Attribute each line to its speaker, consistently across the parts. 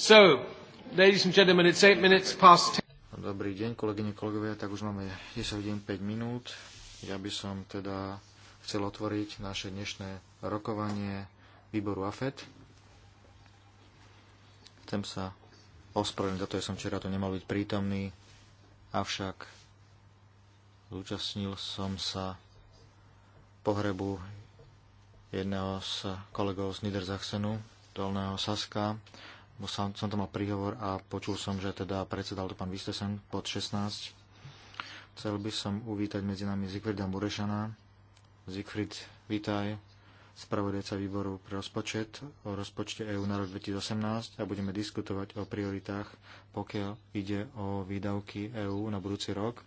Speaker 1: So, ladies and gentlemen, it's minutes past Dobrý deň, kolegyne, kolegovia, tak už máme 10 hodín 5 minút. Ja by som teda chcel otvoriť naše dnešné rokovanie výboru AFET. Chcem sa ospravedlniť za to, že som včera to nemal byť prítomný, avšak zúčastnil som sa pohrebu jedného z kolegov z Niedersachsenu, dolného Saska. Bo som, som tam mal príhovor a počul som, že teda predsedal to pán Vistesen pod 16. Chcel by som uvítať medzi nami Zigfrida Murešana. Zigfrid, vítaj spravodajca výboru pre rozpočet o rozpočte EÚ na rok 2018 a budeme diskutovať o prioritách, pokiaľ ide o výdavky EÚ na budúci rok.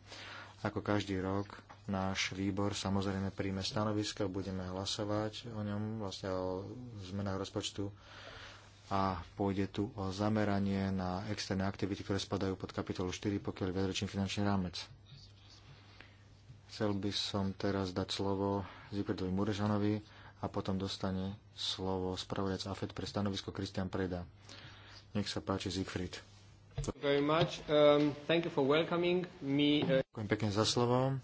Speaker 1: Ako každý rok Náš výbor samozrejme príjme stanovisko, budeme hlasovať o ňom, vlastne o zmenách rozpočtu a pôjde tu o zameranie na externé aktivity, ktoré spadajú pod kapitolu 4, pokiaľ viacročný finančný rámec. Chcel by som teraz dať slovo Zipredovi Murežanovi a potom dostane slovo spravodac AFED pre stanovisko Kristian Preda. Nech sa páči, Siegfried. Um, uh, Ďakujem pekne za slovo.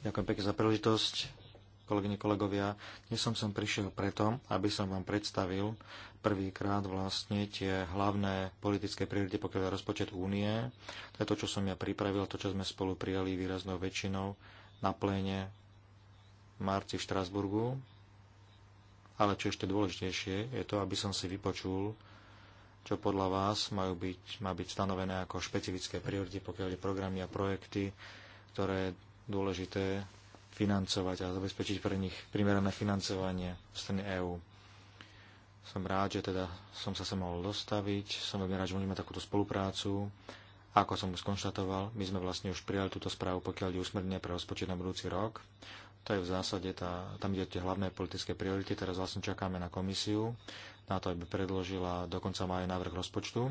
Speaker 1: Ďakujem pekne za príležitosť, kolegyne, kolegovia. Dnes som sem prišiel preto, aby som vám predstavil prvýkrát vlastne tie hlavné politické priority, pokiaľ rozpočet únie. To je to, čo som ja pripravil, to, čo sme spolu prijali výraznou väčšinou na pléne v marci v Štrasburgu. Ale čo ešte dôležitejšie, je to, aby som si vypočul, čo podľa vás majú byť, má byť stanovené ako špecifické priority, pokiaľ je programy a projekty, ktoré dôležité financovať a zabezpečiť pre nich primerané financovanie v strany EÚ. Som rád, že teda som sa sem mohol dostaviť, som veľmi rád, že môžeme takúto spoluprácu. Ako som už skonštatoval, my sme vlastne už prijali túto správu, pokiaľ je usmernenie pre rozpočet na budúci rok. To je v zásade, tá, tam ide tie hlavné politické priority, teraz vlastne čakáme na komisiu, na to, aby predložila dokonca aj návrh rozpočtu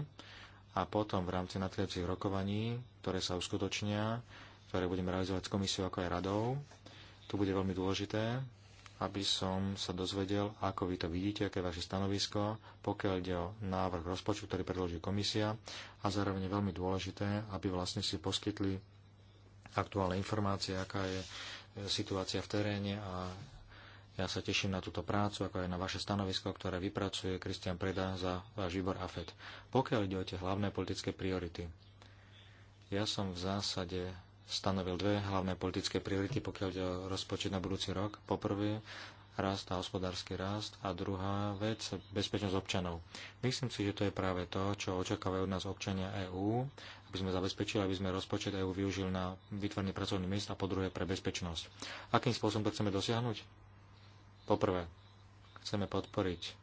Speaker 1: a potom v rámci nadchádzajúcich rokovaní, ktoré sa uskutočnia, ktoré budem realizovať s komisiou ako aj radou. Tu bude veľmi dôležité, aby som sa dozvedel, ako vy to vidíte, aké je vaše stanovisko, pokiaľ ide o návrh rozpočtu, ktorý predloží komisia a zároveň je veľmi dôležité, aby vlastne si poskytli aktuálne informácie, aká je e, situácia v teréne a ja sa teším na túto prácu, ako aj na vaše stanovisko, ktoré vypracuje Kristian Preda za váš výbor AFED. Pokiaľ ide o tie hlavné politické priority, ja som v zásade stanovil dve hlavné politické priority, pokiaľ ide o rozpočet na budúci rok. Poprvé, rast a hospodársky rast a druhá vec, bezpečnosť občanov. Myslím si, že to je práve to, čo očakávajú od nás občania EÚ, aby sme zabezpečili, aby sme rozpočet EÚ využili na vytvorenie pracovných miest a po druhé pre bezpečnosť. Akým spôsobom to chceme dosiahnuť? Poprvé, chceme podporiť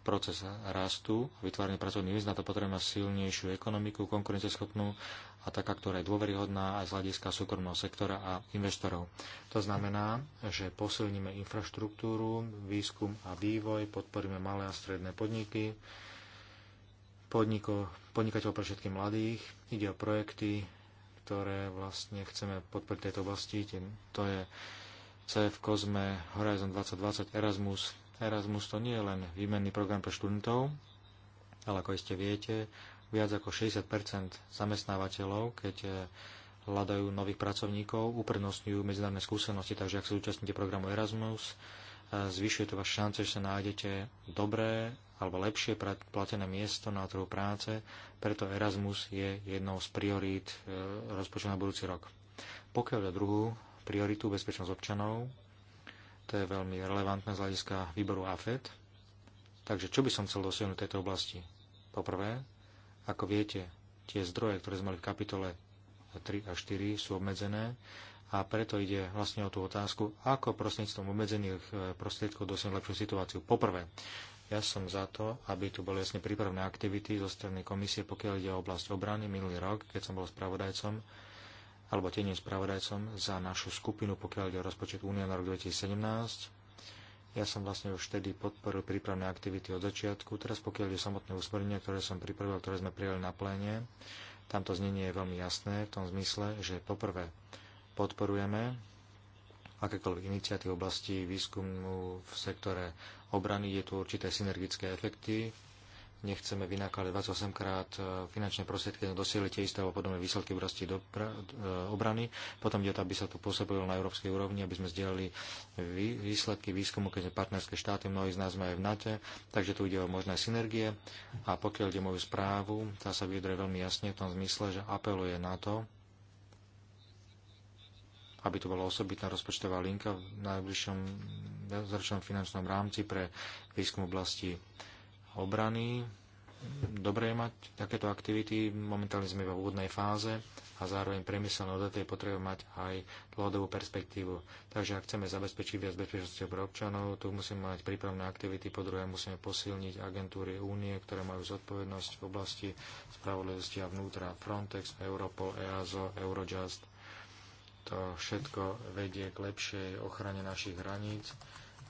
Speaker 1: proces rastu, vytváranie pracovných miest, na to potrebujeme silnejšiu ekonomiku, konkurenceschopnú a taká, ktorá je dôveryhodná aj z hľadiska súkromného sektora a investorov. To znamená, že posilníme infraštruktúru, výskum a vývoj, podporíme malé a stredné podniky, podniko, podnikateľov pre všetkých mladých. Ide o projekty, ktoré vlastne chceme podporiť v tejto oblasti. To je CF, Kozme, Horizon 2020, Erasmus, Erasmus to nie je len výmenný program pre študentov, ale ako iste viete, viac ako 60 zamestnávateľov, keď eh, hľadajú nových pracovníkov, uprednostňujú medzinárodné skúsenosti, takže ak sa zúčastníte programu Erasmus, eh, zvyšuje to vaše šance, že sa nájdete dobré alebo lepšie platené miesto na trhu práce, preto Erasmus je jednou z priorít eh, rozpočtu na budúci rok. Pokiaľ ide druhú prioritu bezpečnosť občanov, to je veľmi relevantné z hľadiska výboru AFED. Takže čo by som chcel dosiahnuť v tejto oblasti? Poprvé, ako viete, tie zdroje, ktoré sme mali v kapitole 3 a 4, sú obmedzené a preto ide vlastne o tú otázku, ako prostredníctvom obmedzených e, prostriedkov dosiahnuť lepšiu situáciu. Poprvé, ja som za to, aby tu boli jasne prípravné aktivity zo strany komisie, pokiaľ ide o oblasť obrany. Minulý rok, keď som bol spravodajcom, alebo teným spravodajcom za našu skupinu, pokiaľ ide o rozpočet únie na rok 2017. Ja som vlastne už vtedy podporil prípravné aktivity od začiatku. Teraz pokiaľ ide samotné usmernenie, ktoré som pripravil, ktoré sme prijali na pléne, tamto znenie je veľmi jasné v tom zmysle, že poprvé podporujeme akékoľvek iniciatívy v oblasti výskumu v sektore obrany. Je tu určité synergické efekty v nechceme vynakladať 28 krát e, finančné prostriedky na dosielite tie isté alebo podobné výsledky v rasti e, obrany. Potom ide to, aby sa to pôsobilo na európskej úrovni, aby sme zdieľali výsledky výskumu, keď sme partnerské štáty, mnohí z nás sme aj v NATO, takže tu ide o možné synergie. A pokiaľ ide moju správu, tá sa vyjadruje veľmi jasne v tom zmysle, že apeluje na to, aby to bola osobitná rozpočtová linka v najbližšom zračnom finančnom rámci pre výskum oblasti obrany. Dobre je mať takéto aktivity, momentálne sme vo úvodnej fáze a zároveň priemyselné odvetvie potrebuje mať aj dlhodobú perspektívu. Takže ak chceme zabezpečiť viac bezpečnosti pre občanov, tu musíme mať prípravné aktivity, po druhé musíme posilniť agentúry únie, ktoré majú zodpovednosť v oblasti spravodlivosti a vnútra Frontex, Europol, EASO, Eurojust. To všetko vedie k lepšej ochrane našich hraníc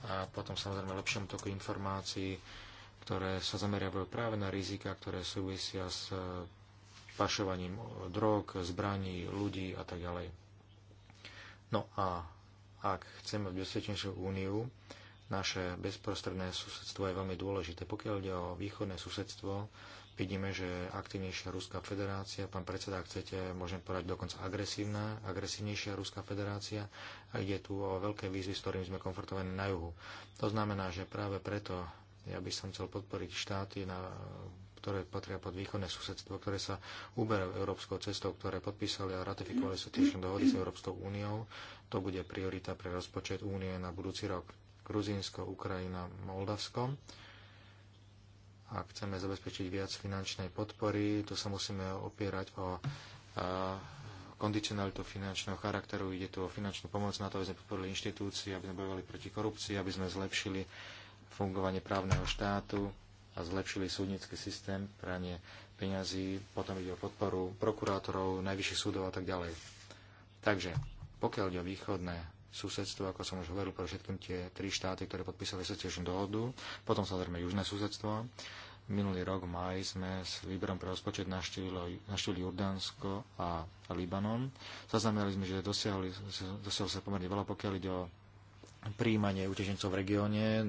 Speaker 1: a potom samozrejme lepšiemu toku informácií ktoré sa zameriavajú práve na rizika, ktoré súvisia s e, pašovaním drog, zbraní, ľudí a tak ďalej. No a ak chceme v bezpečnejšiu úniu, naše bezprostredné susedstvo je veľmi dôležité. Pokiaľ ide o východné susedstvo, vidíme, že je aktívnejšia Ruská federácia, pán predseda, ak chcete, môžem povedať dokonca agresívna, agresívnejšia Ruská federácia a ide tu o veľké výzvy, s ktorými sme konfrontovaní na juhu. To znamená, že práve preto ja by som chcel podporiť štáty, na, ktoré patria pod východné susedstvo, ktoré sa uberajú európskou cestou, ktoré podpísali a ratifikovali sa tiež dohody s Európskou úniou. To bude priorita pre rozpočet únie na budúci rok. Gruzínsko, Ukrajina, Moldavsko a chceme zabezpečiť viac finančnej podpory, to sa musíme opierať o kondicionalitu finančného charakteru. Ide tu o finančnú pomoc na to, aby sme podporili inštitúcie, aby sme bojovali proti korupcii, aby sme zlepšili fungovanie právneho štátu a zlepšili súdnický systém, pranie peňazí, potom ide o podporu prokurátorov, najvyšších súdov a tak ďalej. Takže, pokiaľ ide o východné susedstvo, ako som už hovoril, pre všetkým tie tri štáty, ktoré podpísali asociačnú dohodu, potom samozrejme južné susedstvo. Minulý rok v sme s výberom pre rozpočet naštívili Jordánsko a, a Libanon. Zaznamenali sme, že dosiahli, dosiahli sa pomerne veľa, pokiaľ ide o príjmanie utečencov v regióne,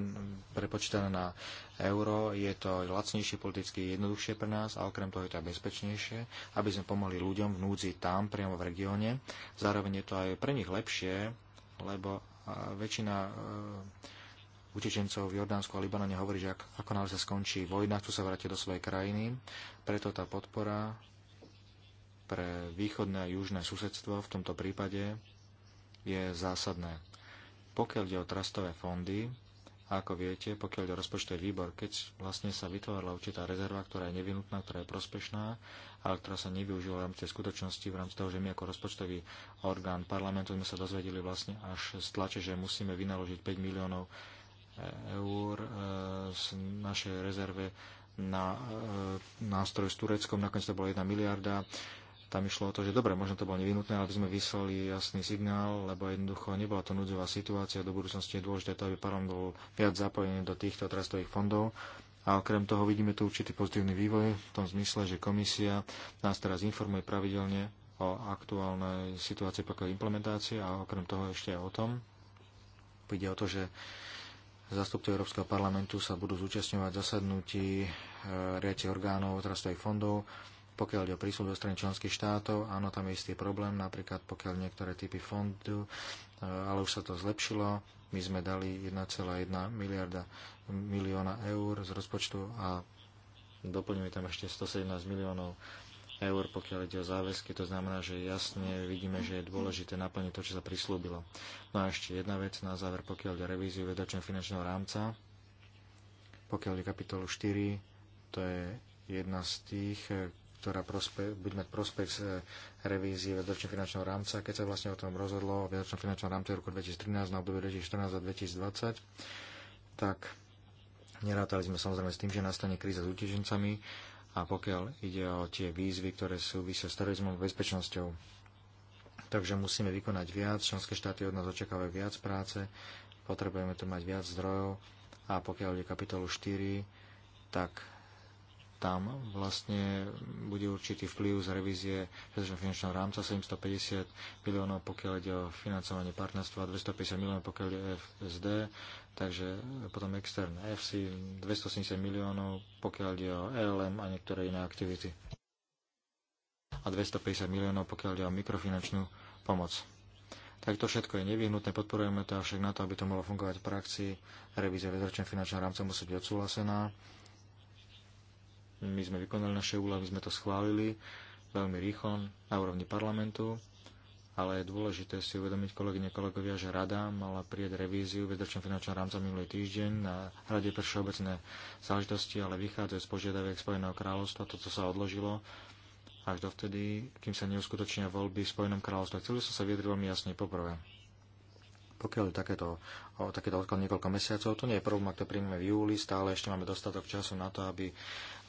Speaker 1: prepočítané na euro, je to lacnejšie, politicky jednoduchšie pre nás a okrem toho je to aj bezpečnejšie, aby sme pomohli ľuďom v núdzi tam, priamo v regióne. Zároveň je to aj pre nich lepšie, lebo e, väčšina e, utečencov v Jordánsku a Libanone hovorí, že ak, ako náhle sa skončí vojna, chcú sa vrátiť do svojej krajiny. Preto tá podpora pre východné a južné susedstvo v tomto prípade je zásadné. Pokiaľ ide o trastové fondy, a ako viete, pokiaľ ide o rozpočtový výbor, keď vlastne sa vytvorila určitá rezerva, ktorá je nevinutná, ktorá je prospešná, ale ktorá sa nevyužila v rámci tej skutočnosti, v rámci toho, že my ako rozpočtový orgán parlamentu sme sa dozvedeli vlastne až z tlače, že musíme vynaložiť 5 miliónov e, eur e, z našej rezerve na e, nástroj s Tureckom, nakoniec to bolo 1 miliarda tam išlo o to, že dobre, možno to bolo nevinutné, aby sme vyslali jasný signál, lebo jednoducho nebola to núdzová situácia. Do budúcnosti je dôležité to, aby parlament bol viac zapojený do týchto trastových fondov. A okrem toho vidíme tu určitý pozitívny vývoj v tom zmysle, že komisia nás teraz informuje pravidelne o aktuálnej situácii pokiaľ implementácie a okrem toho ešte aj o tom. Ide o to, že Zastupci Európskeho parlamentu sa budú zúčastňovať zasadnutí eh, riadci orgánov trastových fondov pokiaľ je o prísun do strany členských štátov, áno, tam je istý problém, napríklad pokiaľ niektoré typy fondu, e, ale už sa to zlepšilo, my sme dali 1,1 miliarda milióna eur z rozpočtu a doplňuje tam ešte 117 miliónov eur, pokiaľ ide o záväzky. To znamená, že jasne vidíme, že je dôležité naplniť to, čo sa prislúbilo. No a ešte jedna vec na záver, pokiaľ ide o revíziu vedačného finančného rámca. Pokiaľ ide kapitolu 4, to je jedna z tých, ktorá prospe, bude mať prospech z eh, revízie vedročného finančného rámca. Keď sa vlastne o tom rozhodlo o vedočnom finančnom rámci roku 2013 na obdobie 2014 a 2020, tak nerátali sme samozrejme s tým, že nastane kríza s utečencami a pokiaľ ide o tie výzvy, ktoré súvisia s terorizmom a bezpečnosťou. Takže musíme vykonať viac, členské štáty od nás očakávajú viac práce, potrebujeme tu mať viac zdrojov a pokiaľ ide kapitolu 4, tak tam vlastne bude určitý vplyv z revízie rezervného finančného rámca 750 miliónov, pokiaľ ide o financovanie partnerstva, 250 miliónov, pokiaľ ide o FSD, takže potom externé FC, 270 miliónov, pokiaľ ide o ELM a niektoré iné aktivity a 250 miliónov, pokiaľ ide o mikrofinančnú pomoc. Tak to všetko je nevyhnutné, podporujeme to, avšak na to, aby to mohlo fungovať v praxi, revízia väzročného finančného rámca musí byť odsúhlasená my sme vykonali naše úlohy, sme to schválili veľmi rýchlo na úrovni parlamentu, ale je dôležité si uvedomiť, kolegyne, kolegovia, že rada mala prijať revíziu vedročného finančného rámca minulý týždeň na Rade pre všeobecné záležitosti, ale vychádza z požiadaviek Spojeného kráľovstva, toto sa odložilo až dovtedy, kým sa neuskutočnia voľby v Spojenom kráľovstve. chceli som sa vyjadriť veľmi jasne poprvé pokiaľ je takéto, o, takéto odklad niekoľko mesiacov, to nie je problém, ak to príjmeme v júli, stále ešte máme dostatok času na to, aby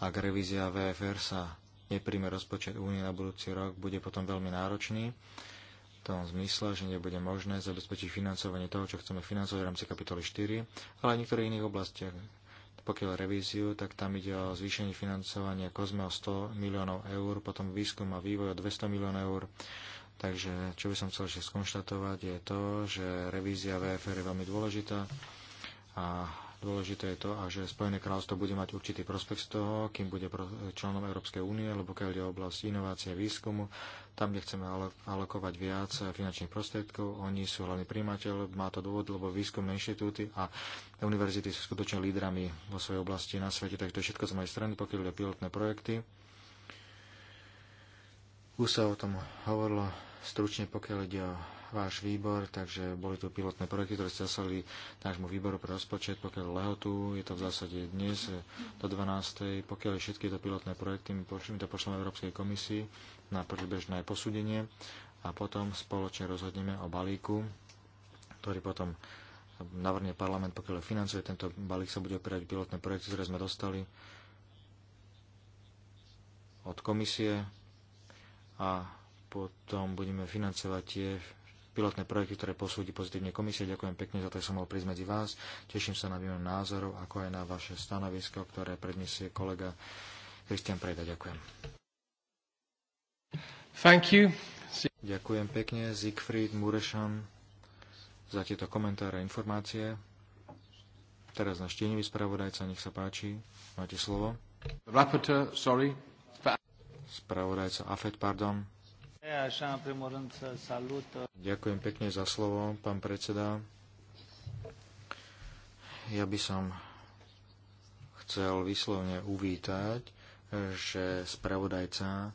Speaker 1: ak revízia VFR sa nepríjme rozpočet únie na budúci rok, bude potom veľmi náročný v tom zmysle, že nebude možné zabezpečiť financovanie toho, čo chceme financovať v rámci kapitoly 4, ale aj v niektorých iných oblastiach. Pokiaľ revíziu, tak tam ide o zvýšenie financovania kozme o 100 miliónov eur, potom výskum a vývoj o 200 miliónov eur, Takže čo by som chcel ešte skonštatovať je to, že revízia VFR je veľmi dôležitá a dôležité je to, a že Spojené kráľovstvo bude mať určitý prospekt z toho, kým bude členom Európskej únie, lebo keď ide oblasť inovácie a výskumu, tam, kde chceme alokovať viac finančných prostriedkov, oni sú hlavný príjimateľ, má to dôvod, lebo výskumné inštitúty a univerzity sú skutočne lídrami vo svojej oblasti na svete, takže to je všetko z mojej strany, pokiaľ ide pilotné projekty už sa o tom hovorilo stručne, pokiaľ ide o váš výbor, takže boli tu pilotné projekty, ktoré ste zaslali nášmu výboru pre rozpočet, pokiaľ lehotu, je to v zásade dnes e, do 12. Pokiaľ všetky to pilotné projekty, my, my to pošleme Európskej komisii na predbežné posúdenie a potom spoločne rozhodneme o balíku, ktorý potom navrhne parlament, pokiaľ financuje. Tento balík sa bude opierať pilotné projekty, ktoré sme dostali od komisie a potom budeme financovať tie pilotné projekty, ktoré posúdi pozitívne komisie. Ďakujem pekne za to, že som mohol prísť medzi vás. Teším sa na výmenu názorov, ako aj na vaše stanovisko, ktoré predniesie kolega Christian Prejda. Ďakujem. Thank you. Ďakujem pekne Siegfried Murešan za tieto komentáre a informácie. Teraz na štienivý spravodajca, nech sa páči, máte slovo. Rapporteur, sorry, spravodajca Afet, pardon. Uh, Ďakujem pekne za slovo, pán predseda. Ja by som chcel vyslovne uvítať, že spravodajca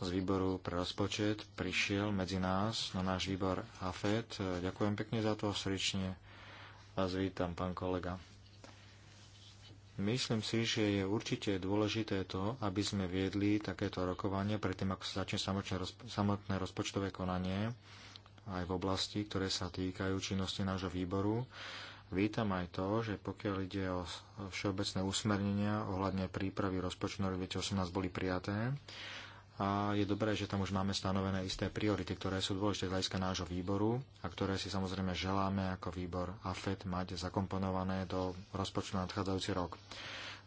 Speaker 1: z výboru pre rozpočet prišiel medzi nás na náš výbor AFET. Ďakujem pekne za to, srdečne vás vítam, pán kolega. Myslím si, že je určite dôležité to, aby sme viedli takéto rokovanie predtým, ako sa začne samotné rozpočtové konanie aj v oblasti, ktoré sa týkajú činnosti nášho výboru. Vítam aj to, že pokiaľ ide o všeobecné usmernenia ohľadne prípravy rozpočtu na 2018 boli prijaté a je dobré, že tam už máme stanovené isté priority, ktoré sú dôležité z hľadiska nášho výboru a ktoré si samozrejme želáme ako výbor AFED mať zakomponované do rozpočtu na nadchádzajúci rok.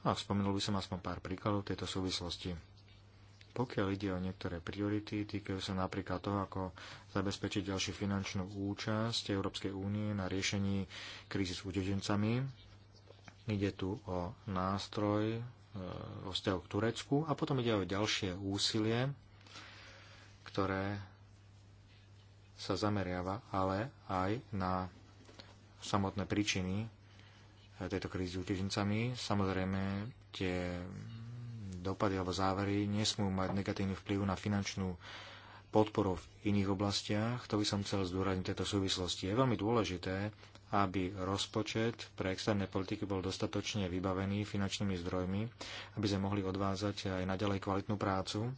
Speaker 1: A spomenul by som aspoň pár príkladov tejto súvislosti. Pokiaľ ide o niektoré priority, týkajú sa napríklad toho, ako zabezpečiť ďalšiu finančnú účasť Európskej únie na riešení krízy s udedencami. Ide tu o nástroj vo vzťahu k Turecku a potom ide o ďalšie úsilie, ktoré sa zameriava ale aj na samotné príčiny eh, tejto krízy utečencami. Samozrejme, tie dopady alebo závery nesmú mať negatívny vplyv na finančnú podporou v iných oblastiach. To by som chcel zdôrazniť v tejto súvislosti. Je veľmi dôležité, aby rozpočet pre externé politiky bol dostatočne vybavený finančnými zdrojmi, aby sme mohli odvázať aj naďalej kvalitnú prácu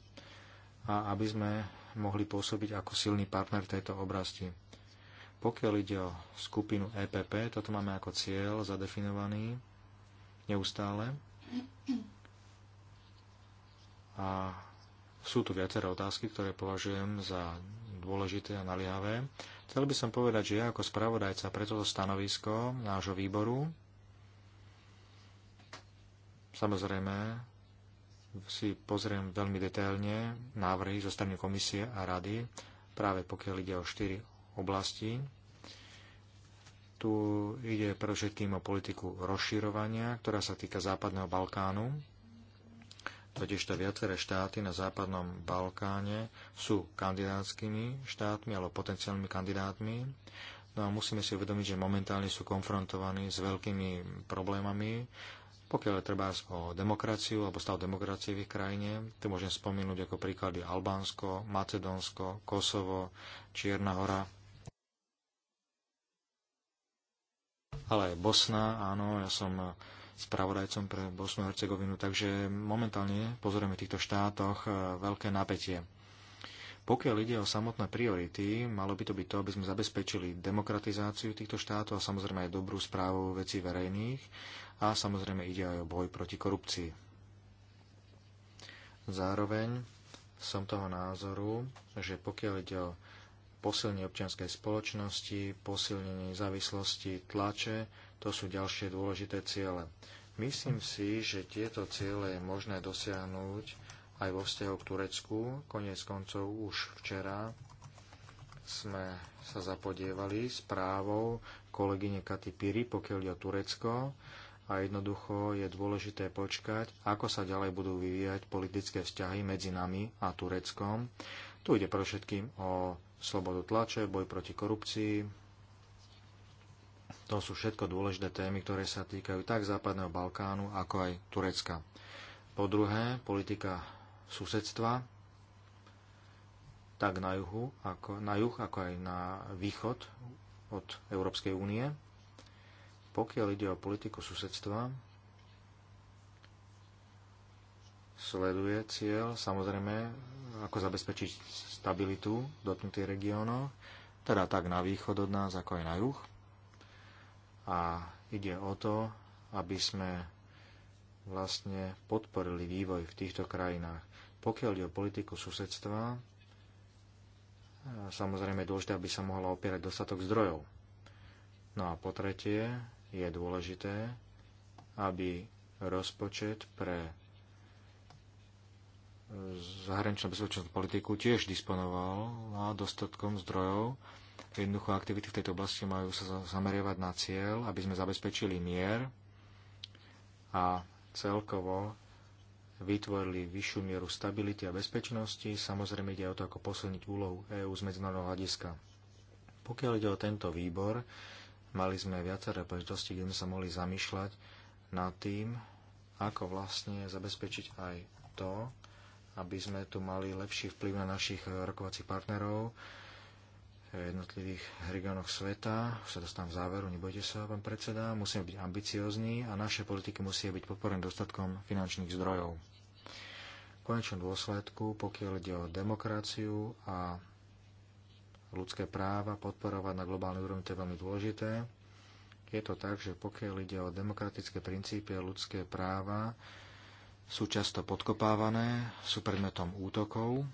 Speaker 1: a aby sme mohli pôsobiť ako silný partner v tejto oblasti. Pokiaľ ide o skupinu EPP, toto máme ako cieľ zadefinovaný neustále. A sú tu viaceré otázky, ktoré považujem za dôležité a naliehavé. Chcel by som povedať, že ja ako spravodajca pre toto stanovisko nášho výboru samozrejme si pozriem veľmi detailne návrhy zo strany komisie a rady, práve pokiaľ ide o štyri oblasti. Tu ide predovšetkým o politiku rozširovania, ktorá sa týka Západného Balkánu. Totižto viaceré štáty na západnom Balkáne sú kandidátskymi štátmi alebo potenciálnymi kandidátmi. No a musíme si uvedomiť, že momentálne sú konfrontovaní s veľkými problémami, pokiaľ treba o demokraciu alebo stav demokracie v ich krajine. Tu môžem spomenúť ako príklady Albánsko, Macedónsko, Kosovo, Čierna hora, ale aj Bosna, áno, ja som spravodajcom pre Bosnu a Hercegovinu, takže momentálne pozorujeme v týchto štátoch e, veľké napätie. Pokiaľ ide o samotné priority, malo by to byť to, aby sme zabezpečili demokratizáciu týchto štátov a samozrejme aj dobrú správu vecí verejných a samozrejme ide aj o boj proti korupcii. Zároveň som toho názoru, že pokiaľ ide o posilnenie občianskej spoločnosti, posilnenie závislosti tlače, to sú ďalšie dôležité ciele. Myslím si, že tieto ciele je možné dosiahnuť aj vo vzťahu k Turecku. Konec koncov už včera sme sa zapodievali správou kolegyne Katy Piri, pokiaľ je o Turecko. A jednoducho je dôležité počkať, ako sa ďalej budú vyvíjať politické vzťahy medzi nami a Tureckom. Tu ide pre všetkým o slobodu tlače, boj proti korupcii, to sú všetko dôležité témy, ktoré sa týkajú tak Západného Balkánu, ako aj Turecka. Po druhé, politika susedstva, tak na, juhu, ako, na juh, ako aj na východ od Európskej únie. Pokiaľ ide o politiku susedstva, sleduje cieľ, samozrejme, ako zabezpečiť stabilitu dotknutých regiónov, teda tak na východ od nás, ako aj na juh a ide o to, aby sme vlastne podporili vývoj v týchto krajinách. Pokiaľ je o politiku susedstva, samozrejme je dôležité, aby sa mohla opierať dostatok zdrojov. No a po tretie je dôležité, aby rozpočet pre zahraničnú bezpečnostnú politiku tiež disponoval dostatkom zdrojov, Jednoducho aktivity v tejto oblasti majú sa zameriavať na cieľ, aby sme zabezpečili mier a celkovo vytvorili vyššiu mieru stability a bezpečnosti. Samozrejme ide o to, ako posilniť úlohu EÚ z medzinárodného hľadiska. Pokiaľ ide o tento výbor, mali sme viaceré príležitosti, kde sme sa mohli zamýšľať nad tým, ako vlastne zabezpečiť aj to, aby sme tu mali lepší vplyv na našich rokovacích partnerov, jednotlivých regiónoch sveta. Už sa dostávam v záveru, nebojte sa, pán predseda. Musíme byť ambiciozní a naše politiky musia byť podporené dostatkom finančných zdrojov. V konečnom dôsledku, pokiaľ ide o demokraciu a ľudské práva, podporovať na globálnej úrovni, to je veľmi dôležité. Je to tak, že pokiaľ ide o demokratické princípy a ľudské práva, sú často podkopávané, sú predmetom útokov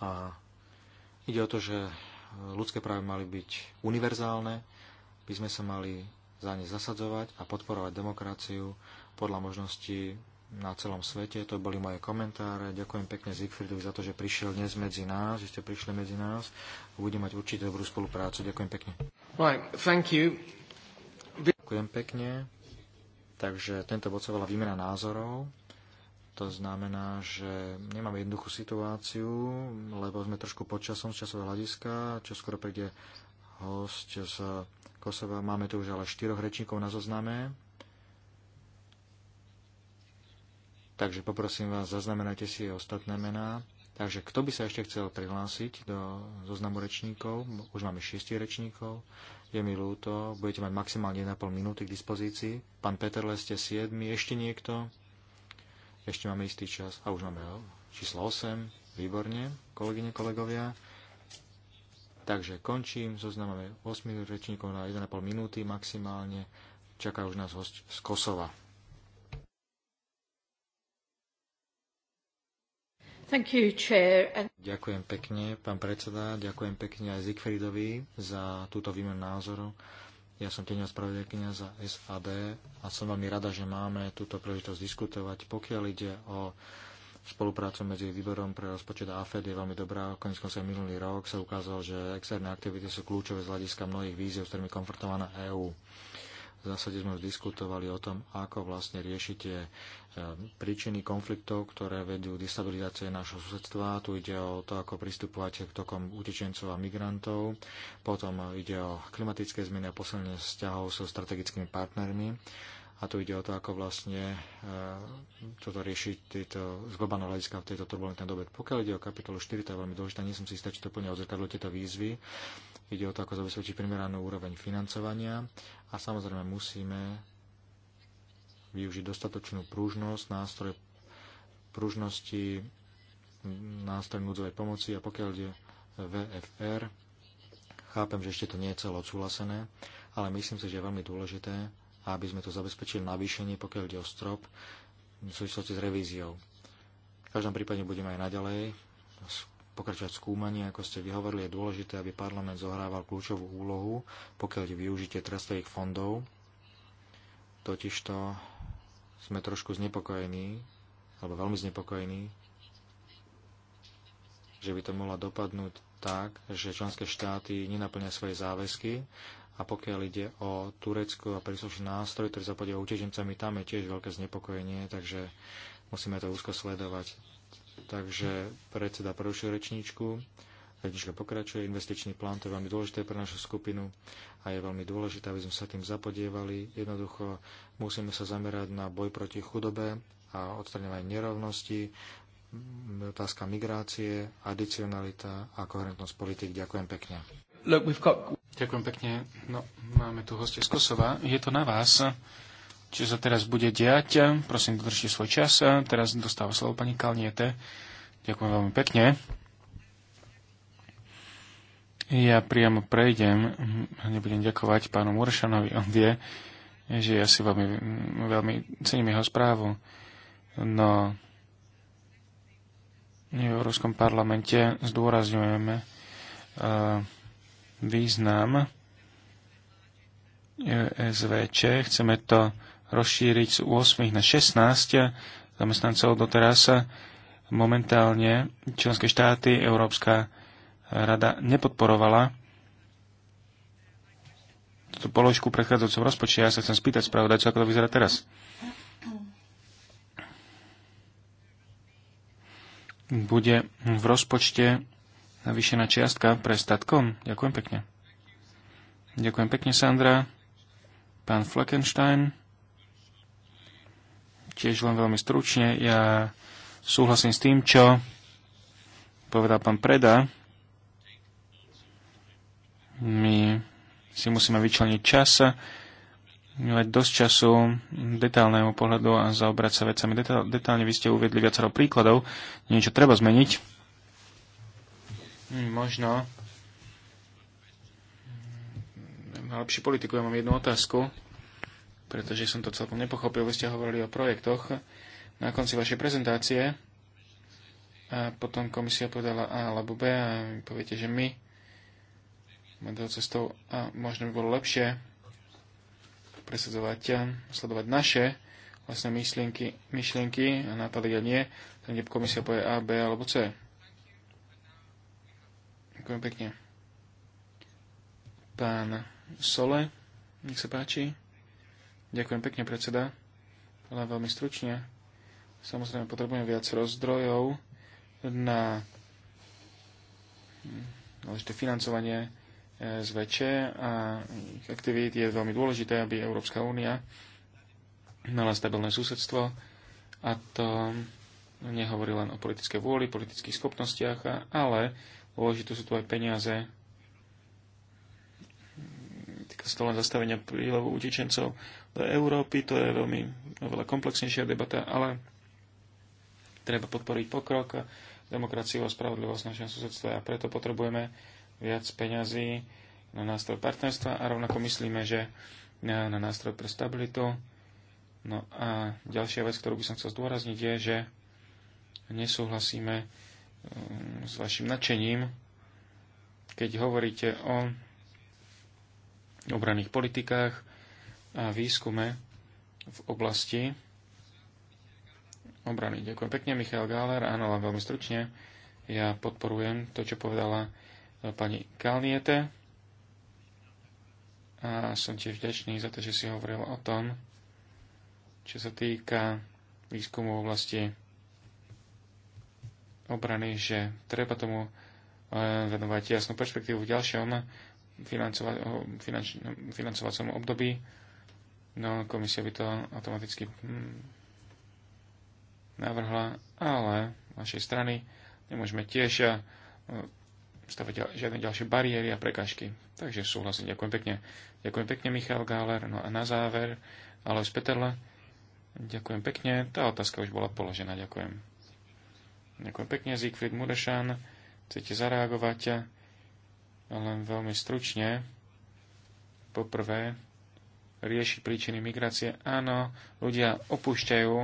Speaker 1: a ide o to, že ľudské práve mali byť univerzálne, by sme sa mali za ne zasadzovať a podporovať demokraciu podľa možností na celom svete. To boli moje komentáre. Ďakujem pekne Zigfridovi za to, že prišiel dnes medzi nás, že ste prišli medzi nás. Budeme mať určite dobrú spoluprácu. Ďakujem pekne.
Speaker 2: Right, thank you. Ďakujem pekne.
Speaker 1: Takže tento bod sa volá výmena názorov. To znamená, že nemáme jednoduchú situáciu, lebo sme trošku pod časom z časového hľadiska, čo skoro príde host z Kosova. Máme tu už ale štyroch rečníkov na zozname. Takže poprosím vás, zaznamenajte si ostatné mená. Takže kto by sa ešte chcel prihlásiť do zoznamu rečníkov? Už máme šiestich rečníkov. Je mi ľúto. Budete mať maximálne 1,5 minúty k dispozícii. Pán Peter ste 7. Ešte niekto? Ešte máme istý čas. A už máme číslo 8. Výborne, kolegyne, kolegovia. Takže končím, zoznamujeme 8 rečníkov na 1,5 minúty maximálne. Čaká už nás host z Kosova. You, ďakujem pekne, pán predseda, ďakujem pekne aj Zigfridovi za túto výmenu názoru. Ja som tieňa spravodajkynia za SAD a som veľmi rada, že máme túto príležitosť diskutovať. Pokiaľ ide o spoluprácu medzi výborom pre rozpočet a AFED je veľmi dobrá. Koniec sa minulý rok sa ukázalo, že externé aktivity sú kľúčové z hľadiska mnohých víziev, s ktorými konfrontovaná EÚ. V zásade sme diskutovali o tom, ako vlastne riešite e, príčiny konfliktov, ktoré vedú destabilizácie nášho susedstva. Tu ide o to, ako pristupovať k tokom utečencov a migrantov. Potom ide o klimatické zmeny a posilnenie vzťahov so strategickými partnermi. A tu ide o to, ako vlastne e, toto riešiť tieto, z globálneho hľadiska v tejto turbulentnej dobe. Pokiaľ ide o kapitolu 4, to je veľmi dôležité, nie som si istá, či to plne odzrkadlo tieto výzvy. Ide o to, ako zabezpečiť primeranú úroveň financovania a samozrejme musíme využiť dostatočnú pružnosť, nástroj prúžnosti, nástroj núdzovej pomoci a pokiaľ ide VFR, chápem, že ešte to nie je celé odsúhlasené, ale myslím si, že je veľmi dôležité, aby sme to zabezpečili navýšenie, pokiaľ ide o strop v súvislosti s revíziou. V každom prípade budeme aj naďalej pokračovať skúmanie, ako ste vyhovorili, je dôležité, aby parlament zohrával kľúčovú úlohu, pokiaľ je využitie trestových fondov. Totižto sme trošku znepokojení, alebo veľmi znepokojení, že by to mohlo dopadnúť tak, že členské štáty nenaplňa svoje záväzky a pokiaľ ide o Turecko a príslušný nástroj, ktorý zapodieva utečencami, tam je tiež veľké znepokojenie, takže musíme to úzko sledovať. Takže predseda prerušil rečníčku. Rečníčka pokračuje. Investičný plán to je veľmi dôležité pre našu skupinu a je veľmi dôležité, aby sme sa tým zapodievali. Jednoducho musíme sa zamerať na boj proti chudobe a odstraňovanie nerovnosti, otázka migrácie, adicionalita a koherentnosť politik. Ďakujem pekne.
Speaker 3: Look,
Speaker 2: got... Ďakujem pekne. No, máme tu hostia z Kosova. Je to na vás čo sa teraz bude diať. Prosím, dodržte svoj čas. Teraz dostáva slovo pani Kalniete. Ďakujem veľmi pekne. Ja priamo prejdem, nebudem ďakovať pánu Muršanovi, on vie, že ja si veľmi, veľmi cením jeho správu. No, v Európskom parlamente zdôrazňujeme uh, význam eh, SVČ, chceme to rozšíriť z 8 na 16 zamestnancov doteraz. Momentálne členské štáty Európska rada nepodporovala túto položku predchádzajúcom rozpočia. Ja sa chcem spýtať spravodajcu, ako to vyzerá teraz. Bude v rozpočte navýšená čiastka pre statkom? Ďakujem pekne. Ďakujem pekne, Sandra. Pán Fleckenstein tiež len veľmi stručne. Ja súhlasím s tým, čo povedal pán Preda. My si musíme vyčleniť čas, mať dosť času detálnemu pohľadu a zaobrať sa vecami. Detál, detálne vy ste uviedli viacero príkladov, niečo treba zmeniť. Možno. Na lepšiu politiku ja mám jednu otázku pretože som to celkom nepochopil. Vy ste hovorili o projektoch na konci vašej prezentácie a potom komisia povedala A alebo B a vy poviete, že my máme cestou a možno by bolo lepšie presadzovať, sledovať naše vlastné myšlienky, myšlienky a nápady a nie, tam, kde komisia povie A, B alebo C. Ďakujem pekne. Pán Sole, nech sa páči. Ďakujem pekne, predseda. Len veľmi stručne. Samozrejme, potrebujeme viac rozdrojov na hm, dôležité financovanie SVČ e, a ich aktivít je veľmi dôležité, aby Európska únia mala stabilné susedstvo a to nehovorí len o politické vôli, politických schopnostiach, ale dôležité sú tu aj peniaze stolom zastavenia prílevu utečencov do Európy. To je veľmi oveľa komplexnejšia debata, ale treba podporiť pokrok, demokraciu a spravodlivosť našom susedstve a preto potrebujeme viac peňazí na nástroj partnerstva a rovnako myslíme, že na nástroj pre stabilitu. No a ďalšia vec, ktorú by som chcel zdôrazniť, je, že nesúhlasíme mm, s vašim nadšením, keď hovoríte o obranných politikách a výskume v oblasti obrany. Ďakujem pekne, Michal Gáler. Áno, len veľmi stručne. Ja podporujem to, čo povedala e, pani Kalniete. A som tiež vďačný za to, že si hovoril o tom, čo sa týka výskumu v oblasti obrany, že treba tomu e, venovať jasnú perspektívu v ďalšom financova finanč financovacom období. No, komisia by to automaticky hm, navrhla, ale z našej strany nemôžeme tiež eh, stavať žiadne ďalšie bariéry a prekažky. Takže súhlasím, ďakujem pekne. Ďakujem pekne, Michal Gáler. No a na záver, ale z Peterle. Ďakujem pekne. Tá otázka už bola položená. Ďakujem. Ďakujem pekne, Siegfried Murešan. Chcete zareagovať? len veľmi stručne. Poprvé, rieši príčiny migrácie. Áno, ľudia opúšťajú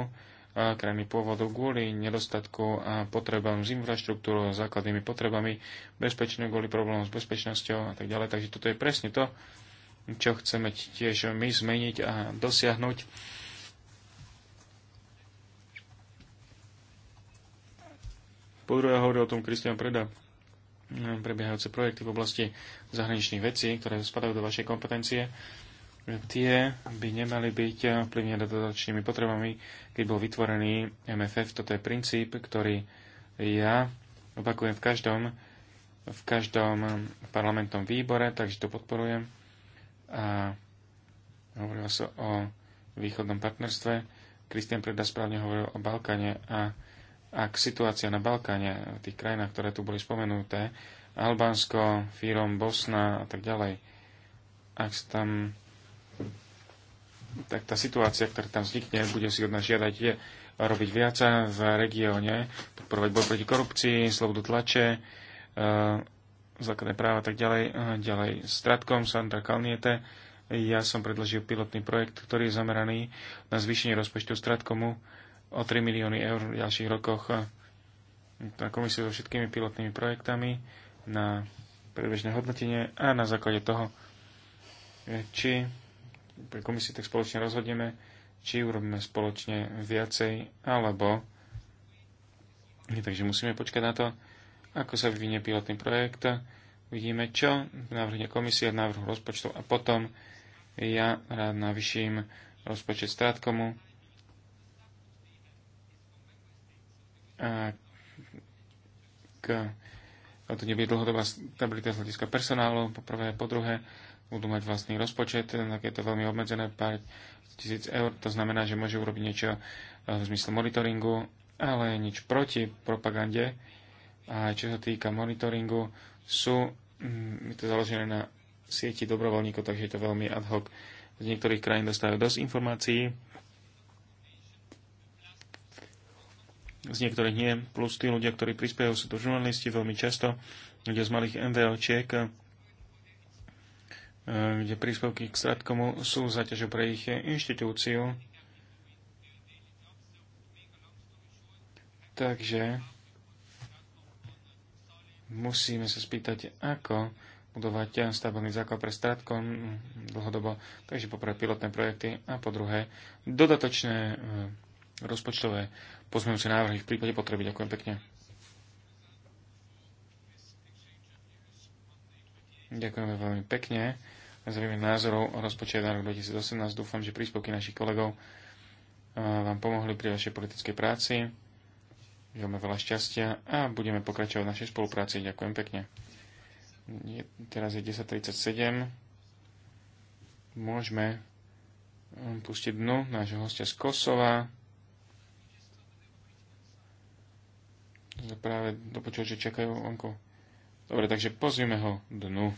Speaker 2: krajiny pôvodu kvôli nedostatku a potrebám s infraštruktúrou, základnými potrebami, bezpečnú kvôli problémom s bezpečnosťou a tak ďalej. Takže toto je presne to, čo chceme tiež my zmeniť a dosiahnuť. Po druhé hovorí o tom Kristian Preda prebiehajúce projekty v oblasti zahraničných vecí, ktoré spadajú do vašej kompetencie, tie by nemali byť vplyvne dodatočnými potrebami, keď bol vytvorený MFF. Toto je princíp, ktorý ja opakujem v každom, v každom parlamentnom výbore, takže to podporujem. A hovorilo sa o východnom partnerstve. Kristian Preda správne hovoril o Balkáne a ak situácia na Balkáne, v tých krajinách, ktoré tu boli spomenuté, Albánsko, Fírom, Bosna a tak ďalej, ak sa tam tak tá situácia, ktorá tam vznikne, bude si od nás žiadať je robiť viac v regióne, podporovať boj proti korupcii, slobodu tlače, e, základné práva a tak ďalej. E, ďalej s Tratkom, Sandra Kalniete. Ja som predložil pilotný projekt, ktorý je zameraný na zvýšenie rozpočtu Stratkomu o 3 milióny eur v ďalších rokoch e, na komisiu so všetkými pilotnými projektami na predbežné hodnotenie a na základe toho, e, či pri komisii tak spoločne rozhodneme, či urobíme spoločne viacej, alebo takže musíme počkať na to, ako sa vyvinie pilotný projekt, Vidíme čo, návrhne komisie, návrhu rozpočtu a potom ja rád navyším rozpočet strátkomu a k, a to nebude dlhodobá stabilita z hľadiska personálu, po prvé, po druhé, budú mať vlastný rozpočet, tak je to veľmi obmedzené, pár tisíc eur, to znamená, že môžu urobiť niečo e, v zmysle monitoringu, ale nič proti propagande. A čo sa týka monitoringu, sú mm, je to založené na sieti dobrovoľníkov, takže je to veľmi ad hoc. Z niektorých krajín dostávajú dosť informácií, z niektorých nie, plus tí ľudia, ktorí prispievajú, sú to žurnalisti veľmi často, ľudia z malých MVOčiek, eh, kde príspevky k Stratkomu sú zaťažou pre ich inštitúciu. Takže musíme sa spýtať, ako budovať stabilný základ pre Stratkom dlhodobo. Takže poprvé pilotné projekty a po druhé dodatočné eh, rozpočtové pozmeňujúce návrhy v prípade potreby. Ďakujem pekne. Ďakujeme veľmi pekne za výmen názorov o rozpočet na rok 2018. Dúfam, že príspevky našich kolegov vám pomohli pri vašej politickej práci. Želáme veľa šťastia a budeme pokračovať v našej spolupráci. Ďakujem pekne. Je, teraz je 10.37. Môžeme um, pustiť dnu nášho hostia z Kosova. práve dopočul, že čakajú onko. Dobre, takže pozrieme ho dnu.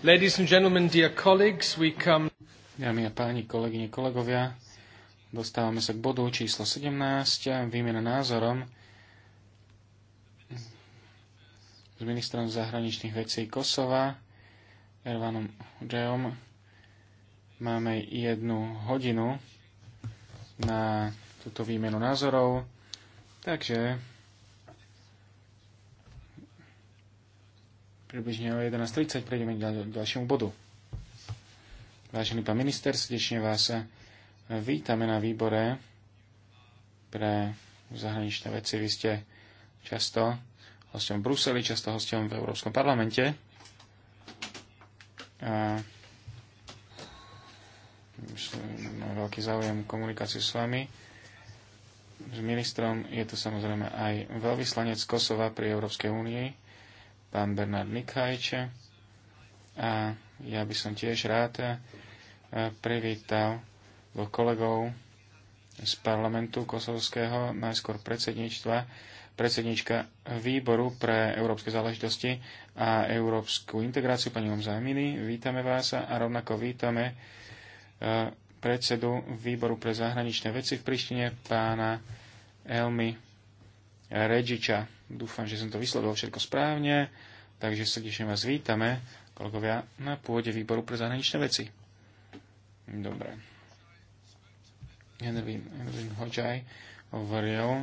Speaker 2: Ladies and gentlemen, dear colleagues, we come... Dámy a páni, kolegyne, kolegovia, dostávame sa k bodu číslo 17, výmena názorom s ministrom zahraničných vecí Kosova, Ervanom Džejom. Máme jednu hodinu na túto výmenu názorov, takže približne o 11.30 prejdeme k ďalšiemu bodu. Vážený pán minister, srdečne vás eh, vítame na výbore pre zahraničné veci. Vy ste často hostom v Bruseli, často hostom v Európskom parlamente. A mám veľký záujem komunikáciu s vami. S ministrom je tu samozrejme aj veľvyslanec Kosova pri Európskej únii pán Bernard Mikajče. A ja by som tiež rád e, privítal dvoch kolegov z parlamentu kosovského, najskôr predsedníctva, predsednička výboru pre európske záležitosti a európsku integráciu, pani Omzajminy. Vítame vás a rovnako vítame e, predsedu výboru pre zahraničné veci v Prištine, pána Elmy Redžiča. Dúfam, že som to vyslovil všetko správne, takže srdečne vás vítame, kolegovia, na pôde výboru pre zahraničné veci. Dobre. Henry, Henry Hoďaj hovoril eh,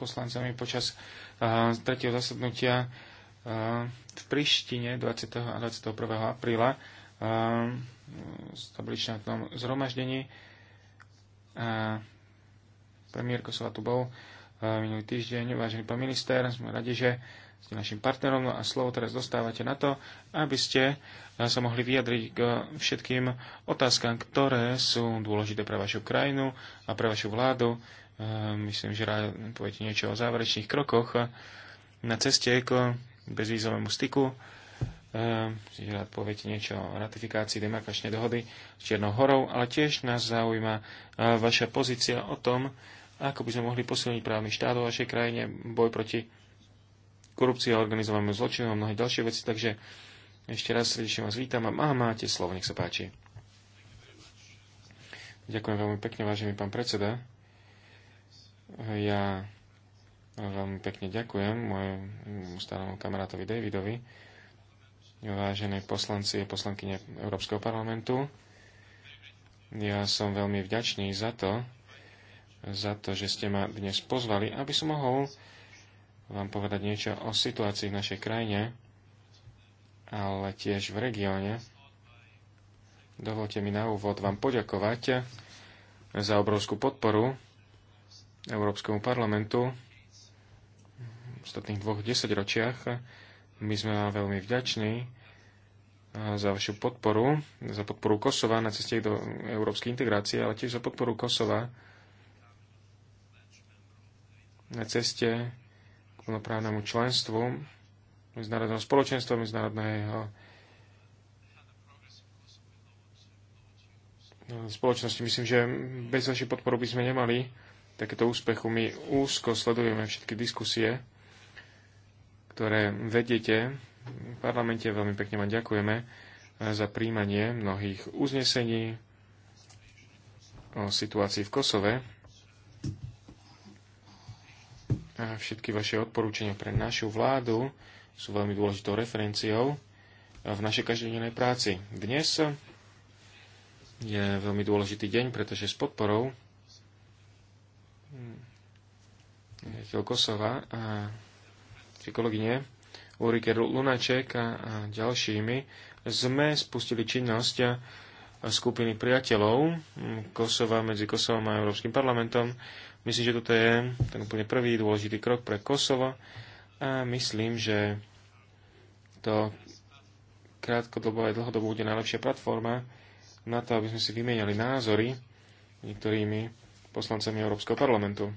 Speaker 2: poslancami počas uh, tretieho zasadnutia uh, v Prištine 20. a 21. apríla uh, tom zhromaždení. Uh, premiér Kosova tu bol minulý týždeň. Vážený pán minister, sme radi, že ste našim partnerom no a slovo teraz dostávate na to, aby ste sa mohli vyjadriť k všetkým otázkam, ktoré sú dôležité pre vašu krajinu a pre vašu vládu. E, myslím, že rád poviete niečo o záverečných krokoch na ceste k bezvýzovému styku. E, že rád poviete niečo o ratifikácii demarkačnej dohody s Čiernou horou, ale tiež nás zaujíma e, vaša pozícia o tom, ako by sme mohli posilniť právny štát vo vašej krajine, boj proti korupcii a organizovanému zločinu a mnohé ďalšie veci. Takže ešte raz srdečne vás vítam a má, máte slovo, nech sa páči. Ďakujem veľmi pekne, vážený pán predseda. Ja veľmi pekne ďakujem môjmu starému kamarátovi Davidovi, vážené poslanci a poslankyne Európskeho parlamentu. Ja som veľmi vďačný za to, za to, že ste ma dnes pozvali, aby som mohol vám povedať niečo o situácii v našej krajine, ale tiež v regióne. Dovolte mi na úvod vám poďakovať za obrovskú podporu Európskemu parlamentu v ostatných dvoch desaťročiach. My sme vám veľmi vďační za vašu podporu, za podporu Kosova na ceste do európskej integrácie, ale tiež za podporu Kosova na ceste k plnoprávnemu členstvu medzinárodného spoločenstva, medzinárodného no, spoločnosti. Myslím, že bez vašej podporu by sme nemali takéto úspechu. My úzko sledujeme všetky diskusie, ktoré vedete v parlamente. Veľmi pekne vám ďakujeme eh, za príjmanie mnohých uznesení o situácii v Kosove a všetky vaše odporúčania pre našu vládu sú veľmi dôležitou referenciou v našej každodennej práci. Dnes je veľmi dôležitý deň, pretože s podporou riaditeľ Kosova a psychologine Ulrike Lunaček a, a ďalšími sme spustili činnosť skupiny priateľov Kosova medzi Kosovom a Európskym parlamentom. Myslím, že toto je ten úplne prvý dôležitý krok pre Kosovo a myslím, že to krátkodobo aj dlhodobo bude najlepšia platforma na to, aby sme si vymenili názory niektorými poslancami Európskeho parlamentu.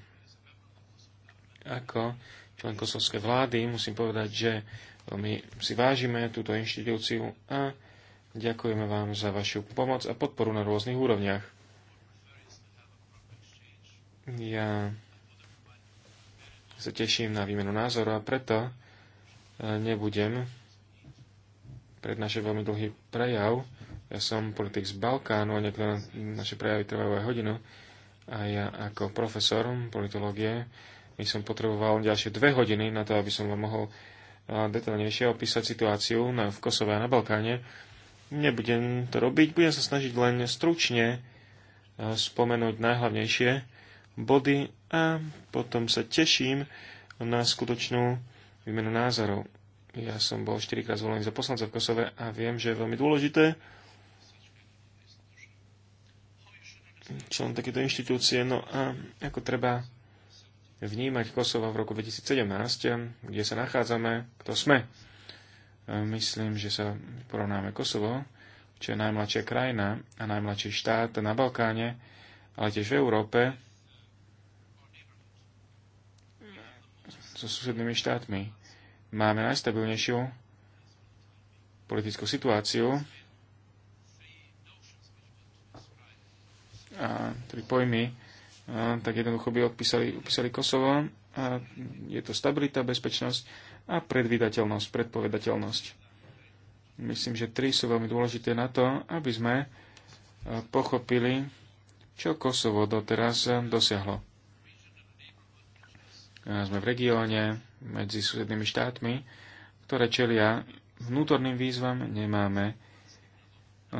Speaker 2: Ako člen kosovskej vlády musím povedať, že veľmi si vážime túto inštitúciu a ďakujeme vám za vašu pomoc a podporu na rôznych úrovniach. Ja sa teším na výmenu názoru a preto e, nebudem prednášať veľmi dlhý prejav. Ja som politik z Balkánu a niektoré naše prejavy trvajú aj hodinu. A ja ako profesor politológie by som potreboval ďalšie dve hodiny na to, aby som vám mohol e, detaľnejšie opísať situáciu na, v Kosove a na Balkáne. Nebudem to robiť, budem sa snažiť len stručne e, spomenúť najhlavnejšie body a potom sa teším na skutočnú výmenu názorov. Ja som bol 4 krát zvolený za poslanca v Kosove a viem, že je veľmi dôležité, člen takéto inštitúcie. No a ako treba vnímať Kosovo v roku 2017, kde sa nachádzame, kto sme. Myslím, že sa porovnáme Kosovo, čo je najmladšia krajina a najmladší štát na Balkáne, ale tiež v Európe, so susednými štátmi. Máme najstabilnejšiu politickú situáciu a tri pojmy tak jednoducho by odpísali, opísali Kosovo a je to stabilita, bezpečnosť a predvydateľnosť, predpovedateľnosť. Myslím, že tri sú veľmi dôležité na to, aby sme pochopili, čo Kosovo doteraz dosiahlo E, sme v regióne medzi susednými štátmi, ktoré čelia vnútorným výzvam, nemáme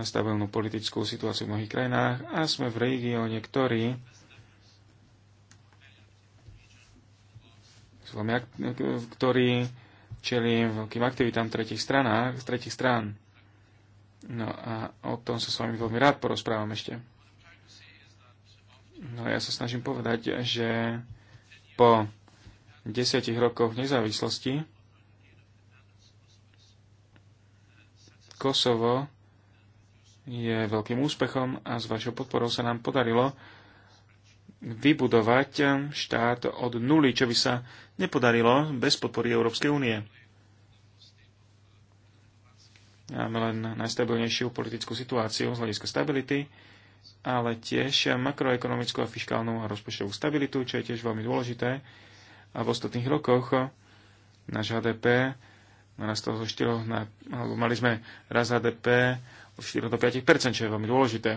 Speaker 2: stabilnú politickú situáciu v mnohých krajinách a sme v regióne, ktorý ktorý čelí veľkým aktivitám tretich, stranách, tretich strán. No a o tom sa s vami veľmi rád porozprávam ešte. No ja sa snažím povedať, že po desiatich rokoch nezávislosti Kosovo je veľkým úspechom a s vašou podporou sa nám podarilo vybudovať štát od nuly, čo by sa nepodarilo bez podpory Európskej únie. Máme len najstabilnejšiu politickú situáciu z hľadiska stability, ale tiež makroekonomickú a fiskálnu a rozpočtovú stabilitu, čo je tiež veľmi dôležité a v ostatných rokoch náš HDP narastol no zo 4 na, alebo mali sme raz HDP od 4 do 5 čo je veľmi dôležité.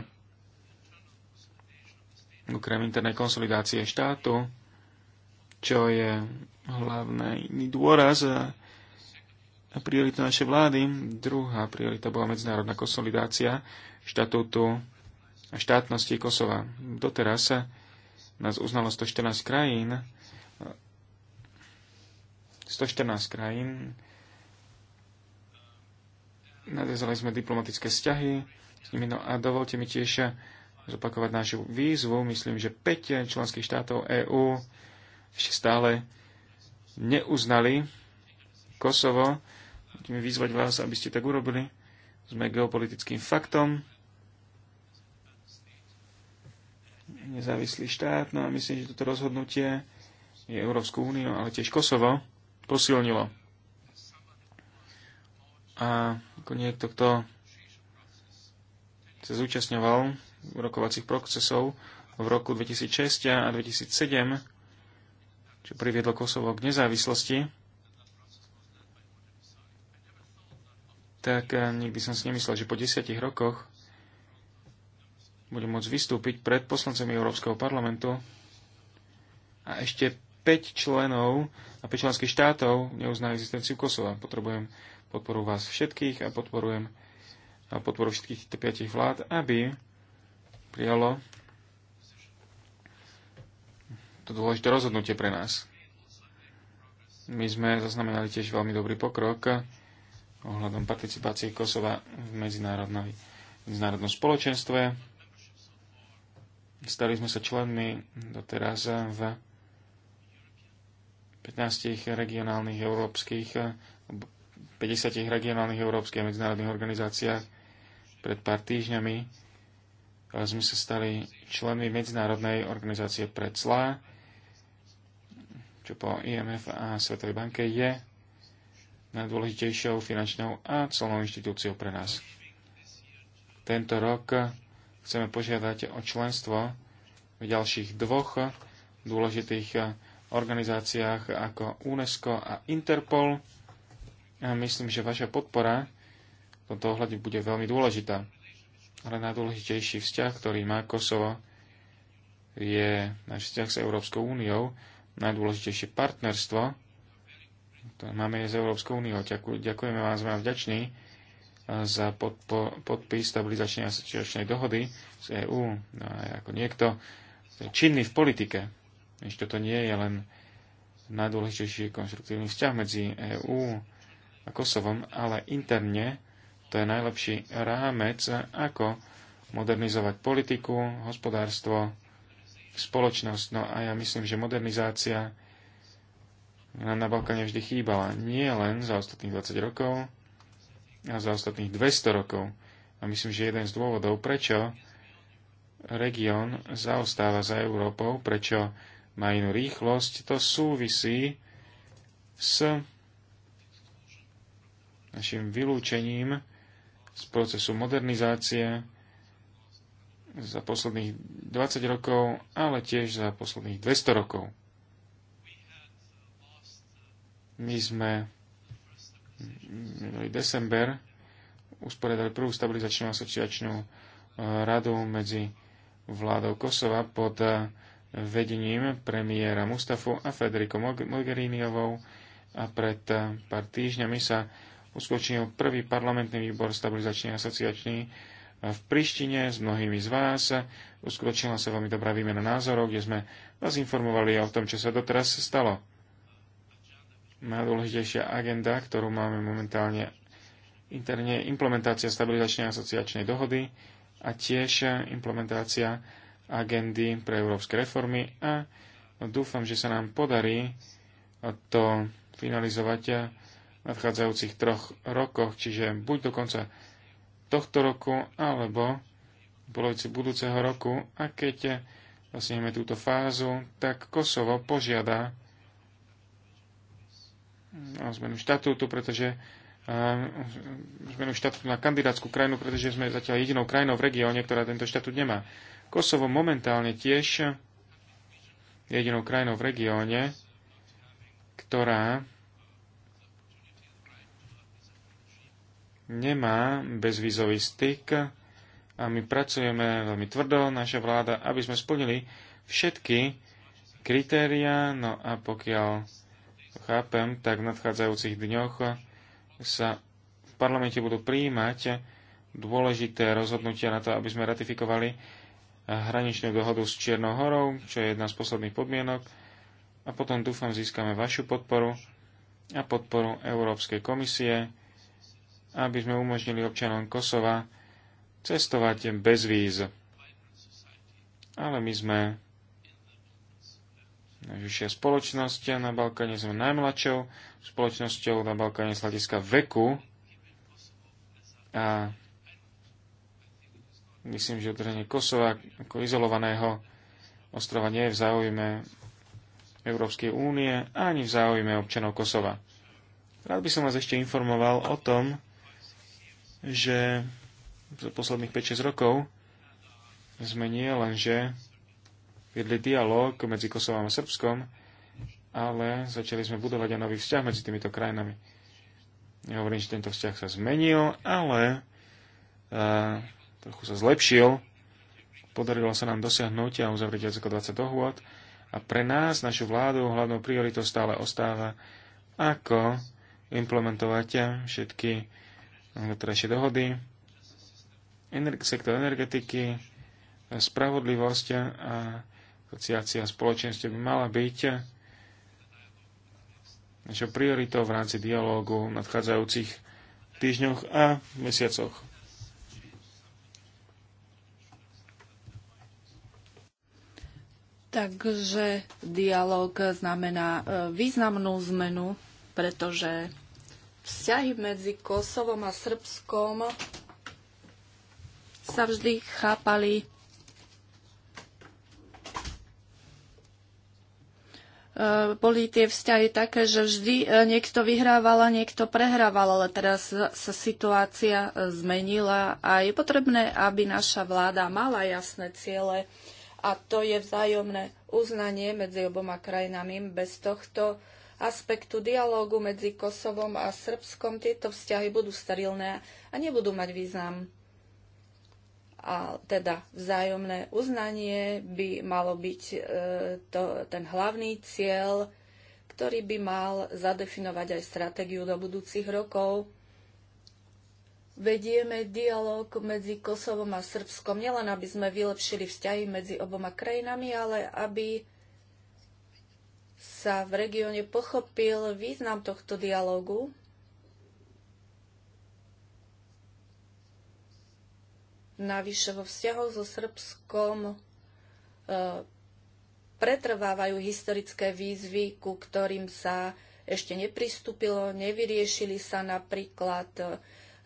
Speaker 2: Okrem internej konsolidácie štátu, čo je hlavný dôraz a, a priorita našej vlády. Druhá priorita bola medzinárodná konsolidácia štatútu a štátnosti Kosova. Doteraz nás uznalo 114 krajín, 114 krajín. Nadezali sme diplomatické vzťahy s nimi. No a dovolte mi tiež zopakovať našu výzvu. Myslím, že 5 členských štátov EÚ ešte stále neuznali Kosovo. Budeme vyzvať vás, aby ste tak urobili. Sme geopolitickým faktom. Nezávislý štát. No a myslím, že toto rozhodnutie je Európsku úniu, ale tiež Kosovo posilnilo. A ako niekto, kto sa zúčastňoval rokovacích procesov v roku 2006 a 2007, čo priviedlo Kosovo k nezávislosti, tak eh, nikdy som si nemyslel, že po desiatich rokoch budem môcť vystúpiť pred poslancami Európskeho parlamentu a ešte 5 členov a 5 členských štátov neuzná existenciu Kosova. Potrebujem podporu vás všetkých a podporujem a podporu všetkých týchto 5 vlád, aby prijalo to dôležité rozhodnutie pre nás. My sme zaznamenali tiež veľmi dobrý pokrok ohľadom participácie Kosova v medzinárodnej, medzinárodnom spoločenstve. Stali sme sa členmi doteraz v 15 regionálnych európskych, 50 regionálnych európskych a medzinárodných organizáciách pred pár týždňami eh, sme sa stali členmi Medzinárodnej organizácie pre clá, čo po IMF a Svetovej banke je najdôležitejšou finančnou a celnou inštitúciou pre nás. Tento rok chceme požiadať o členstvo v ďalších dvoch dôležitých eh, organizáciách ako UNESCO a Interpol. A myslím, že vaša podpora v tomto ohľade bude veľmi dôležitá. Ale najdôležitejší vzťah, ktorý má Kosovo, je náš vzťah s Európskou úniou, najdôležitejšie partnerstvo, ktoré máme je s Európskou úniou. Ďakujeme vám, sme vám vďační e, za podpo, podpis stabilizačnej a dohody z EÚ. No a ako niekto, činný v politike, ešte toto nie je len najdôležitejší konštruktívny vzťah medzi EÚ a Kosovom, ale interne to je najlepší rámec, ako modernizovať politiku, hospodárstvo, spoločnosť. No a ja myslím, že modernizácia nám na Balkáne vždy chýbala. Nie len za ostatných 20 rokov, a za ostatných 200 rokov. A myslím, že jeden z dôvodov, prečo región zaostáva za Európou, prečo má inú rýchlosť, to súvisí s našim vylúčením z procesu modernizácie za posledných 20 rokov, ale tiež za posledných 200 rokov. My sme minulý december usporiadali prvú stabilizačnú asociačnú eh, radu medzi vládou Kosova pod eh, vedením premiéra Mustafu a Federico Mogheriniovou a pred eh, pár týždňami sa uskutočnil prvý parlamentný výbor stabilizačný a asociačný eh, v Prištine s mnohými z vás. Uskutočnila sa veľmi dobrá výmena názorov, kde sme vás informovali o tom, čo sa doteraz stalo. Najdôležitejšia agenda, ktorú máme momentálne interne, implementácia stabilizačnej a asociačnej dohody a tiež eh, implementácia agendy pre európske reformy a dúfam, že sa nám podarí to finalizovať v nadchádzajúcich troch rokoch, čiže buď do konca tohto roku, alebo v polovici budúceho roku. A keď dosiahneme túto fázu, tak Kosovo požiada o zmenu štatútu, pretože zmenu štatútu na kandidátsku krajinu, pretože sme zatiaľ jedinou krajinou v regióne, ktorá tento štatút nemá. Kosovo momentálne tiež je jedinou krajinou v regióne, ktorá nemá bezvízový styk a my pracujeme veľmi tvrdo, naša vláda, aby sme splnili všetky kritéria, no a pokiaľ chápem, tak v nadchádzajúcich dňoch sa v parlamente budú prijímať dôležité rozhodnutia na to, aby sme ratifikovali hraničnú dohodu s Čiernou horou, čo je jedna z posledných podmienok. A potom dúfam získame vašu podporu a podporu Európskej komisie, aby sme umožnili občanom Kosova cestovať bez víz. Ale my sme najvyššia spoločnosť na Balkáne, sme najmladšou spoločnosťou na Balkáne z hľadiska veku a Myslím, že udržanie Kosova ako izolovaného ostrova nie je v záujme Európskej únie ani v záujme občanov Kosova. Rád by som vás ešte informoval o tom, že za posledných 5-6 rokov sme nie že viedli dialog medzi Kosovom a Srbskom, ale začali sme budovať aj nový vzťah medzi týmito krajinami. Nehovorím, že tento vzťah sa zmenil, ale uh, trochu sa zlepšil. Podarilo sa nám dosiahnuť a uzavrieť viac ako 20 dohôd. A pre nás, našu vládu, hlavnou prioritou stále ostáva, ako implementovať všetky doterajšie dohody, ener- sektor energetiky, spravodlivosť a asociácia spoločenstva by mala byť našou prioritou v rámci dialógu v nadchádzajúcich týždňoch a mesiacoch.
Speaker 3: Takže dialog znamená e, významnú zmenu, pretože vzťahy medzi Kosovom a Srbskom sa vždy chápali e, boli tie vzťahy také, že vždy e, niekto vyhrával a niekto prehrával, ale teraz sa situácia zmenila a je potrebné, aby naša vláda mala jasné ciele a to je vzájomné uznanie medzi oboma krajinami. Bez tohto aspektu dialógu medzi Kosovom a Srbskom tieto vzťahy budú sterilné a nebudú mať význam. A teda vzájomné uznanie by malo byť e, to, ten hlavný cieľ, ktorý by mal zadefinovať aj stratégiu do budúcich rokov vedieme dialog medzi Kosovom a Srbskom, nielen aby sme vylepšili vzťahy medzi oboma krajinami, ale aby sa v regióne pochopil význam tohto dialogu. Navyše vo vzťahoch so Srbskom e, pretrvávajú historické výzvy, ku ktorým sa ešte nepristúpilo, nevyriešili sa napríklad e,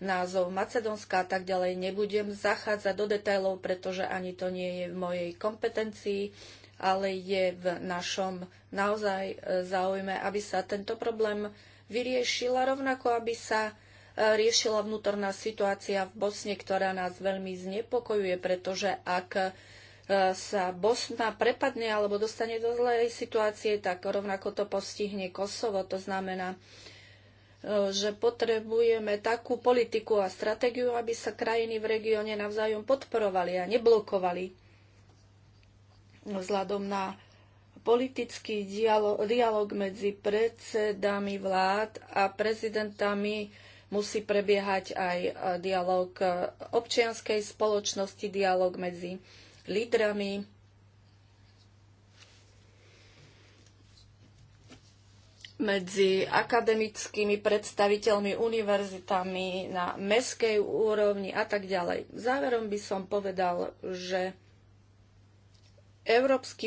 Speaker 3: názov Macedónska a tak ďalej. Nebudem zachádzať do detajlov, pretože ani to nie je v mojej kompetencii, ale je v našom naozaj e, záujme, aby sa tento problém vyriešila, rovnako aby sa e, riešila vnútorná situácia v Bosne, ktorá nás veľmi znepokojuje, pretože ak e, sa Bosna prepadne alebo dostane do zlej situácie, tak rovnako to postihne Kosovo. To znamená, že potrebujeme takú politiku a stratégiu, aby sa krajiny v regióne navzájom podporovali a neblokovali vzhľadom na politický dialog, medzi predsedami vlád a prezidentami musí prebiehať aj e, dialog občianskej spoločnosti, dialog medzi lídrami medzi akademickými predstaviteľmi, univerzitami na meskej úrovni a tak ďalej. Záverom by som povedal, že Európsky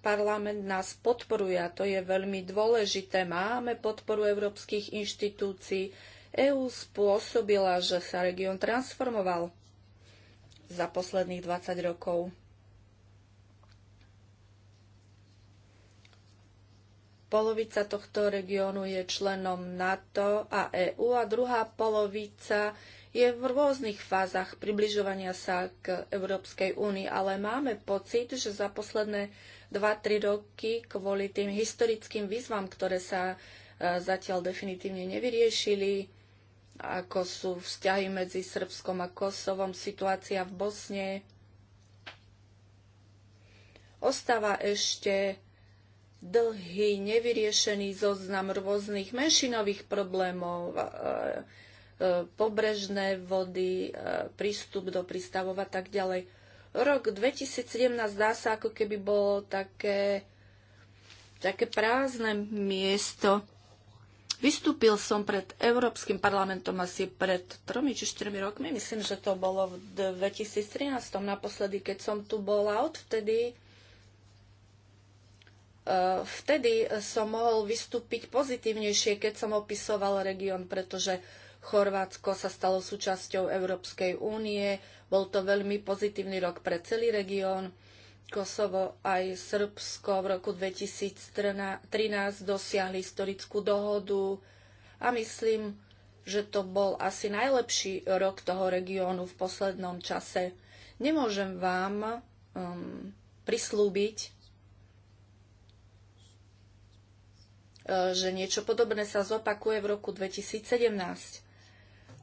Speaker 3: parlament nás podporuje a to je veľmi dôležité. Máme podporu európskych inštitúcií. EÚ EU spôsobila, že sa región transformoval za posledných 20 rokov. polovica tohto regiónu je členom NATO a EÚ a druhá polovica je v rôznych fázach približovania sa k Európskej únii, ale máme pocit, že za posledné 2-3 roky kvôli tým historickým výzvam, ktoré sa e, zatiaľ definitívne nevyriešili, ako sú vzťahy medzi Srbskom a Kosovom, situácia v Bosne, ostáva ešte dlhý, nevyriešený zoznam rôznych menšinových problémov, e, e, pobrežné vody, e, prístup do prístavov a tak ďalej. Rok 2017 zdá sa, ako keby bolo také, také prázdne miesto. Vystúpil som pred Európskym parlamentom asi pred tromi či štyrmi rokmi. Myslím, že to bolo v 2013, naposledy, keď som tu bola. Odvtedy Eh, vtedy som mohol vystúpiť pozitívnejšie, keď som opisoval región, pretože Chorvátsko sa stalo súčasťou Európskej únie. Bol to veľmi pozitívny rok pre celý región. Kosovo aj Srbsko v roku 2013 dosiahli historickú dohodu a myslím, že to bol asi najlepší rok toho regiónu v poslednom čase. Nemôžem vám um, prislúbiť, že niečo podobné sa zopakuje v roku 2017.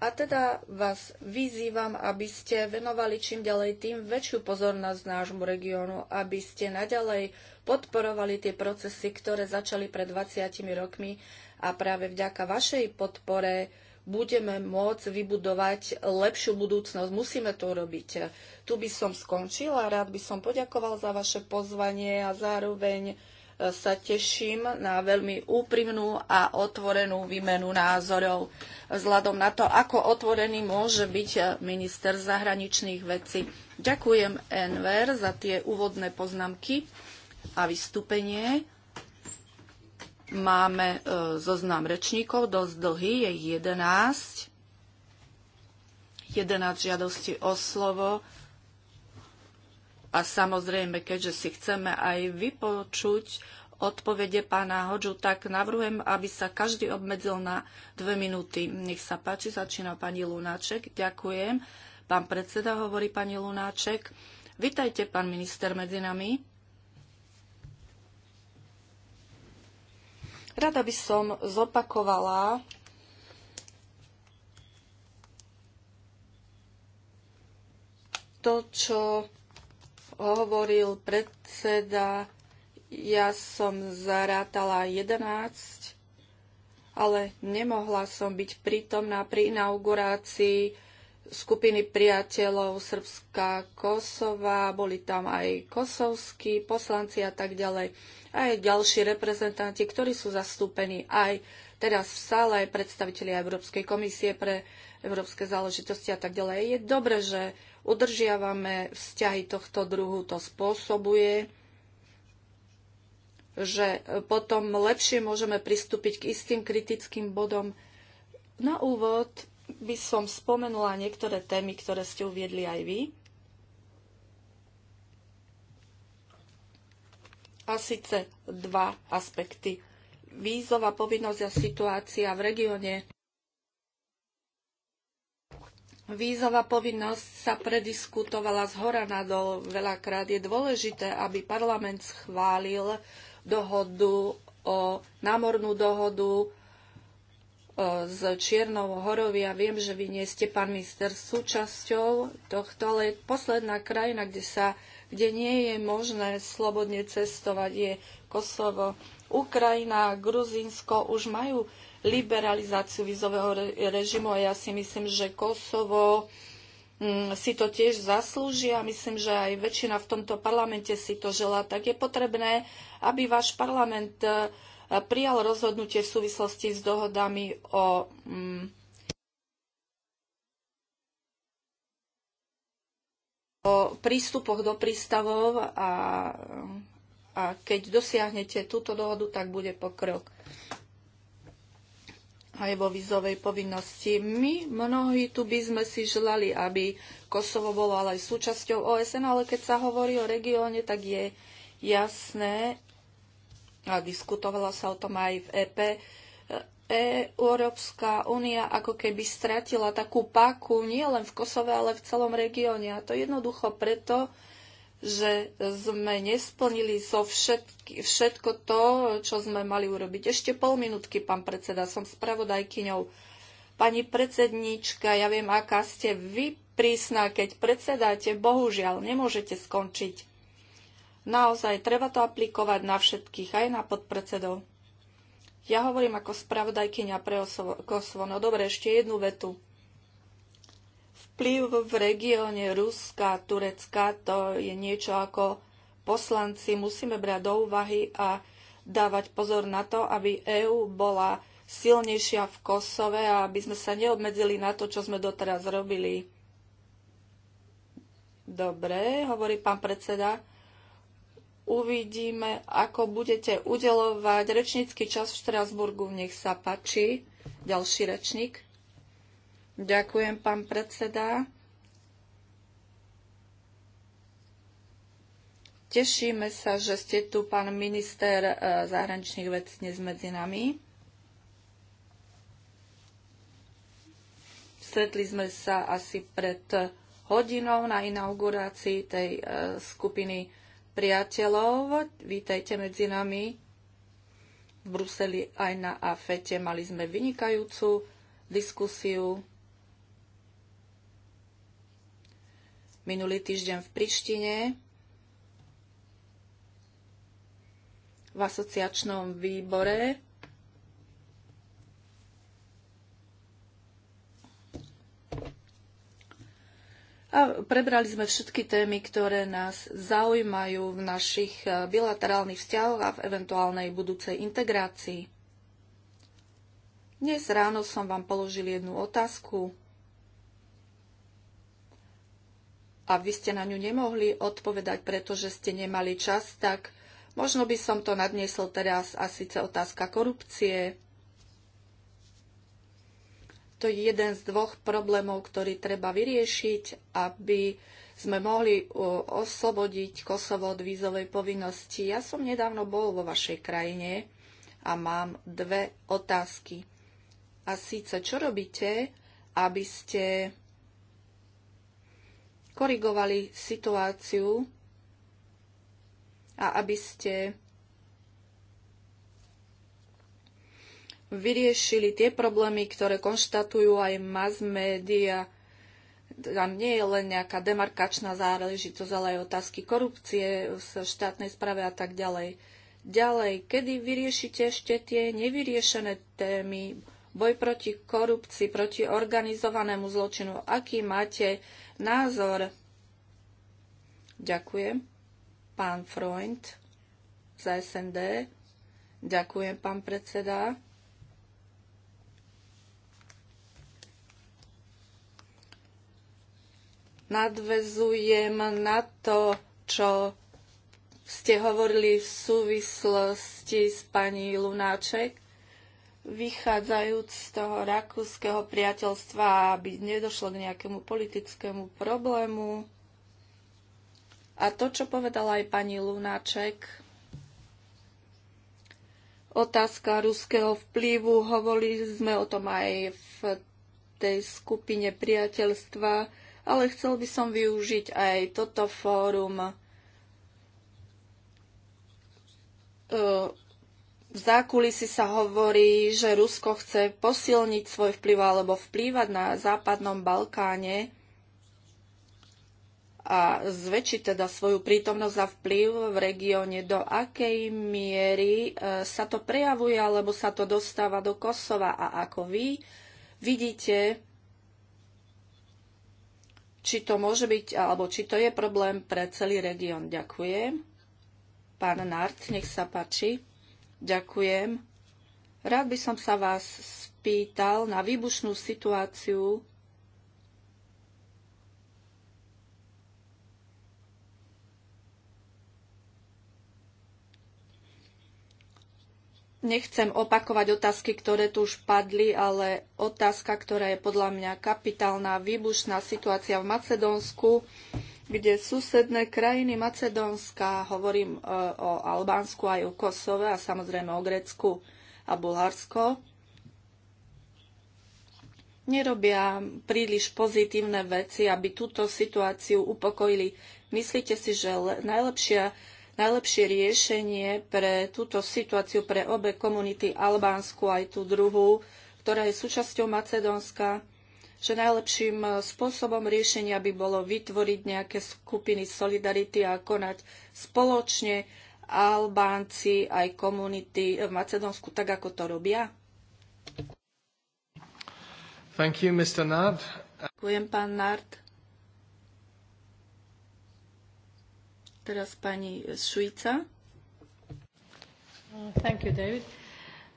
Speaker 3: A teda vás vyzývam, aby ste venovali čím ďalej tým väčšiu pozornosť nášmu regiónu, aby ste naďalej podporovali tie procesy, ktoré začali pred 20 rokmi a práve vďaka vašej podpore budeme môcť vybudovať lepšiu budúcnosť. Musíme to urobiť. Tu by som skončila, rád by som poďakoval za vaše pozvanie a zároveň sa teším na veľmi úprimnú a otvorenú výmenu názorov vzhľadom na to, ako otvorený môže byť minister zahraničných vecí. Ďakujem Enver za tie úvodné poznámky a vystúpenie. Máme e, zoznam rečníkov, dosť dlhý, je 11. 11 žiadosti o slovo a samozrejme, keďže si chceme aj vypočuť odpovede pána Hodžu, tak navrhujem, aby sa každý obmedzil na dve minúty. Nech sa páči, začína pani Lunáček. Ďakujem. Pán predseda hovorí pani Lunáček. Vitajte, pán minister, medzi nami. Rada by som zopakovala to, čo hovoril predseda, ja som zarátala 11, ale nemohla som byť prítomná pri inaugurácii skupiny priateľov Srbská Kosova, boli tam aj kosovskí poslanci a tak ďalej. Aj ďalší reprezentanti, ktorí sú zastúpení aj teraz v sále, aj predstavitelia Európskej komisie pre európske záležitosti a tak ďalej. Je dobre, že udržiavame vzťahy tohto druhu, to spôsobuje, že potom lepšie môžeme pristúpiť k istým kritickým bodom. Na úvod by som spomenula niektoré témy, ktoré ste uviedli aj vy. A síce dva aspekty. Vízová povinnosť a situácia v regióne Vízová povinnosť sa prediskutovala z hora na dol veľakrát. Je dôležité, aby parlament schválil dohodu o námornú dohodu s Čiernou horou. Ja viem, že vy nie ste, pán minister, súčasťou tohto, ale posledná krajina, kde, sa, kde nie je možné slobodne cestovať, je Kosovo. Ukrajina, Gruzínsko už majú liberalizáciu vízového režimu a ja si myslím, že Kosovo mm, si to tiež zaslúži a myslím, že aj väčšina v tomto parlamente si to želá, tak je potrebné, aby váš parlament e, prijal rozhodnutie v súvislosti s dohodami o mm, o prístupoch do prístavov a, a keď dosiahnete túto dohodu, tak bude pokrok aj vo vízovej povinnosti. My mnohí tu by sme si želali, aby Kosovo bolo ale aj súčasťou OSN, ale keď sa hovorí o regióne, tak je jasné, a diskutovala sa o tom aj v EP, e, Európska únia ako keby stratila takú páku nielen v Kosove, ale v celom regióne. A to jednoducho preto, že sme nesplnili so všetky, všetko to, čo sme mali urobiť. Ešte pol minútky, pán predseda, som spravodajkyňou. Pani predsedníčka, ja viem, aká ste vy prísna, keď predsedáte, bohužiaľ, nemôžete skončiť. Naozaj, treba to aplikovať na všetkých, aj na podpredsedov. Ja hovorím ako spravodajkyňa pre Kosovo. No dobre, ešte jednu vetu Vplyv v regióne Ruska, Turecka, to je niečo ako poslanci musíme brať do úvahy a dávať pozor na to, aby EÚ bola silnejšia v Kosove a aby sme sa neobmedzili na to, čo sme doteraz robili. Dobre, hovorí pán predseda. Uvidíme, ako budete udelovať rečnícky čas v Štrasburgu. Nech sa páči. Ďalší rečník. Ďakujem, pán predseda. Tešíme sa, že ste tu, pán minister eh, zahraničných vecí, dnes medzi nami. Stretli sme sa asi pred hodinou na inaugurácii tej eh, skupiny priateľov. Vítajte medzi nami. V Bruseli aj na AFETE mali sme vynikajúcu diskusiu minulý týždeň v Prištine v asociačnom výbore. A prebrali sme všetky témy, ktoré nás zaujímajú v našich eh, bilaterálnych vzťahoch a v eventuálnej budúcej integrácii. Dnes ráno som vám položil jednu otázku. a vy ste na ňu nemohli odpovedať, pretože ste nemali čas, tak možno by som to nadniesol teraz a síce otázka korupcie. To je jeden z dvoch problémov, ktorý treba vyriešiť, aby sme mohli oslobodiť Kosovo od vízovej povinnosti. Ja som nedávno bol vo vašej krajine a mám dve otázky. A síce, čo robíte, aby ste korigovali situáciu a aby ste vyriešili tie problémy, ktoré konštatujú aj mass media. Tam nie je len nejaká demarkačná záležitosť, ale aj otázky korupcie v štátnej správe a tak ďalej. Ďalej, kedy vyriešite ešte tie nevyriešené témy, boj proti korupcii, proti organizovanému zločinu, aký máte názor. Ďakujem, pán Freund za SND. Ďakujem, pán predseda. Nadvezujem na to, čo ste hovorili v súvislosti s pani Lunáček vychádzajúc z toho rakúskeho priateľstva, aby nedošlo k nejakému politickému problému. A to, čo povedala aj pani Lunáček, otázka ruského vplyvu, hovorili sme o tom aj v tej skupine priateľstva, ale chcel by som využiť aj toto fórum e, v zákulisi sa hovorí, že Rusko chce posilniť svoj vplyv alebo vplývať na západnom Balkáne a zväčšiť teda svoju prítomnosť a vplyv v regióne. Do akej miery e, sa to prejavuje alebo sa to dostáva do Kosova a ako vy vidíte, či to môže byť alebo či to je problém pre celý región. Ďakujem. Pán Nart, nech sa páči. Ďakujem. Rád by som sa vás spýtal na výbušnú situáciu nechcem opakovať otázky, ktoré tu už padli, ale otázka, ktorá je podľa mňa kapitálna, výbušná situácia v Macedónsku kde susedné krajiny Macedónska, hovorím e, o Albánsku aj o Kosove a samozrejme o Grécku a Bulharsko, nerobia príliš pozitívne veci, aby túto situáciu upokojili. Myslíte si, že najlepšia, najlepšie riešenie pre túto situáciu pre obe komunity, Albánsku aj tú druhú, ktorá je súčasťou Macedónska, že najlepším e, spôsobom riešenia by bolo vytvoriť nejaké skupiny solidarity a konať spoločne Albánci aj komunity v Macedónsku, tak ako to robia?
Speaker 1: Thank you, Mr. Nard.
Speaker 3: Ďakujem, pán Nard. Teraz pani Švica. thank you, David.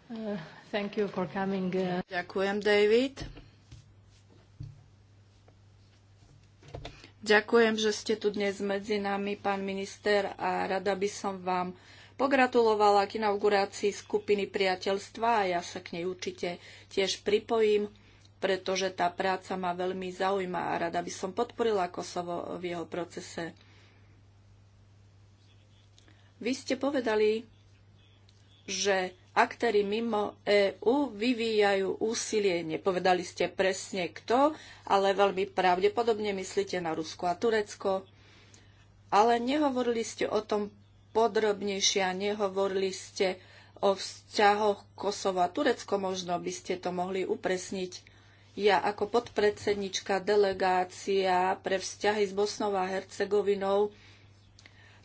Speaker 3: Uh, thank you for coming. Uh... Ďakujem, David. Ďakujem, že ste tu dnes medzi nami, pán minister, a rada by som vám pogratulovala k inaugurácii skupiny priateľstva a ja sa k nej určite tiež pripojím, pretože tá práca ma veľmi zaujíma a rada by som podporila Kosovo v jeho procese. Vy ste povedali, že aktéry mimo EÚ vyvíjajú úsilie. Nepovedali ste presne kto, ale veľmi pravdepodobne myslíte na Rusko a Turecko. Ale nehovorili ste o tom podrobnejšie a nehovorili ste o vzťahoch Kosovo a Turecko. Možno by ste to mohli upresniť. Ja ako podpredsednička delegácia pre vzťahy s Bosnou a Hercegovinou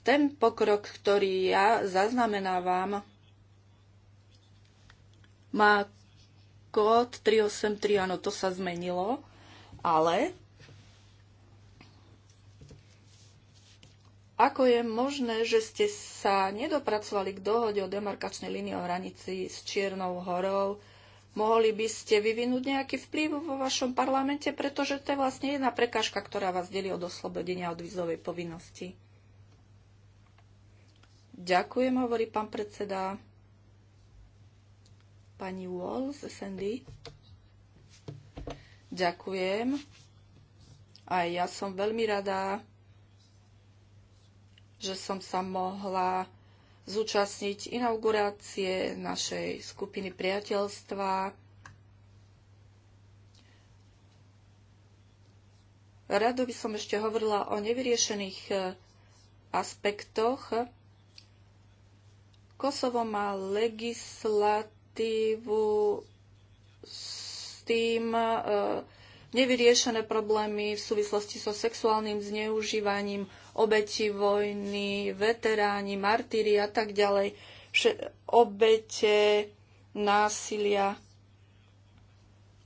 Speaker 3: ten pokrok, ktorý ja zaznamenávam, má kód 383, áno, to sa zmenilo, ale ako je možné, že ste sa nedopracovali k dohode o demarkačnej línii o hranici s Čiernou horou? Mohli by ste vyvinúť nejaký vplyv vo vašom parlamente, pretože to je vlastne jedna prekážka, ktorá vás delí od oslobodenia od vízovej povinnosti. Ďakujem, hovorí pán predseda. Pani Wall z SND. Ďakujem. A ja som veľmi rada, že som sa mohla zúčastniť inaugurácie našej skupiny priateľstva. Rado by som ešte hovorila o nevyriešených e, aspektoch. Kosovo má legislat perspektívu s tým e, nevyriešené problémy v súvislosti so sexuálnym zneužívaním obeti vojny, veteráni, martíri a tak ďalej, obete násilia.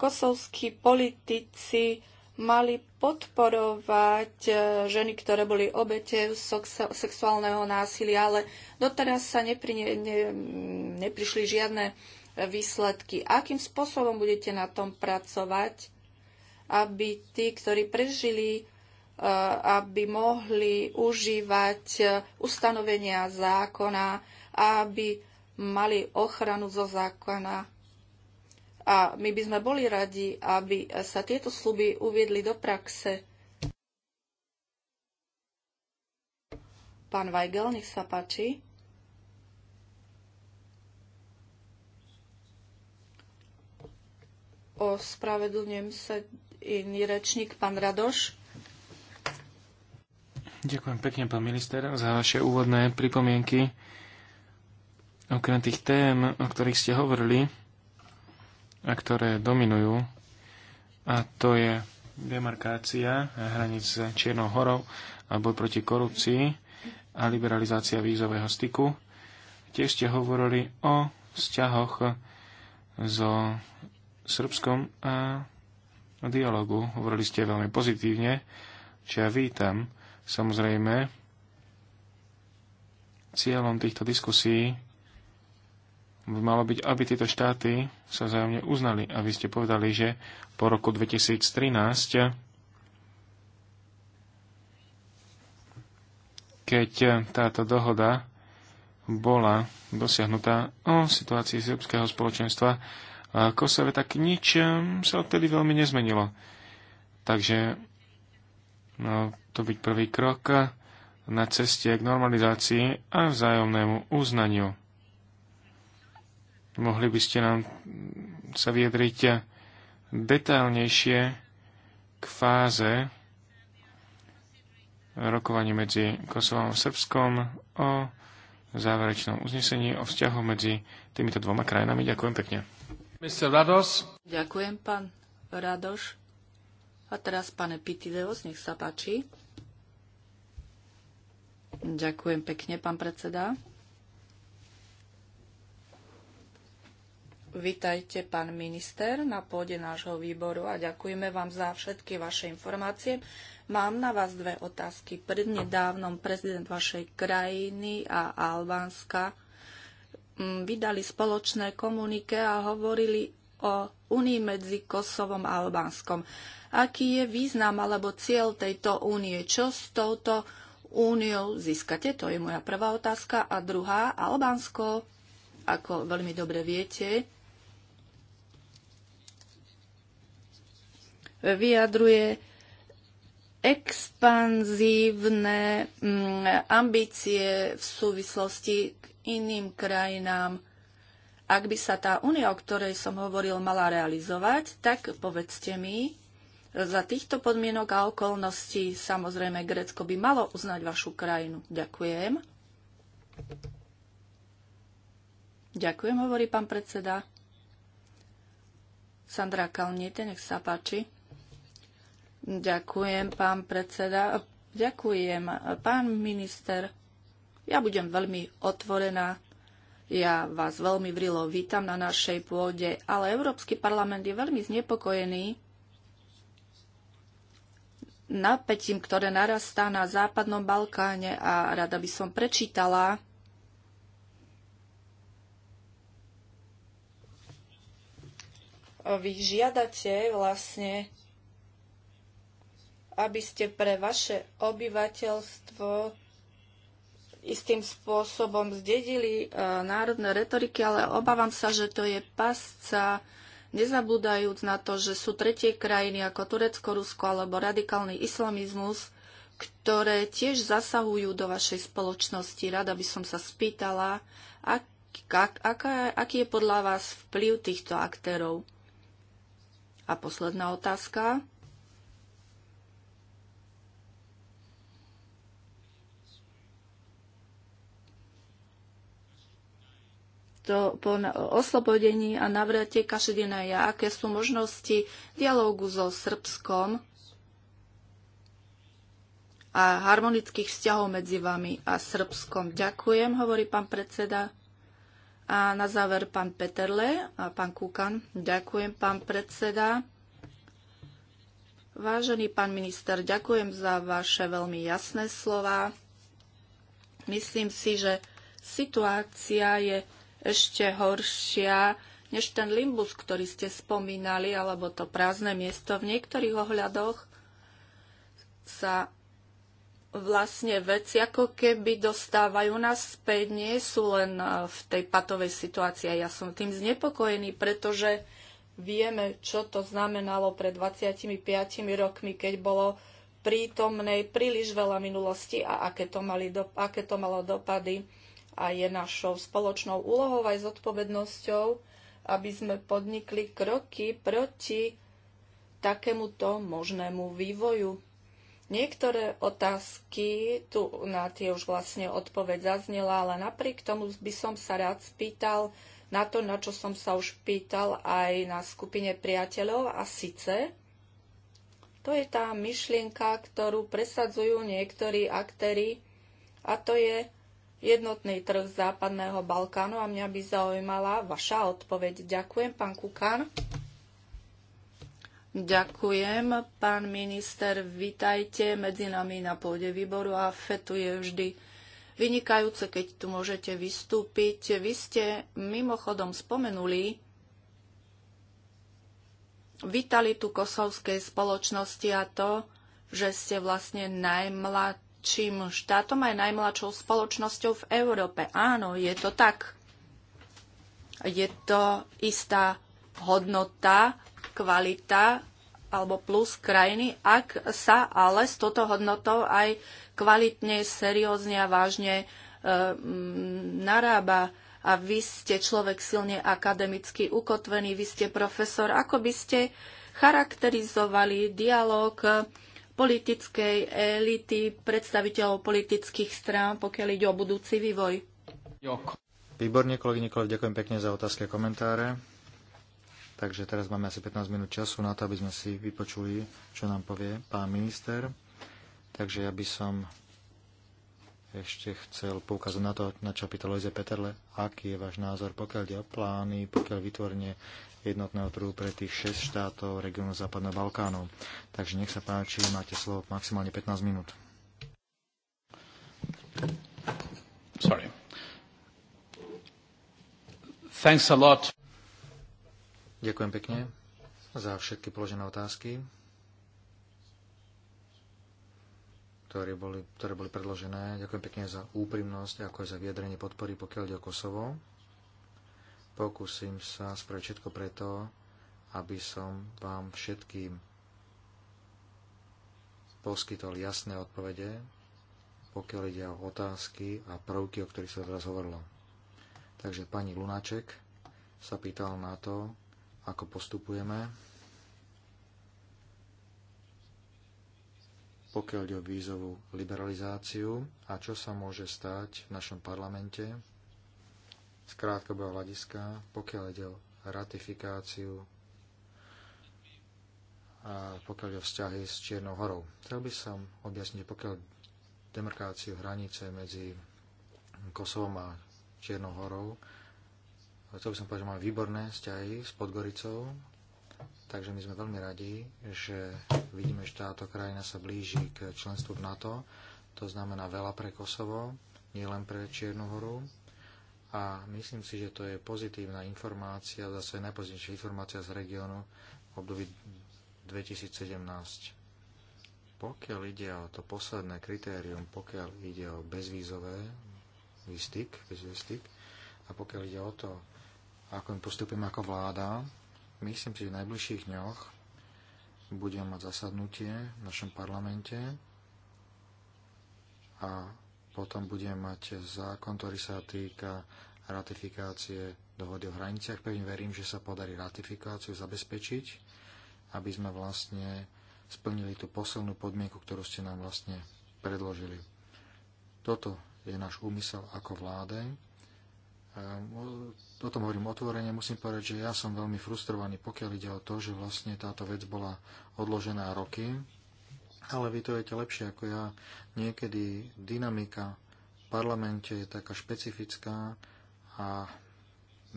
Speaker 3: Kosovskí politici mali podporovať e, ženy, ktoré boli obete sexuálneho násilia, ale doteraz sa nepri, ne, neprišli žiadne výsledky. Akým spôsobom budete na tom pracovať, aby tí, ktorí prežili, e, aby mohli užívať e, ustanovenia zákona, aby mali ochranu zo zákona a my by sme boli radi, aby sa tieto sluby uviedli do praxe. Pán Weigel, nech sa páči. Ospravedlňujem sa iný rečník, pán Radoš.
Speaker 2: Ďakujem pekne, pán minister, za vaše úvodné pripomienky. Okrem tých tém, o ktorých ste hovorili, a ktoré dominujú, a to je demarkácia hraníc s Čiernou horou a boj proti korupcii a liberalizácia vízového styku. Tiež ste hovorili o vzťahoch so Srbskom a o dialogu. Hovorili ste veľmi pozitívne, čo ja vítam. Samozrejme, cieľom týchto diskusí by malo byť, aby tieto štáty sa vzájomne uznali. A vy ste povedali, že po roku 2013 keď táto dohoda bola dosiahnutá o situácii srbského spoločenstva v Kosove, tak nič um, sa odtedy veľmi nezmenilo. Takže no, to byť prvý krok na ceste k normalizácii a vzájomnému uznaniu. Mohli by ste nám sa vyjadriť detailnejšie k fáze rokovania medzi Kosovom a Srbskom o záverečnom uznesení o vzťahu medzi týmito dvoma krajinami. Ďakujem pekne.
Speaker 3: Mr. Rados. Ďakujem, pán Radoš. A teraz, pane Pitideos, nech sa páči. Ďakujem pekne, pán predseda. Vítajte, pán minister, na pôde nášho výboru a ďakujeme vám za všetky vaše informácie. Mám na vás dve otázky. Prednedávnom prezident vašej krajiny a Albánska mm, vydali spoločné komunike a hovorili o únii medzi Kosovom a Albánskom. Aký je význam alebo cieľ tejto únie? Čo s touto úniou získate? To je moja prvá otázka. A druhá, Albánsko, ako veľmi dobre viete, vyjadruje expanzívne mm, ambície v súvislosti k iným krajinám. Ak by sa tá únia, o ktorej som hovoril, mala realizovať, tak povedzte mi, za týchto podmienok a okolností samozrejme Grécko by malo uznať vašu krajinu. Ďakujem. Ďakujem, hovorí pán predseda. Sandra Kalniete, nech sa páči. Ďakujem, pán predseda. Ďakujem, pán minister. Ja budem veľmi otvorená. Ja vás veľmi vrilo vítam na našej pôde, ale Európsky parlament je veľmi znepokojený napätím, ktoré narastá na Západnom Balkáne a rada by som prečítala vy žiadate vlastne aby ste pre vaše obyvateľstvo istým spôsobom zdedili e, národné retoriky, ale obávam sa, že to je pasca, nezabúdajúc na to, že sú tretie krajiny ako Turecko, Rusko alebo radikálny islamizmus, ktoré tiež zasahujú do vašej spoločnosti. Rada by som sa spýtala, ak, ak, aká, aký je podľa vás vplyv týchto aktérov. A posledná otázka. to, po oslobodení a navrate Kašedinaja, aké sú možnosti dialógu so Srbskom a harmonických vzťahov medzi vami a Srbskom. Ďakujem, hovorí pán predseda. A na záver pán Peterle a pán Kúkan, Ďakujem, pán predseda. Vážený pán minister, ďakujem za vaše veľmi jasné slova. Myslím si, že situácia je ešte horšia než ten limbus, ktorý ste spomínali, alebo to prázdne miesto. V niektorých ohľadoch sa vlastne veci ako keby dostávajú nás späť, nie sú len e, v tej patovej situácii. Ja som tým znepokojený, pretože vieme, čo to znamenalo pred 25 rokmi, keď bolo prítomnej príliš veľa minulosti a aké to, mali do, aké to malo dopady a je našou spoločnou úlohou aj zodpovednosťou, aby sme podnikli kroky proti takémuto možnému vývoju. Niektoré otázky, tu na tie už vlastne odpoveď zaznela, ale napriek tomu by som sa rád spýtal na to, na čo som sa už pýtal aj na skupine priateľov a síce to je tá myšlienka, ktorú presadzujú niektorí aktéry a to je jednotný trh Západného Balkánu a mňa by zaujímala vaša odpoveď. Ďakujem, pán Kukan. Ďakujem, pán minister. Vítajte medzi nami na pôde výboru a FETu je vždy vynikajúce, keď tu môžete vystúpiť. Vy ste mimochodom spomenuli vitalitu kosovskej spoločnosti a to, že ste vlastne najmlad, najväčším štátom aj najmladšou spoločnosťou v Európe. Áno, je to tak. Je to istá hodnota, kvalita alebo plus krajiny, ak sa ale s touto hodnotou aj kvalitne, seriózne a vážne e, narába. A vy ste človek silne akademicky ukotvený, vy ste profesor. Ako by ste charakterizovali dialog politickej elity, predstaviteľov politických strán, pokiaľ ide o budúci vývoj.
Speaker 1: Výborne, kolegyne, kolegy, ďakujem pekne za otázky a komentáre. Takže teraz máme asi 15 minút času na to, aby sme si vypočuli, čo nám povie pán minister. Takže ja by som ešte chcel poukázať na to, na čo pýtal Lojze Peterle, aký je váš názor, pokiaľ ide o plány, pokiaľ vytvorenie jednotného trhu pre tých 6 štátov regiónu Západného Balkánu. Takže nech sa páči, máte slovo maximálne 15 minút. Sorry. Thanks a lot. Ďakujem pekne za všetky položené otázky. ktoré boli, ktoré boli predložené. Ďakujem pekne za úprimnosť, ako aj za vyjadrenie podpory, pokiaľ ide o Kosovo. Pokúsim sa spraviť všetko preto, aby som vám všetkým poskytol jasné odpovede, pokiaľ ide o otázky a prvky, o ktorých sa teraz hovorilo. Takže pani Lunáček sa pýtal na to, ako postupujeme pokiaľ ide o vízovú liberalizáciu a čo sa môže stať v našom parlamente z krátkobého hľadiska, pokiaľ ide o ratifikáciu a pokiaľ ide o vzťahy s Čiernou horou. Chcel by som objasniť, pokiaľ demarkáciu hranice medzi Kosovom a Čiernou horou, chcel by som povedať, že máme výborné vzťahy s Podgoricou, Takže my sme veľmi radi, že vidíme, že táto krajina sa blíži k členstvu v NATO. To znamená veľa pre Kosovo, nielen pre Čiernu horu. A myslím si, že to je pozitívna informácia, zase najpozitívnejšia informácia z regiónu v období 2017. Pokiaľ ide o to posledné kritérium, pokiaľ ide o bezvízové výstyk, bezvýstyk, a pokiaľ ide o to, ako im postupujeme ako vláda, myslím si, že v najbližších dňoch budem mať zasadnutie v našom parlamente a potom budem mať zákon, ktorý sa týka ratifikácie dohody o hraniciach. Pevne verím, že sa podarí ratifikáciu zabezpečiť, aby sme vlastne splnili tú poslednú podmienku, ktorú ste nám vlastne predložili. Toto je náš úmysel ako vláde o tom hovorím otvorene, musím povedať, že ja som veľmi frustrovaný, pokiaľ ide o to, že vlastne táto vec bola odložená roky, ale vy to viete lepšie ako ja. Niekedy dynamika v parlamente je taká špecifická a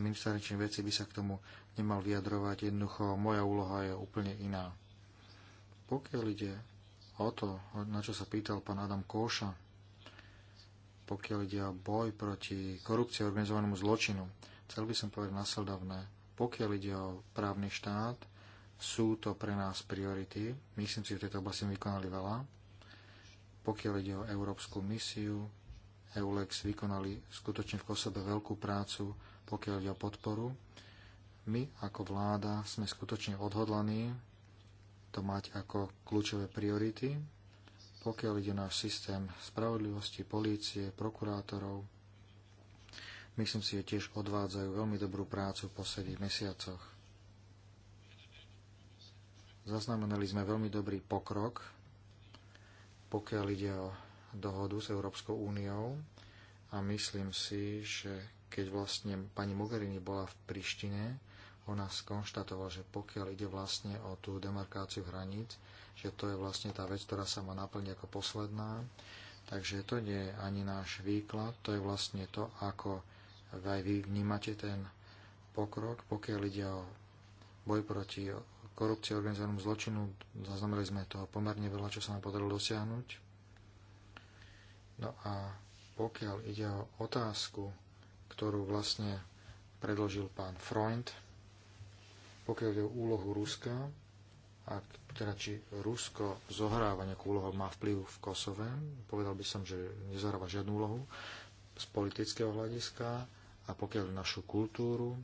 Speaker 1: minister veci by sa k tomu nemal vyjadrovať. Jednoducho moja úloha je úplne iná. Pokiaľ ide o to, na čo sa pýtal pán Adam Koša, pokiaľ ide o boj proti korupcii a organizovanému zločinu. Chcel by som povedať nasledovné. Pokiaľ ide o právny štát, sú to pre nás priority. Myslím si, že v tejto oblasti sme vykonali veľa. Pokiaľ ide o európsku misiu, EULEX vykonali skutočne v Kosobe veľkú prácu, pokiaľ ide o podporu. My ako vláda sme skutočne odhodlaní to mať ako kľúčové priority pokiaľ ide náš systém spravodlivosti, polície, prokurátorov. Myslím si, že tiež odvádzajú veľmi dobrú prácu v posledných mesiacoch. Zaznamenali sme veľmi dobrý pokrok, pokiaľ ide o dohodu s Európskou úniou a myslím si, že keď vlastne pani Mogherini bola v Prištine, ona skonštatovala, že pokiaľ ide vlastne o tú demarkáciu hraníc, že to je vlastne tá vec, ktorá sa má naplniť ako posledná. Takže to nie je ani náš výklad, to je vlastne to, ako aj vy vnímate ten pokrok, pokiaľ ide o boj proti korupcii a organizovanému zločinu. Zaznamenali sme toho pomerne veľa, čo sa nám podarilo dosiahnuť. No a pokiaľ ide o otázku, ktorú vlastne predložil pán Freund, pokiaľ ide o úlohu Ruska, ak teda či Rusko zohráva nejakú úlohu, má vplyv v Kosove, povedal by som, že nezohráva žiadnu úlohu z politického hľadiska a pokiaľ našu kultúru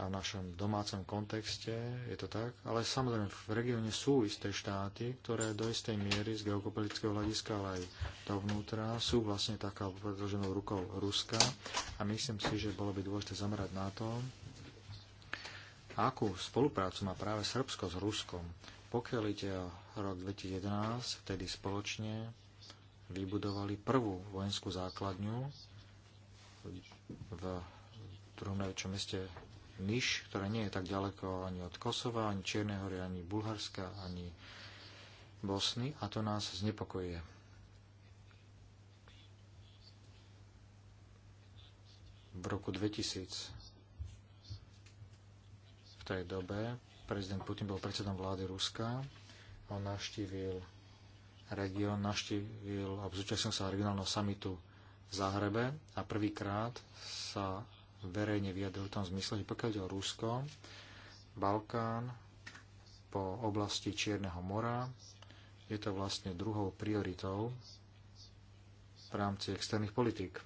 Speaker 1: a v našom domácom kontexte je to tak, ale samozrejme v regióne sú isté štáty, ktoré do istej miery z geopolitického hľadiska, ale aj dovnútra sú vlastne taká predloženou rukou Ruska a myslím si, že bolo by dôležité zamerať na to, akú spoluprácu má práve Srbsko s Ruskom. Pokiaľ ide o rok 2011, vtedy spoločne vybudovali prvú vojenskú základňu v druhom najväčšom meste Niš, ktoré nie je tak ďaleko ani od Kosova, ani Čiernej hory, ani Bulharska, ani Bosny a to nás znepokojuje. V roku 2000 tej dobe prezident Putin bol predsedom vlády Ruska. On navštívil región, navštívil a zúčastnil sa regionálneho samitu v Záhrebe a prvýkrát sa verejne vyjadril v tom zmysle, že pokiaľ ide o Rusko, Balkán po oblasti Čierneho mora je to vlastne druhou prioritou v rámci externých politík.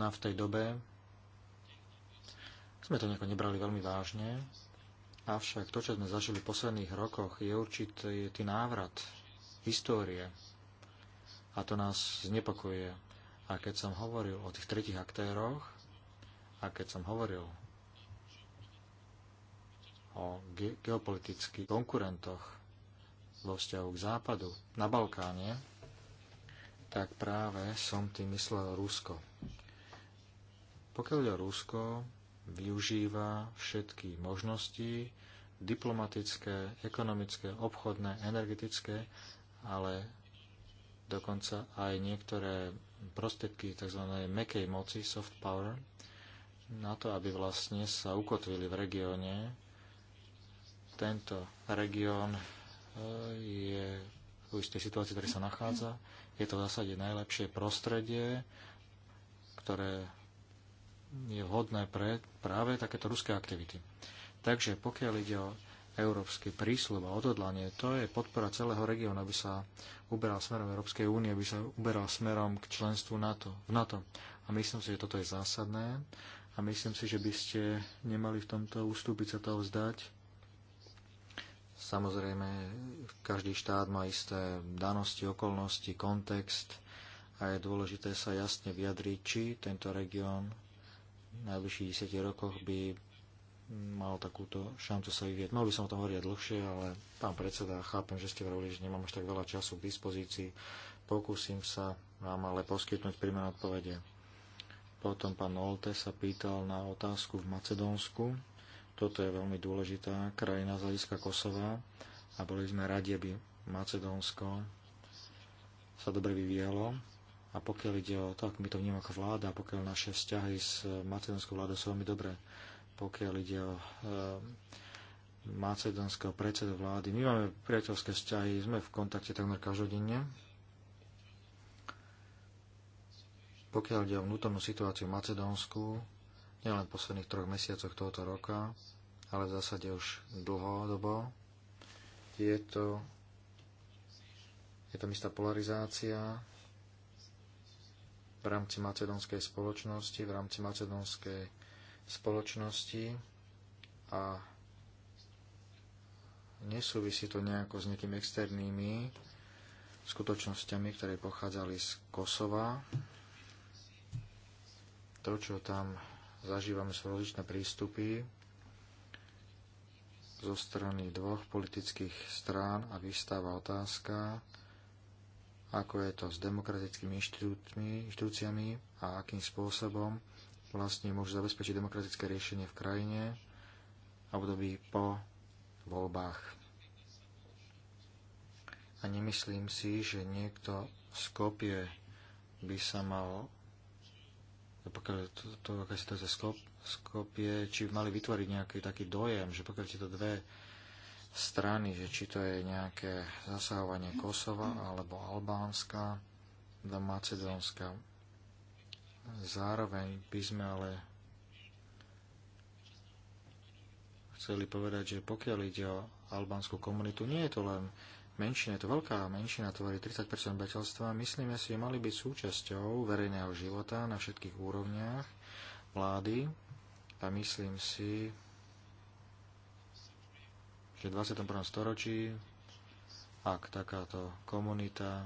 Speaker 1: No a v tej dobe sme to nejako nebrali veľmi vážne, avšak to, čo sme zažili v posledných rokoch, je určitý tý návrat histórie a to nás znepokojuje. A keď som hovoril o tých tretich aktéroch a keď som hovoril o ge- geopolitických konkurentoch vo vzťahu k západu na Balkáne, tak práve som tým myslel Rusko. Pokiaľ ide o Rusko, využíva všetky možnosti diplomatické, ekonomické, obchodné, energetické, ale dokonca aj niektoré prostriedky tzv. mekej moci, soft power, na to, aby vlastne sa ukotvili v regióne. Tento región e, je v istej situácii, ktorý sa nachádza. Je to v zásade najlepšie prostredie, ktoré je vhodné pre práve takéto ruské aktivity. Takže pokiaľ ide o európsky prísľub a odhodlanie, to je podpora celého regiónu, aby sa uberal smerom Európskej únie, aby sa uberal smerom k členstvu NATO, v NATO. A myslím si, že toto je zásadné a myslím si, že by ste nemali v tomto ustúpiť sa toho vzdať. Samozrejme, každý štát má isté danosti, okolnosti, kontext a je dôležité sa jasne vyjadriť, či tento región najbližších 10 rokoch by mal takúto šancu sa vyvieť. Mohol by som o tom hovoriť dlhšie, ale pán predseda, chápem, že ste vravili, že nemám až tak veľa času k dispozícii. Pokúsim sa vám ale poskytnúť príjme odpovede. Potom pán Olte sa pýtal na otázku v Macedónsku. Toto je veľmi dôležitá krajina z hľadiska Kosova a boli sme radi, aby Macedónsko sa dobre vyvíjalo. A pokiaľ ide o to, ako my to vnímame ako vláda, pokiaľ naše vzťahy s macedónskou vládou sú veľmi dobré, pokiaľ ide o e, ehm, macedonského predsedu vlády, my máme priateľské vzťahy, sme v kontakte takmer každodenne. Pokiaľ ide o vnútornú situáciu v Macedónsku, nielen v posledných troch mesiacoch tohoto roka, ale v zásade už dlhodobo, je to, je to istá polarizácia, v rámci macedónskej spoločnosti, v rámci macedónskej spoločnosti a nesúvisí to nejako s nejakými externými skutočnosťami, ktoré pochádzali z Kosova. To, čo tam zažívame, sú rozličné prístupy zo strany dvoch politických strán a vystáva otázka, ako je to s demokratickými inštitúciami a akým spôsobom vlastne môžu zabezpečiť demokratické riešenie v krajine a období po voľbách. A nemyslím si, že niekto z kopie by sa mal pokiaľ to, to, to, to, to, to, to, to, to, či mali vytvoriť nejaký taký dojem, že pokiaľ tieto dve strany, že či to je nejaké zasahovanie Kosova alebo Albánska do Macedónska. Zároveň by sme ale chceli povedať, že pokiaľ ide o albánsku komunitu, nie je to len menšina, je to veľká menšina, tvorí 30 obyvateľstva. Myslíme si, že mali byť súčasťou verejného života na všetkých úrovniach vlády a myslím si, že v 21. storočí, ak takáto komunita,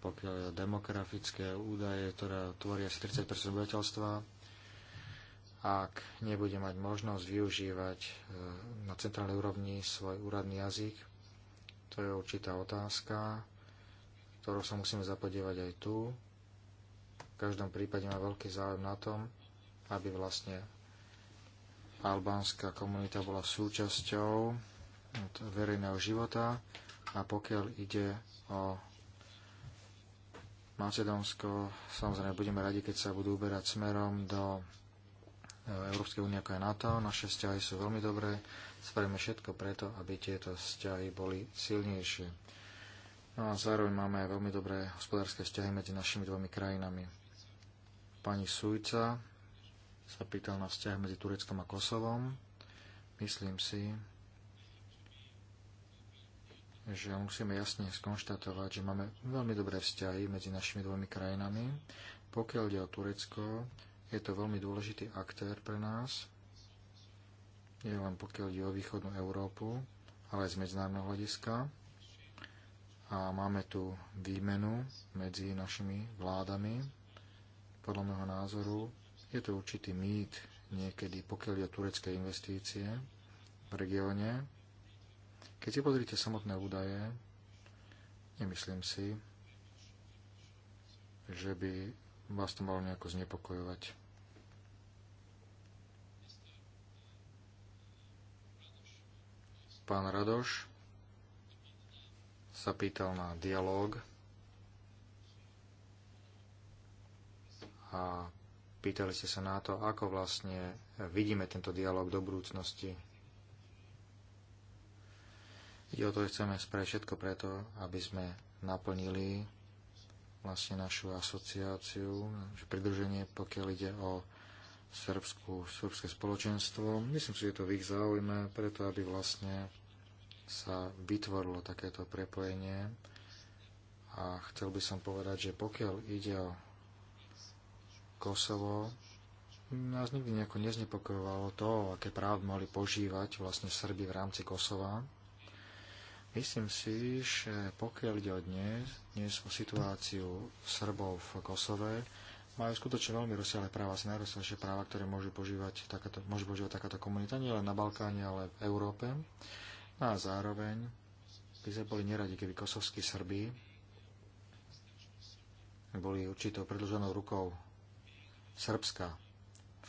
Speaker 1: pokiaľ je demografické údaje, ktoré tvoria asi 30 obyvateľstva, ak nebude mať možnosť využívať e, na centrálnej úrovni svoj úradný jazyk, to je určitá otázka, ktorú sa musíme zapodievať aj tu. V každom prípade má veľký záujem na tom, aby vlastne albánska komunita bola súčasťou verejného života a pokiaľ ide o Macedónsko, samozrejme budeme radi, keď sa budú uberať smerom do e, Európskej únie ako aj NATO. Naše vzťahy sú veľmi dobré. Spravíme všetko preto, aby tieto vzťahy boli silnejšie. No a zároveň máme aj veľmi dobré hospodárske vzťahy medzi našimi dvomi krajinami. Pani Sujca sa pýtal na vzťah medzi Tureckom a Kosovom. Myslím si, že musíme jasne skonštatovať, že máme veľmi dobré vzťahy medzi našimi dvomi krajinami. Pokiaľ ide o Turecko, je to veľmi dôležitý aktér pre nás, nie len pokiaľ ide o východnú Európu, ale aj z medzinárodného hľadiska. A máme tu výmenu medzi našimi vládami. Podľa môjho názoru je to určitý mýt niekedy, pokiaľ je turecké investície v regióne. Keď si pozrite samotné údaje, nemyslím si, že by vás to malo nejako znepokojovať. Pán Radoš sa pýtal na dialog a Pýtali ste sa na to, ako vlastne vidíme tento dialog do budúcnosti. Ide o to, že chceme spraviť všetko preto, aby sme naplnili vlastne našu asociáciu, naše pridruženie, pokiaľ ide o Srbsku, srbské spoločenstvo. Myslím si, že je to v ich záujme, preto aby vlastne sa vytvorilo takéto prepojenie. A chcel by som povedať, že pokiaľ ide o Kosovo nás nikdy nejako neznepokojovalo to, aké práv mohli požívať vlastne Srby v rámci Kosova. Myslím si, že pokiaľ ide o dnes, dnes o situáciu Srbov v Kosove, majú skutočne veľmi rozsiahle práva, asi najrozsiahlejšie práva, ktoré môžu požívať, takáto, môže požívať takáto komunita, nie len na Balkáne, ale v Európe. No a zároveň by sme boli neradi, keby kosovskí Srbí boli určitou predlženou rukou Srbska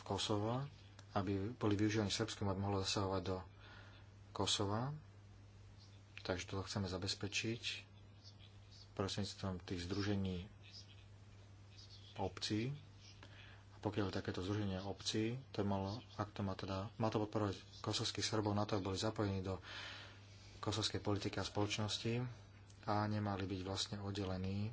Speaker 1: v Kosovo, aby boli využívaní Srbskom, aby mohlo zasahovať do Kosova. Takže toto chceme zabezpečiť prostredníctvom tých združení obcí. A pokiaľ takéto združenie obcí, to malo, ak to má, teda, má to podporovať kosovských Srbov na to, aby boli zapojení do kosovskej politiky a spoločnosti a nemali byť vlastne oddelení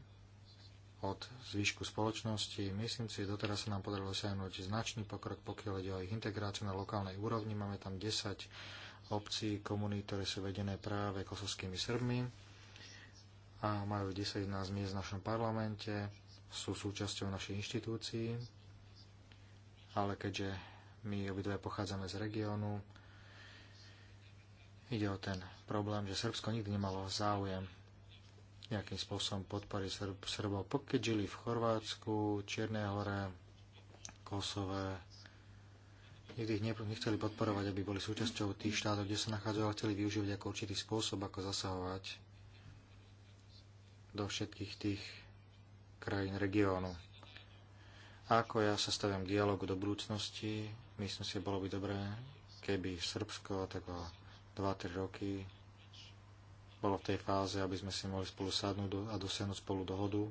Speaker 1: od zvyšku spoločnosti. Myslím si, že doteraz sa nám podarilo sajnúť značný pokrok, pokiaľ ide o ich integráciu na lokálnej úrovni. Máme tam 10 obcí, komunít, ktoré sú vedené práve kosovskými Srbmi a majú 10 nás miest v našom parlamente, sú súčasťou našich inštitúcií, ale keďže my obidve pochádzame z regiónu, ide o ten problém, že Srbsko nikdy nemalo záujem nejakým spôsobom podpory Srbov, pokiaľ žili v Chorvátsku, Čiernej hore, Kosove. Nikdy ich nechceli podporovať, aby boli súčasťou tých štátov, kde sa nachádzajú, a chceli využívať ako určitý spôsob, ako zasahovať do všetkých tých krajín regiónu. Ako ja sa stavím k dialogu do budúcnosti, myslím si, bolo by dobré, keby Srbsko, tak 2-3 roky bolo v tej fáze, aby sme si mohli spolu sadnúť a dosiahnuť spolu dohodu,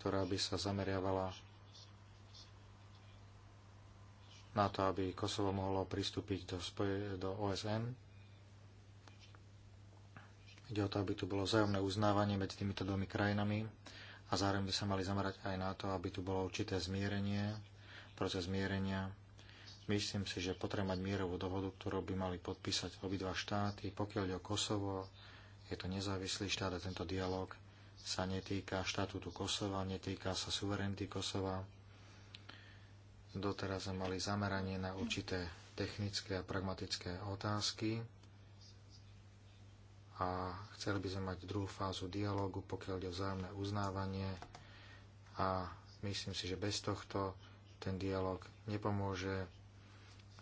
Speaker 1: ktorá by sa zameriavala na to, aby Kosovo mohlo pristúpiť do, spoje, do OSN. Ide o to, aby tu bolo vzájomné uznávanie medzi týmito dvomi krajinami a zároveň by sa mali zamerať aj na to, aby tu bolo určité zmierenie, proces zmierenia Myslím si, že potrebujeme mať mierovú dohodu, ktorú by mali podpísať obidva štáty. Pokiaľ je o Kosovo, je to nezávislý štát a tento dialog sa netýka štatútu Kosova, netýka sa suverenity Kosova. Doteraz sme mali zameranie na určité technické a pragmatické otázky a chceli by sme mať druhú fázu dialógu, pokiaľ ide o vzájomné uznávanie a myslím si, že bez tohto ten dialog nepomôže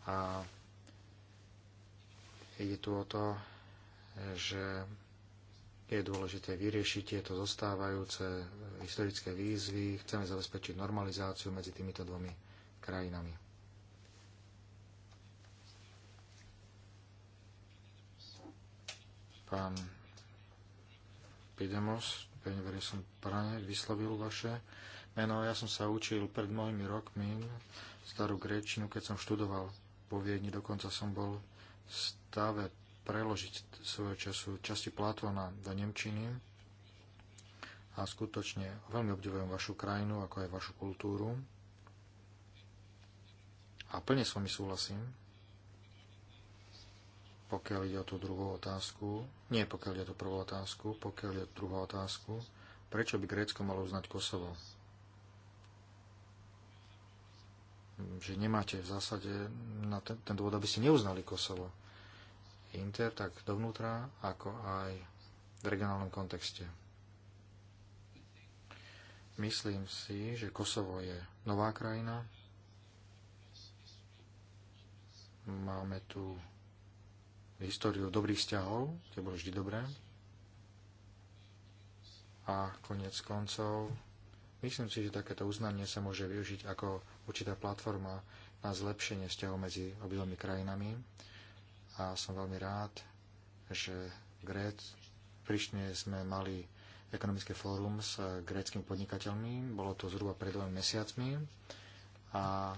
Speaker 1: a ide tu o to, že je dôležité vyriešiť tieto zostávajúce historické výzvy. Chceme zabezpečiť normalizáciu medzi týmito dvomi krajinami. Pán Pidemos, pevne som prane vyslovil vaše meno. Ja som sa učil pred mojimi rokmi starú grečinu, keď som študoval vo Viedni. Dokonca som bol v stave preložiť svojho času časti Platona do Nemčiny a skutočne veľmi obdivujem vašu krajinu, ako aj vašu kultúru. A plne s vami súhlasím, pokiaľ ide o tú druhú otázku, nie pokiaľ ide o tú prvú otázku, pokiaľ ide o tú druhú otázku, prečo by Grécko malo uznať Kosovo? že nemáte v zásade na ten, ten dôvod, aby ste neuznali Kosovo. Inter tak dovnútra, ako aj v regionálnom kontexte. Myslím si, že Kosovo je nová krajina. Máme tu históriu dobrých vzťahov, tie boli vždy dobré. A konec koncov, myslím si, že takéto uznanie sa môže využiť ako určitá platforma na zlepšenie vzťahov medzi obidvomi krajinami a som veľmi rád, že v Grét, Prišne sme mali ekonomické fórum s eh, gréckými podnikateľmi, bolo to zhruba pred dvomi mesiacmi a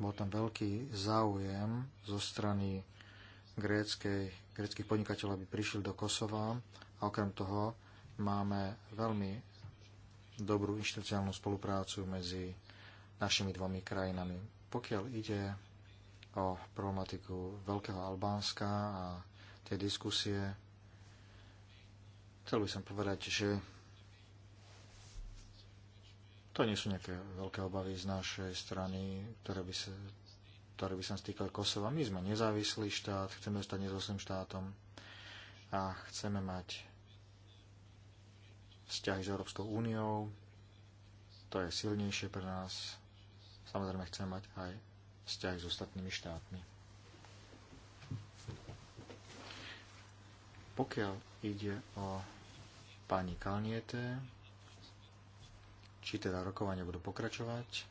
Speaker 1: bol tam veľký záujem zo strany gréckej, gréckých podnikateľov, aby prišli do Kosova a okrem toho máme veľmi dobrú inštitucionálnu spoluprácu medzi našimi dvomi krajinami. Pokiaľ ide o problematiku Veľkého Albánska a tie diskusie, chcel by som povedať, že to nie sú nejaké veľké obavy z našej strany, ktoré by sa, ktoré by sa stýkali Kosova. My sme nezávislý štát, chceme zostať nezávislým štátom a chceme mať vzťahy s Európskou úniou. To je silnejšie pre nás. Samozrejme chceme mať aj vzťahy s ostatnými štátmi. Pokiaľ ide o pani Kalniete, či teda rokovania budú pokračovať,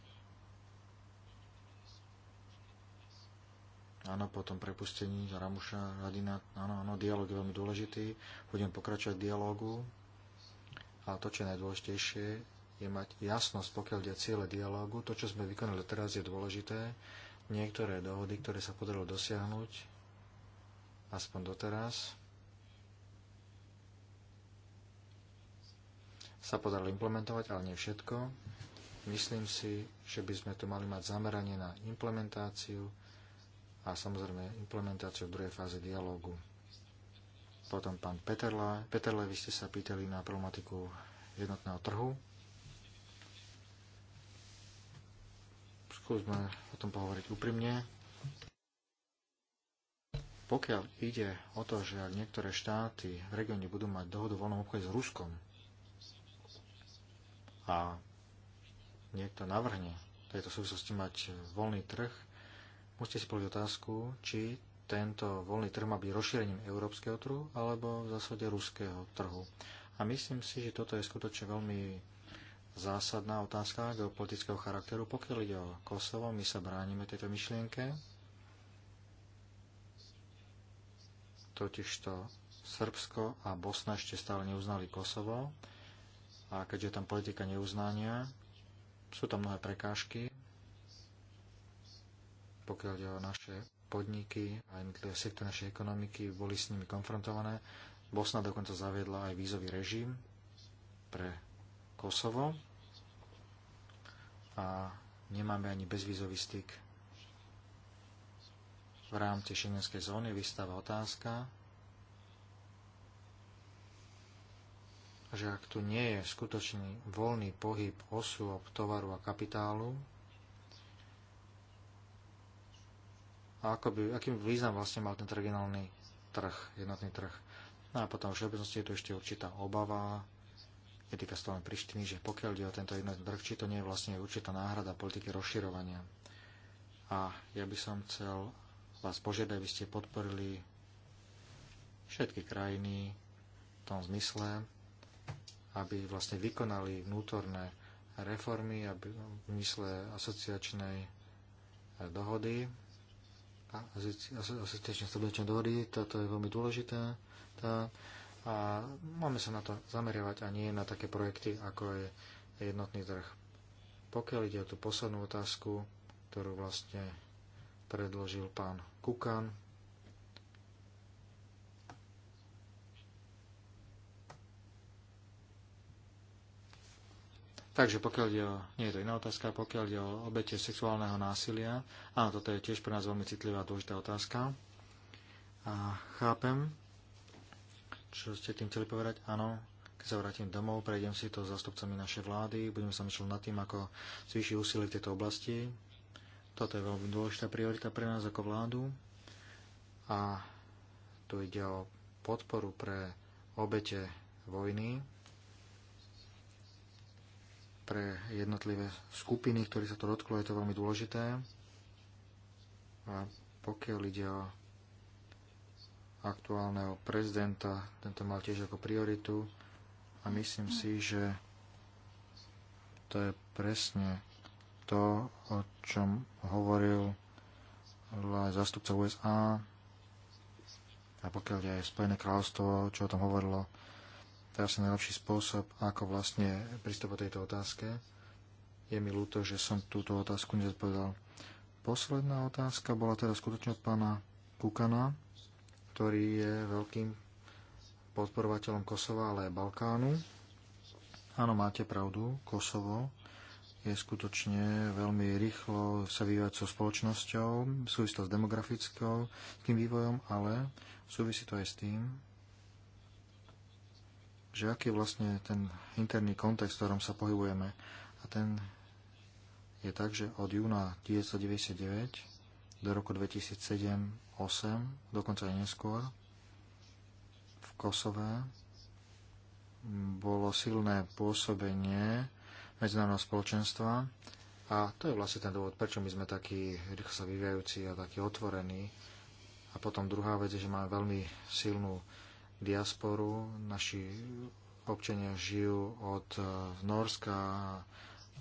Speaker 1: Áno, po tom prepustení Ramuša Radina, áno, áno, dialog je veľmi dôležitý. Budem pokračovať dialogu a to, čo je najdôležitejšie, je mať jasnosť, pokiaľ ide cieľe dialógu. To, čo sme vykonali teraz, je dôležité. Niektoré dohody, ktoré sa podarilo dosiahnuť, aspoň doteraz, sa podarilo implementovať, ale nie všetko. Myslím si, že by sme tu mali mať zameranie na implementáciu a samozrejme implementáciu v druhej fáze dialógu. Potom pán Peterle. Peterle, vy ste sa pýtali na problematiku jednotného trhu. Skúsme o tom pohovoriť úprimne. Pokiaľ ide o to, že ak niektoré štáty v regióne budú mať dohodu o voľnom obchode s Ruskom a niekto navrhne v tejto súvislosti mať voľný trh, musíte si povedať otázku, či tento voľný trh má byť rozšírením európskeho trhu alebo v zásade ruského trhu. A myslím si, že toto je skutočne veľmi zásadná otázka geopolitického charakteru. Pokiaľ ide o Kosovo, my sa bránime tejto myšlienke. Totižto Srbsko a Bosna ešte stále neuznali Kosovo. A keďže tam politika neuznania, sú tam mnohé prekážky, pokiaľ ide o naše podniky a jednotlivé sektory našej ekonomiky boli s nimi konfrontované. Bosna dokonca zaviedla aj vízový režim pre Kosovo a nemáme ani bezvízový styk. V rámci šengenskej zóny vystáva otázka, že ak tu nie je skutočný voľný pohyb osôb, tovaru a kapitálu, a ako by, aký význam vlastne mal tento regionálny trh, jednotný trh. No a potom v všeobecnosti je tu ešte určitá obava, je týka to len Prištiny, že pokiaľ ide o tento jednotný trh, či to nie je vlastne určitá náhrada politiky rozširovania. A ja by som chcel vás požiadať, aby ste podporili všetky krajiny v tom zmysle, aby vlastne vykonali vnútorné reformy, aby v mysle asociačnej eh, dohody, asociačnej stabilizačnej dohody, toto je veľmi dôležité. Tá, a máme sa na to zameriavať a nie na také projekty, ako je jednotný trh. Pokiaľ ide o tú poslednú otázku, ktorú vlastne predložil pán Kukan, Takže pokiaľ ide o, nie je to iná otázka, pokiaľ ide o obete sexuálneho násilia, áno, toto je tiež pre nás veľmi citlivá a dôležitá otázka. A chápem, čo ste tým chceli povedať, áno, keď sa vrátim domov, prejdem si to s zastupcami našej vlády, budeme sa myšľať nad tým, ako zvýšiť úsilie v tejto oblasti. Toto je veľmi dôležitá priorita pre nás ako vládu. A tu ide o podporu pre obete vojny, pre jednotlivé skupiny, ktorí sa to dotklo, je to veľmi dôležité. A pokiaľ ide o aktuálneho prezidenta, tento mal tiež ako prioritu a myslím si, že to je presne to, o čom hovoril aj zastupca USA a pokiaľ aj Spojené kráľovstvo, čo o tom hovorilo asi najlepší spôsob, ako vlastne pristúpať tejto otázke. Je mi ľúto, že som túto otázku nezodpovedal. Posledná otázka bola teda skutočne od pána Kukana, ktorý je veľkým podporovateľom Kosova, ale aj Balkánu. Áno, máte pravdu, Kosovo je skutočne veľmi rýchlo sa vyvíjať so spoločnosťou, súvisí to s demografickou, s tým vývojom, ale súvisí to aj s tým, že aký je vlastne ten interný kontext, v ktorom sa pohybujeme. A ten je tak, že od júna 1999 do roku 2007-2008, dokonca aj neskôr, v Kosove bolo silné pôsobenie medzinárodného spoločenstva a to je vlastne ten dôvod, prečo my sme takí rýchlo sa vyvíjajúci a takí otvorení. A potom druhá vec je, že máme veľmi silnú diasporu. Naši občania žijú od eh, Norska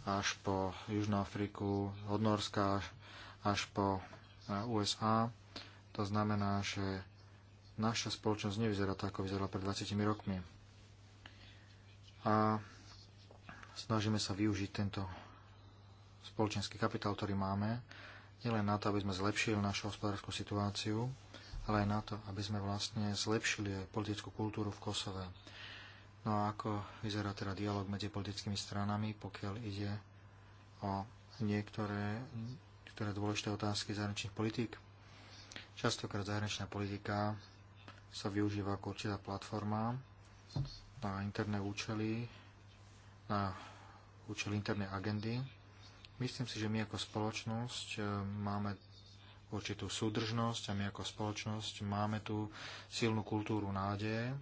Speaker 1: až po Južnú Afriku, od Norska až po eh, USA. To znamená, že naša spoločnosť nevyzerá tak, ako vyzerala pred 20 rokmi. A snažíme sa využiť tento spoločenský kapitál, ktorý máme, nielen na to, aby sme zlepšili našu hospodárskú situáciu, ale aj na to, aby sme vlastne zlepšili aj politickú kultúru v Kosove. No a ako vyzerá teda dialog medzi politickými stranami, pokiaľ ide o niektoré, niektoré dôležité otázky zahraničných politík? Častokrát zahraničná politika sa využíva ako určitá platforma na interné účely, na účely internej agendy. Myslím si, že my ako spoločnosť e, máme určitú súdržnosť a my ako spoločnosť máme tú silnú kultúru nádeje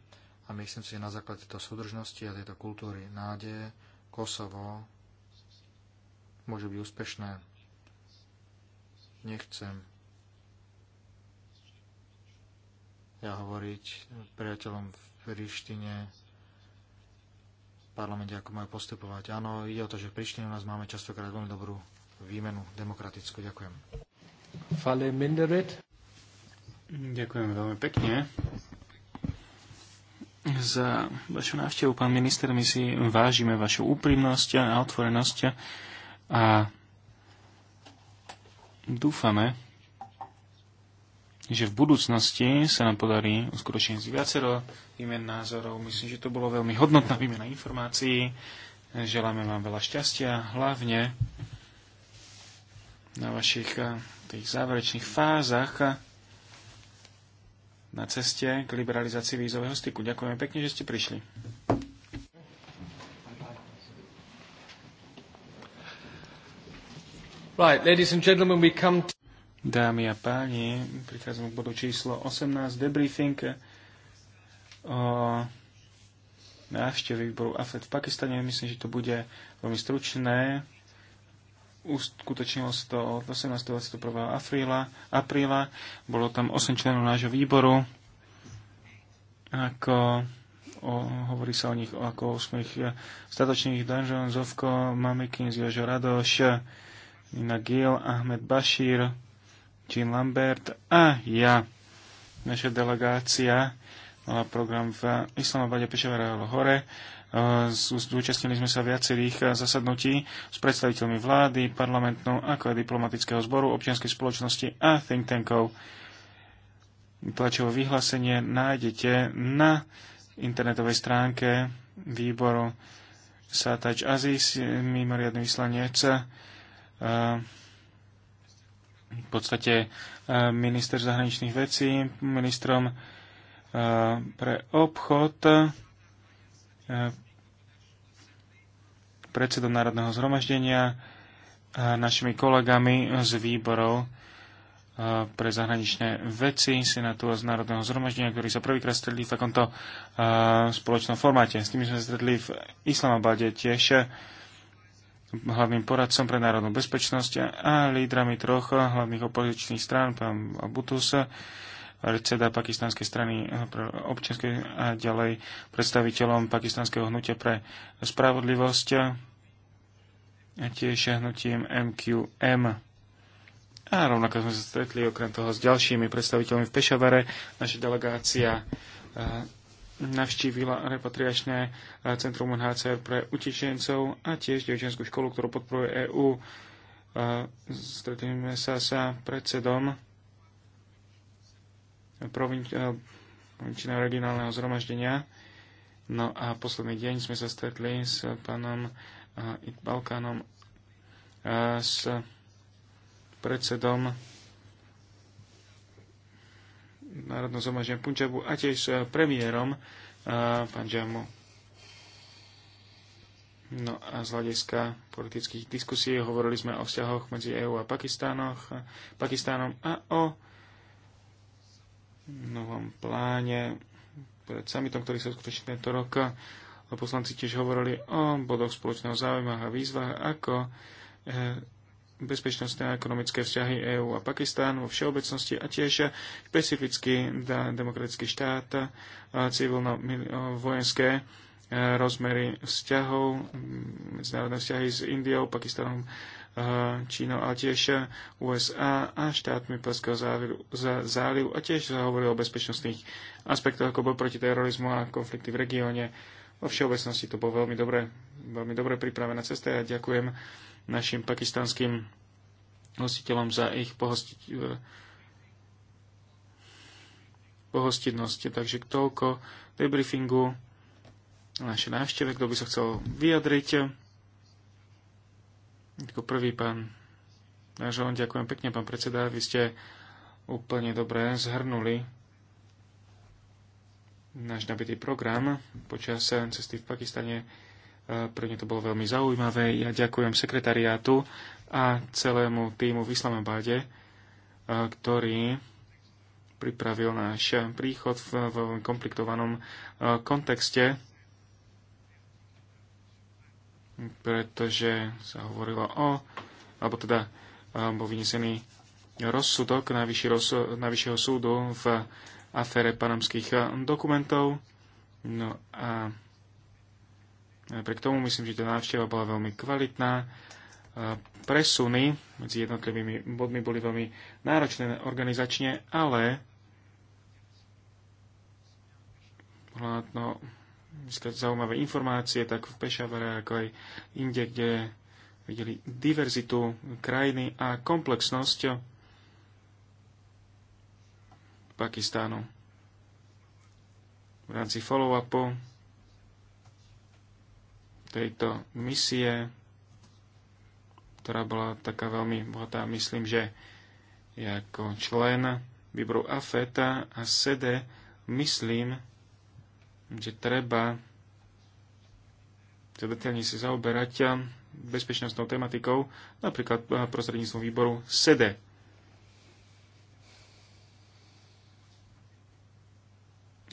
Speaker 1: a myslím si, že na základe tejto súdržnosti a tejto kultúry nádeje Kosovo môže byť úspešné. Nechcem ja hovoriť priateľom v Prištine, v parlamente, ako majú postupovať. Áno, ide o to, že v Prištine u nás máme častokrát veľmi dobrú výmenu demokratickú. Ďakujem.
Speaker 2: Fale Minderit. Ďakujem veľmi pekne za vašu návštevu, pán minister. My si vážime vašu úprimnosť a otvorenosť a dúfame, že v budúcnosti sa nám podarí uskutočniť viacero výmen názorov. Myslím, že to bolo veľmi hodnotná výmena informácií. Želáme vám veľa šťastia, hlavne na vašich tých záverečných fázach na ceste k liberalizácii vízového styku. Ďakujem pekne, že ste prišli. Right, ladies and gentlemen, we come to... Dámy a páni, prichádzame k bodu číslo 18, debriefing o návšteve výboru AFED v Pakistane. Myslím, že to bude veľmi stručné uskutočnilo sa to 18. 21. apríla. apríla. Bolo tam 8 členov nášho výboru. Ako o, hovorí sa o nich ako o 8 e, statočných Danžon, Zovko, Mamikin, Jožo Radoš, Nina Gil, Ahmed Bashir, Jean Lambert a ja. Naša delegácia mala program v Islamabade Pešovaralo Hore E, zúčastnili sme sa viacerých e, zasadnutí s predstaviteľmi vlády, parlamentnou, ako aj diplomatického zboru, občianskej spoločnosti a think tankov. Tlačové vyhlásenie nájdete na internetovej stránke výboru Satač Aziz, mimoriadný vyslanec, e, v podstate minister zahraničných vecí, ministrom pre obchod, predsedom Národného zhromaždenia a našimi kolegami z výborov e, pre zahraničné veci Senátu a z Národného zhromaždenia, ktorí sa prvýkrát stretli v takomto e, spoločnom formáte. S tými sme stretli v Islamabade tiež e, hlavným poradcom pre národnú bezpečnosť a lídrami troch hlavných opozičných strán, pán Abutus, predseda pakistanskej strany eh, občianskej a ďalej predstaviteľom pakistanského hnutia pre spravodlivosť a tiež hnutím MQM. A rovnako sme sa stretli okrem toho s ďalšími predstaviteľmi v Pešavare. Naša delegácia eh, navštívila repatriačné eh, centrum UNHCR pre utečencov a tiež devčenskú školu, ktorú podporuje EÚ. Stretneme sa s predsedom provinčného eh, regionálneho zhromaždenia. No a posledný deň sme sa stretli s pánom eh, Balkánom, eh, s predsedom Národného zhromaždenia Punjabu a tiež s premiérom Panjabu. No a z hľadiska politických diskusí hovorili sme o vzťahoch medzi EÚ a Pakistánom a o novom pláne pred summitom, ktorý sa skutočne tento rok. Poslanci tiež hovorili o bodoch spoločného záujma a výzvach, ako eh, bezpečnostné a ekonomické vzťahy EÚ a Pakistánu vo všeobecnosti a tiež špecificky demokratický štát, civilno-vojenské eh, rozmery vzťahov, mm, medzinárodné vzťahy s Indiou, Pakistanom, Čínou, ale tiež e, USA a štátmi Perského zálivu a tiež sa hovorilo o bezpečnostných aspektoch, ako boj proti terorizmu a konflikty v regióne. Vo všeobecnosti to bolo veľmi dobre, veľmi dobre pripravená cesta a ja ďakujem našim pakistanským hostiteľom za ich pohosti, e, pohostinnosť. Takže toľko debriefingu naše návšteve, kto by sa chcel vyjadriť. Ako prvý pán Žon, ďakujem pekne, pán predseda. Vy ste úplne dobre zhrnuli náš nabitý program počas cesty v Pakistane. E, pre mňa to bolo veľmi zaujímavé. Ja ďakujem sekretariátu a celému týmu v Islamabade, e, ktorý pripravil náš príchod v veľmi komplikovanom e, kontexte pretože sa hovorilo o, alebo teda bol vynesený rozsudok najvyššieho súdu v afére panamských dokumentov. No a napriek tomu myslím, že tá návšteva bola veľmi kvalitná. Presuny medzi jednotlivými bodmi boli veľmi náročné organizačne, ale zaujímavé informácie, tak v Pešavare ako aj inde, kde videli diverzitu krajiny a komplexnosť Pakistánu. V rámci follow-upu tejto misie, ktorá bola taká veľmi bohatá, myslím, že ako člen výboru AFETA a SEDE e myslím, že treba sa detailne sa zaoberať bezpečnostnou tematikou, napríklad eh, prostredníctvom výboru SEDE.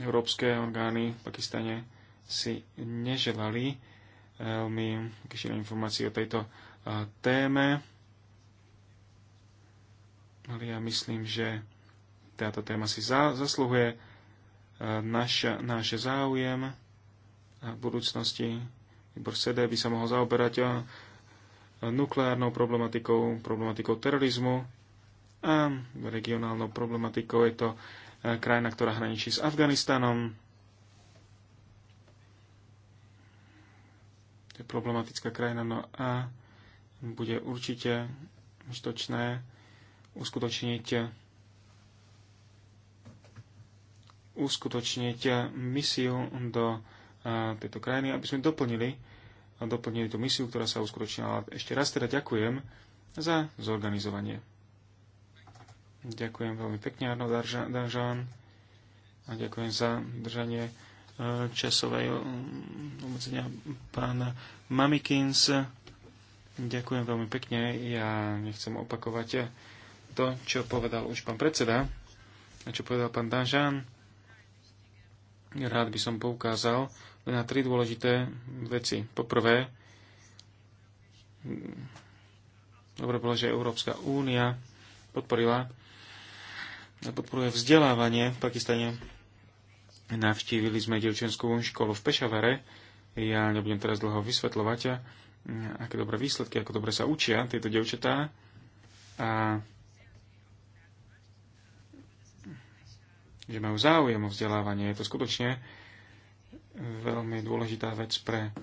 Speaker 2: Európske orgány v Pakistane si neželali eh, veľmi kešené informácie o tejto eh, téme, ale ja myslím, že táto téma si za, zasluhuje náš, náš záujem v budúcnosti výbor CD by sa mohol zaoberať eh, nukleárnou problematikou, problematikou terorizmu a regionálnou problematikou. Je to eh, krajina, ktorá hraničí s Afganistanom. To je problematická krajina, no a bude určite užitočné uskutočniť eh, uskutočniť misiu do eh, tejto krajiny, aby sme doplnili, doplnili tú misiu, ktorá sa uskutočnila. Ešte raz teda ďakujem za zorganizovanie. Ďakujem veľmi pekne, Arno Daržan. A ďakujem za držanie eh, časovej mm, obmedzenia pána Mamikins. Ďakujem veľmi pekne. Ja nechcem opakovať to, čo povedal už pán predseda a čo povedal pán Danžán rád by som poukázal na tri dôležité veci. Poprvé, dobre bolo, že Európska únia podporila a podporuje vzdelávanie v Pakistane. Navštívili sme devčenskú školu v Pešavare. Ja nebudem teraz dlho vysvetľovať, aké dobré výsledky, ako dobre sa učia tieto devčatá. A že majú záujem o vzdelávanie. Je to skutočne veľmi dôležitá vec pre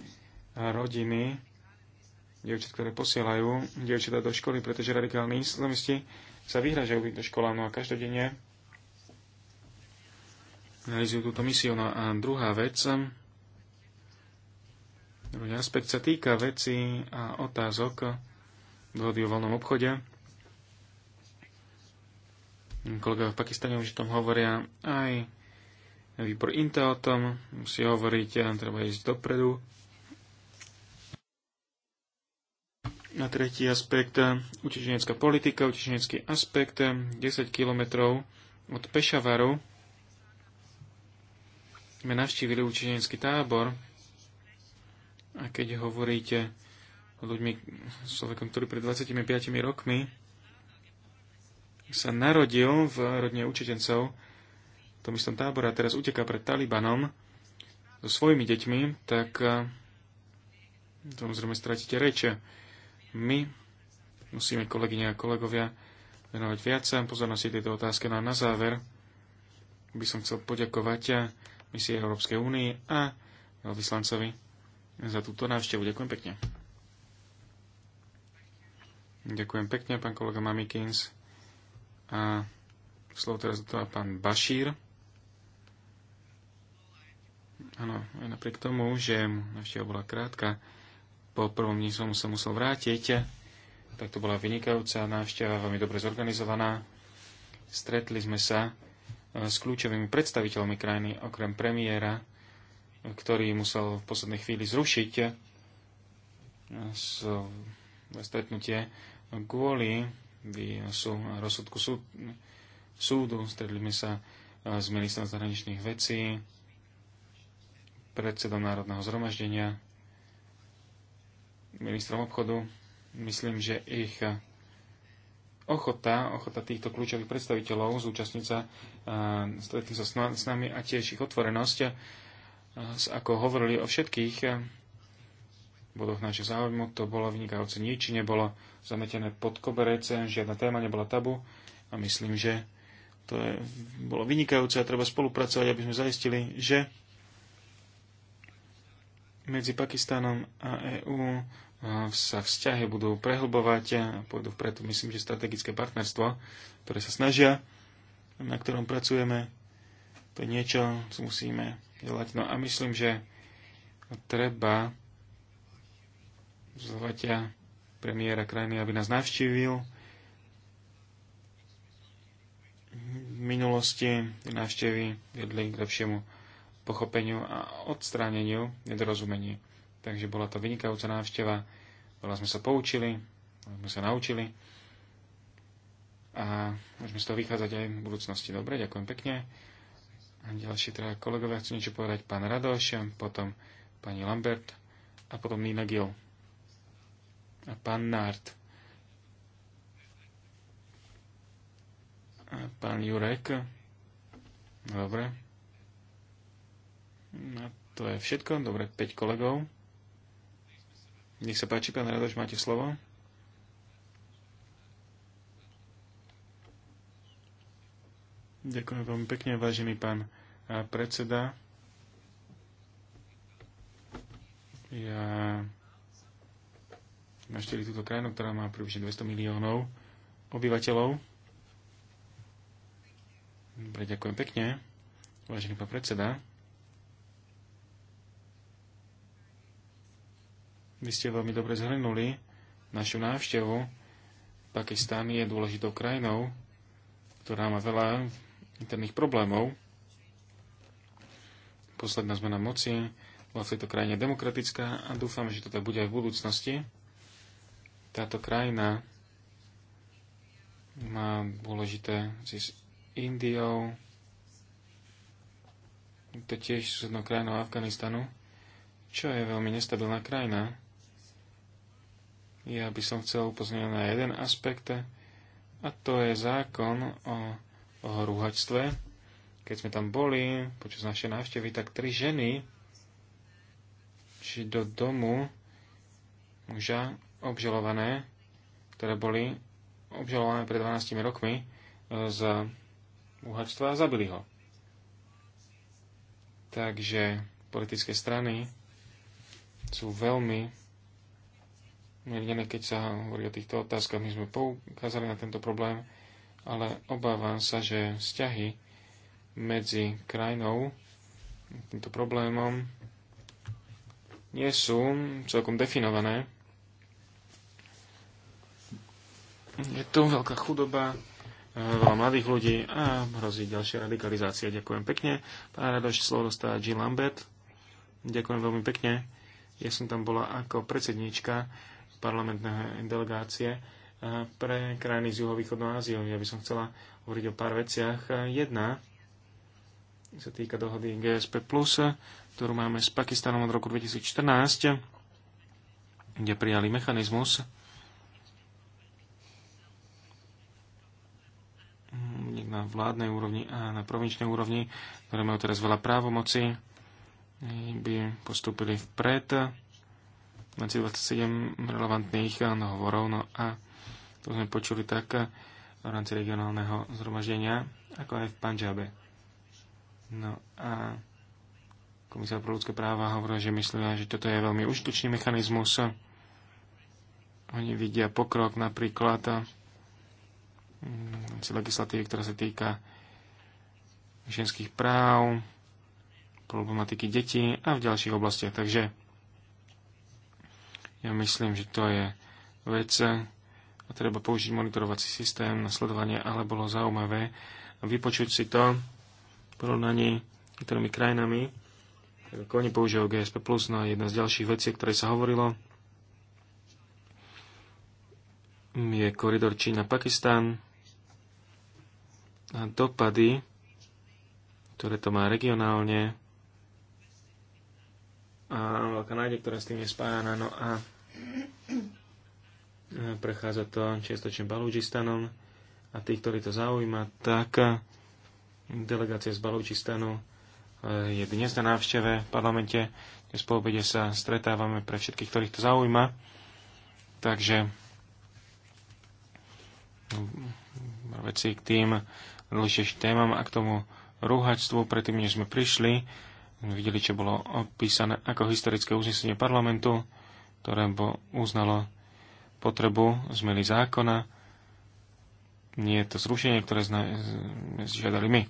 Speaker 2: rodiny, dievčat, ktoré posielajú dievčatá do školy, pretože radikálni islamisti sa vyhražajú do školám, no a každodenne realizujú túto misiu. No a druhá vec, druhý aspekt sa týka veci a otázok dohody o voľnom obchode kolega v Pakistane už o tom hovoria, aj výbor INTA o tom musí hovoriť, ja treba ísť dopredu. Na tretí aspekt, utečenecká politika, utečenecký aspekt, 10 kilometrov od Pešavaru sme navštívili utečenecký tábor a keď hovoríte s ľuďmi, s človekom, ktorý pred 25 rokmi sa narodil v rodne učitencov v tom istom tábore a teraz uteká pred Talibanom so svojimi deťmi, tak eh, samozrejme stratíte reče. My musíme, kolegyne a kolegovia, venovať viac pozornosti tejto otázke. No a na záver by som chcel poďakovať eh, misie Európskej únie a vyslancovi za túto návštevu. Ďakujem pekne. Ďakujem pekne, pán kolega Mamikins. A slovo teraz má pán Bašír. Áno, aj napriek tomu, že návšteva bola krátka, po prvom dni som sa musel vrátiť, tak to bola vynikajúca návšteva, veľmi dobre zorganizovaná. Stretli sme sa eh, s kľúčovými predstaviteľmi krajiny, okrem premiéra, ktorý musel v poslednej chvíli zrušiť eh, eh, stretnutie kvôli sú rozsudku súd, súdu. Stredli sme sa eh, s ministrom zahraničných vecí, predsedom Národného zhromaždenia, ministrom obchodu. Myslím, že ich eh, ochota, ochota týchto kľúčových predstaviteľov zúčastniť sa, eh, stretnúť sa s nami a tiež ich otvorenosť, ako hovorili o všetkých bodoch našich záujmu. To bolo vynikajúce. Nič nebolo zametené pod koberec, žiadna téma nebola tabu a myslím, že to je, bolo vynikajúce a treba spolupracovať, aby sme zaistili, že medzi Pakistanom a EÚ e, sa vzťahy budú prehlbovať a pôjdu vpred, myslím, že strategické partnerstvo, ktoré sa snažia, na ktorom pracujeme, to je niečo, čo musíme delať. No a myslím, že treba zvatia premiéra krajiny, aby nás navštívil. V minulosti návštevy vedli k lepšiemu pochopeniu a odstráneniu nedorozumení. Takže bola to vynikajúca návšteva, veľa sme sa poučili, sme sa naučili a môžeme z toho vychádzať aj v budúcnosti. Dobre, ďakujem pekne. A ďalší teda kolegovia chcú niečo povedať pán Radoš, potom pani Lambert a potom Nina Gill a pán Nárd. A pán Jurek. Dobre. No, to je všetko. Dobre, 5 kolegov. Nech sa páči, pán Radoš, máte slovo. Ďakujem veľmi pekne, vážený pán predseda. Ja naštili túto krajinu, ktorá má približne 200 miliónov obyvateľov. Dobre, ďakujem pekne, vážený pán predseda. Vy ste veľmi dobre zhrnuli našu návštevu. Pakistán je dôležitou krajinou, ktorá má veľa interných problémov. Posledná zmena moci bola v tejto krajine demokratická a dúfam, že to tak bude aj v budúcnosti. Táto krajina má dôležité si s Indiou, to tiež súdnou krajinou Afganistanu, čo je veľmi nestabilná krajina. Ja by som chcel upozniť na jeden aspekt, a to je zákon o, o rúhačstve. Keď sme tam boli, počas našej návštevy, tak tri ženy či do domu muža obžalované, ktoré boli obžalované pred 12 rokmi e, z uhačstva a zabili ho. Takže politické strany sú veľmi miernené, keď sa hovorí o týchto otázkach. My sme poukázali na tento problém, ale obávam sa, že vzťahy medzi krajinou týmto problémom nie sú celkom definované Je tu veľká chudoba, e, veľa mladých ľudí a hrozí ďalšia radikalizácia. Ďakujem pekne. Pán Radoš, slovo dostáva Jean Lambert. Ďakujem veľmi pekne. Ja som tam bola ako predsedníčka parlamentnej delegácie e, pre krajiny z juhovýchodnou Áziou. Ja by som chcela hovoriť o pár veciach. E, jedna sa týka dohody GSP+, ktorú máme s Pakistanom od roku 2014, kde prijali mechanizmus, na vládnej úrovni a na provinčnej úrovni, ktoré majú teraz veľa právomoci, by postúpili vpred na 27 relevantných hovorov. No a to sme počuli tak v rámci regionálneho zhromaždenia, ako aj v Panžabe. No a Komisia pro ľudské práva hovorila, že myslela, že toto je veľmi užitočný mechanizmus. Oni vidia pokrok napríklad z legislatívy, ktorá sa týka ženských práv, problematiky detí a v ďalších oblastiach. Takže ja myslím, že to je vec a treba použiť monitorovací systém na sledovanie, ale bolo zaujímavé vypočuť si to v porovnaní s niektorými krajinami. Ako oni používajú GSP+, no jedna z ďalších vecí, o ktorej sa hovorilo, je koridor čína Pakistán dopady, ktoré to má regionálne a veľká nádej, ktorá s tým je spájana. No a prechádza to čiastočne Balúčistanom a tí, ktorí to zaujíma, tak delegácia z Balúčistanu eh, je dnes na návšteve v parlamente. Dnes po obede sa stretávame pre všetkých, ktorých to zaujíma. Takže mm, veci k tým dôležitým témam a k tomu rúhačstvu, predtým, než sme prišli, videli, čo bolo opísané ako historické uznesenie parlamentu, ktoré uznalo potrebu zmeny zákona. Nie je to zrušenie, ktoré sme žiadali my.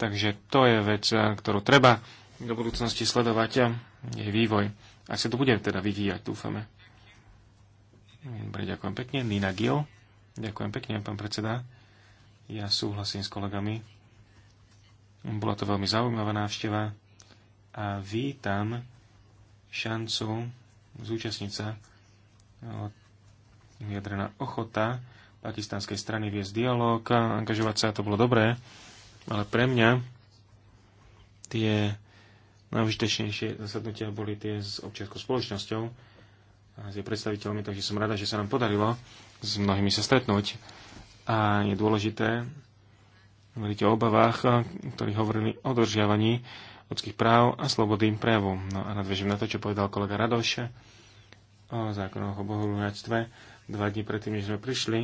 Speaker 2: Takže to je vec, ktorú treba do budúcnosti sledovať a jej vývoj. Ak sa to bude teda vyvíjať, dúfame. Dobre, ďakujem pekne. Nina Gil. Ďakujem pekne, pán predseda. Ja súhlasím s kolegami. Bola to veľmi zaujímavá návšteva a vítam šancu zúčastniť sa jadrená ochota pakistanskej strany viesť dialog a angažovať sa, to bolo dobré, ale pre mňa tie najúžitečnejšie zasadnutia boli tie s občianskou spoločnosťou a s jej predstaviteľmi, takže som rada, že sa nám podarilo s mnohými sa stretnúť a je dôležité hovoriť o obavách, ktorí hovorili o dodržiavaní ľudských práv a slobody prejavu. No a nadviežem na to, čo povedal kolega Radoš o zákonoch o bohorúhačstve. Dva dní predtým, než sme prišli,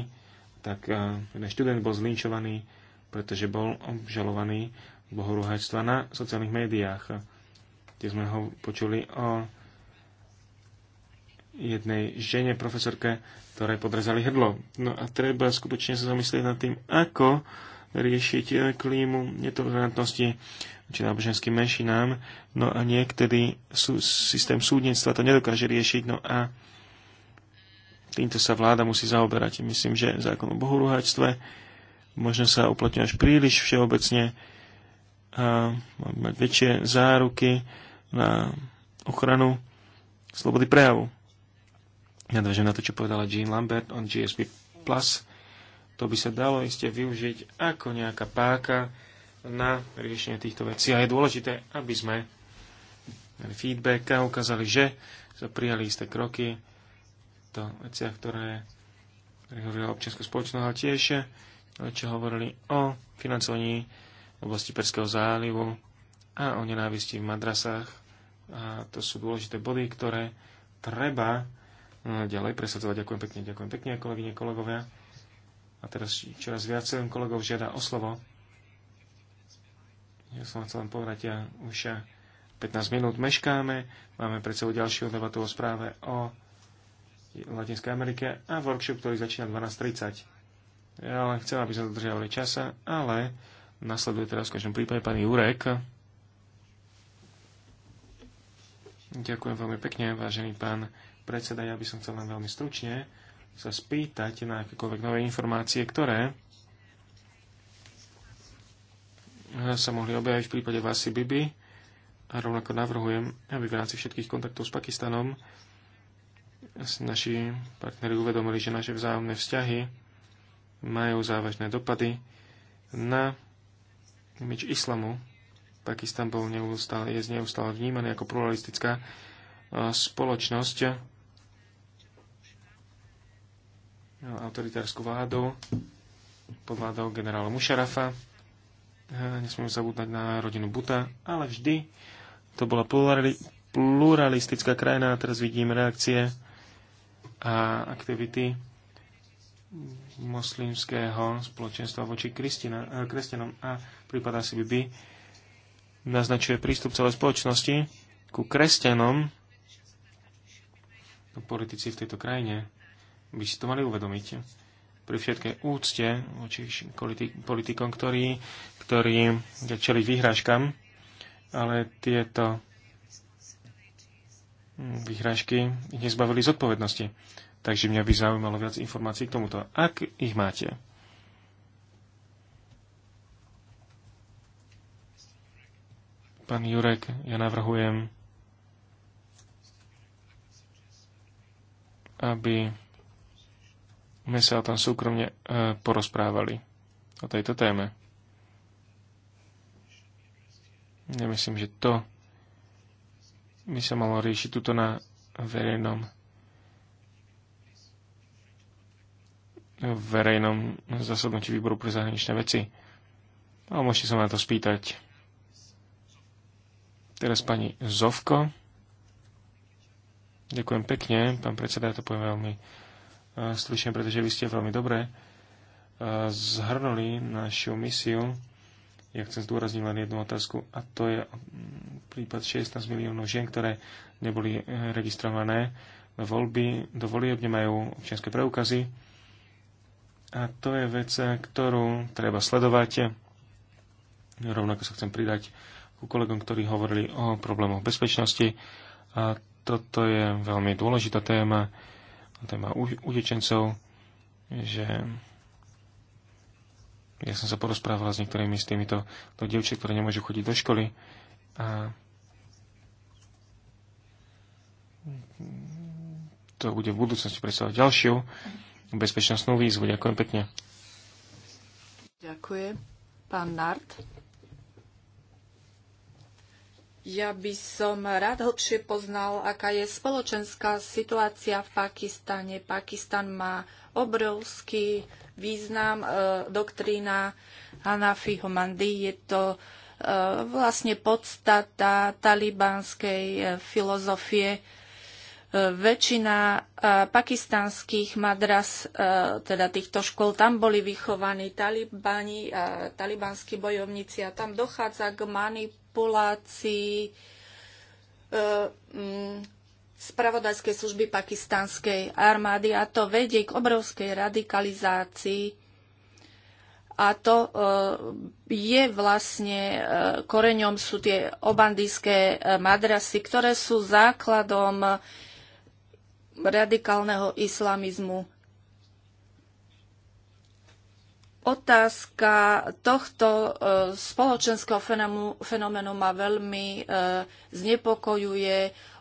Speaker 2: tak eh, jeden študent bol zlinčovaný, pretože bol obžalovaný bohorúhačstva na sociálnych médiách, kde sme ho počuli o jednej žene, profesorke, ktoré podrezali hrdlo. No a treba skutočne sa zamyslieť nad tým, ako riešiť eh, klímu netolerantnosti či náboženským menšinám. No a niekedy sú, systém súdnictva to nedokáže riešiť. No a týmto sa vláda musí zaoberať. Myslím, že zákon o bohorúhačstve možno sa uplatňuje až príliš všeobecne a mať väčšie záruky na ochranu slobody prejavu nadvežem na to, čo povedala Jean Lambert on GSP+. Plus. To by sa dalo iste využiť ako nejaká páka na riešenie týchto vecí. A je dôležité, aby sme mali feedback a ukázali, že sa prijali isté kroky to veciach, ktoré, ktoré hovorila občianská spoločnosť, ale tiež čo hovorili o financovaní v oblasti Perského zálivu a o nenávisti v madrasách. A to sú dôležité body, ktoré treba ďalej presadzovať. Ďakujem pekne, ďakujem pekne, kolegyne, kolegovia. A teraz čoraz viac kolegov žiada o slovo. Ja som chcel len povedať, ja už 15 minút meškáme, máme pred sebou ďalšiu debatu o správe o Latinskej Amerike a workshop, ktorý začína 12.30. Ja len chcem, aby sme dodržiavali časa, ale nasleduje teraz v každom prípade pani Jurek. Ďakujem veľmi pekne, vážený pán predseda, ja by som chcel len veľmi stručne sa spýtať na akékoľvek nové informácie, ktoré sa mohli objaviť v prípade Vasi Bibi a rovnako navrhujem, aby v rámci všetkých kontaktov s Pakistanom naši partneri uvedomili, že naše vzájomné vzťahy majú závažné dopady na imič islamu. Pakistan bol neustále, je neustále vnímaný ako pluralistická e, spoločnosť, autoritárskú vládu pod vládou generála Mušarafa. Nesmieme zabúdať na rodinu Buta, ale vždy to bola plurali, pluralistická krajina a teraz vidím reakcie a aktivity moslimského spoločenstva voči eh, kresťanom a prípada si by naznačuje prístup celej spoločnosti ku kresťanom no, politici v tejto krajine by si to mali uvedomiť. Pri všetkej úcte voči politikom, ktorí, ktorí čeliť vyhrážkam, ale tieto vyhrážky ich nezbavili zodpovednosti. Takže mňa by zaujímalo viac informácií k tomuto, ak ich máte. Pán Jurek, ja navrhujem, aby sme sa o tom súkromne e, porozprávali, o tejto téme. Ja myslím, že to by sa malo riešiť tuto na verejnom verejnom zasadnutí výboru pre zahraničné veci. Ale môžete sa ma to spýtať. Teraz pani Zovko. Ďakujem pekne, pán predseda, ja to poviem veľmi stručne, pretože vy ste veľmi dobre e, zhrnuli našu misiu. Ja chcem zdôrazniť len jednu otázku a to je mm, prípad 16 miliónov žien, ktoré neboli e, registrované do voľby, do volieb nemajú občianské preukazy. A to je vec, ktorú treba sledovať. Rovnako sa chcem pridať ku kolegom, ktorí hovorili o problémoch bezpečnosti. A toto je veľmi dôležitá téma téma utečencov, že ja som sa porozprávala s niektorými s týmito to dievčat, ktoré nemôžu chodiť do školy a to bude v budúcnosti predstavovať ďalšiu bezpečnostnú výzvu. Ďakujem pekne.
Speaker 3: Ďakujem. Pán Nart. Ja by som rád hlbšie poznal, aká je spoločenská situácia v Pakistane. Pakistan má obrovský význam. E, doktrína Hanafiho Mandy je to e, vlastne podstata talibanskej e, filozofie. E, väčšina e, pakistanských madras, e, teda týchto škôl, tam boli vychovaní talibani, talibanskí bojovníci a tam dochádza k manipulácii manipulácií e, mm, spravodajskej služby pakistanskej armády a to vedie k obrovskej radikalizácii a to e, je vlastne e, koreňom sú tie obandijské madrasy, ktoré sú základom radikálneho islamizmu. otázka tohto e, spoločenského fenoménu, ma veľmi e, znepokojuje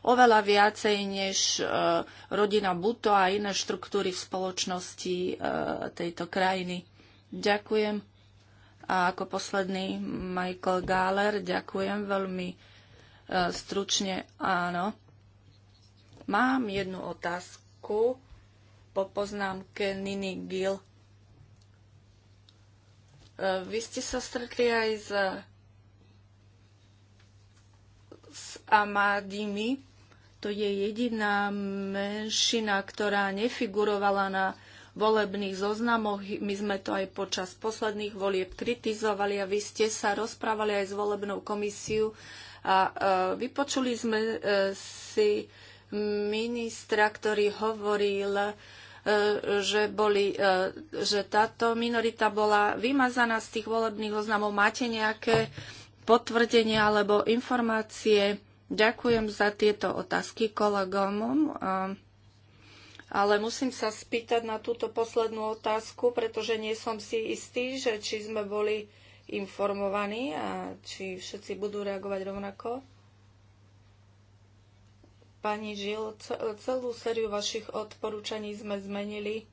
Speaker 3: oveľa viacej než e, rodina Buto a iné štruktúry v spoločnosti tejto krajiny. Ďakujem. A ako posledný Michael Gáler, ďakujem veľmi stručne. Áno. Mám jednu otázku po poznámke Nini Gill Eh, vy ste sa stretli aj s, s Amádimi. To je jediná menšina, ktorá nefigurovala na volebných zoznamoch. My sme to aj počas posledných volieb kritizovali a vy ste sa rozprávali aj s volebnou komisiu a eh, vypočuli sme eh, si ministra, ktorý hovoril E, že, boli, e, že táto minorita bola vymazaná z tých volebných oznamov. Máte nejaké potvrdenia alebo informácie? Ďakujem za tieto otázky kolegom. Ale musím sa spýtať na túto poslednú otázku, pretože nie som si istý, že či sme boli informovaní a či všetci budú reagovať rovnako pani Žil, celú sériu vašich odporúčaní sme zmenili,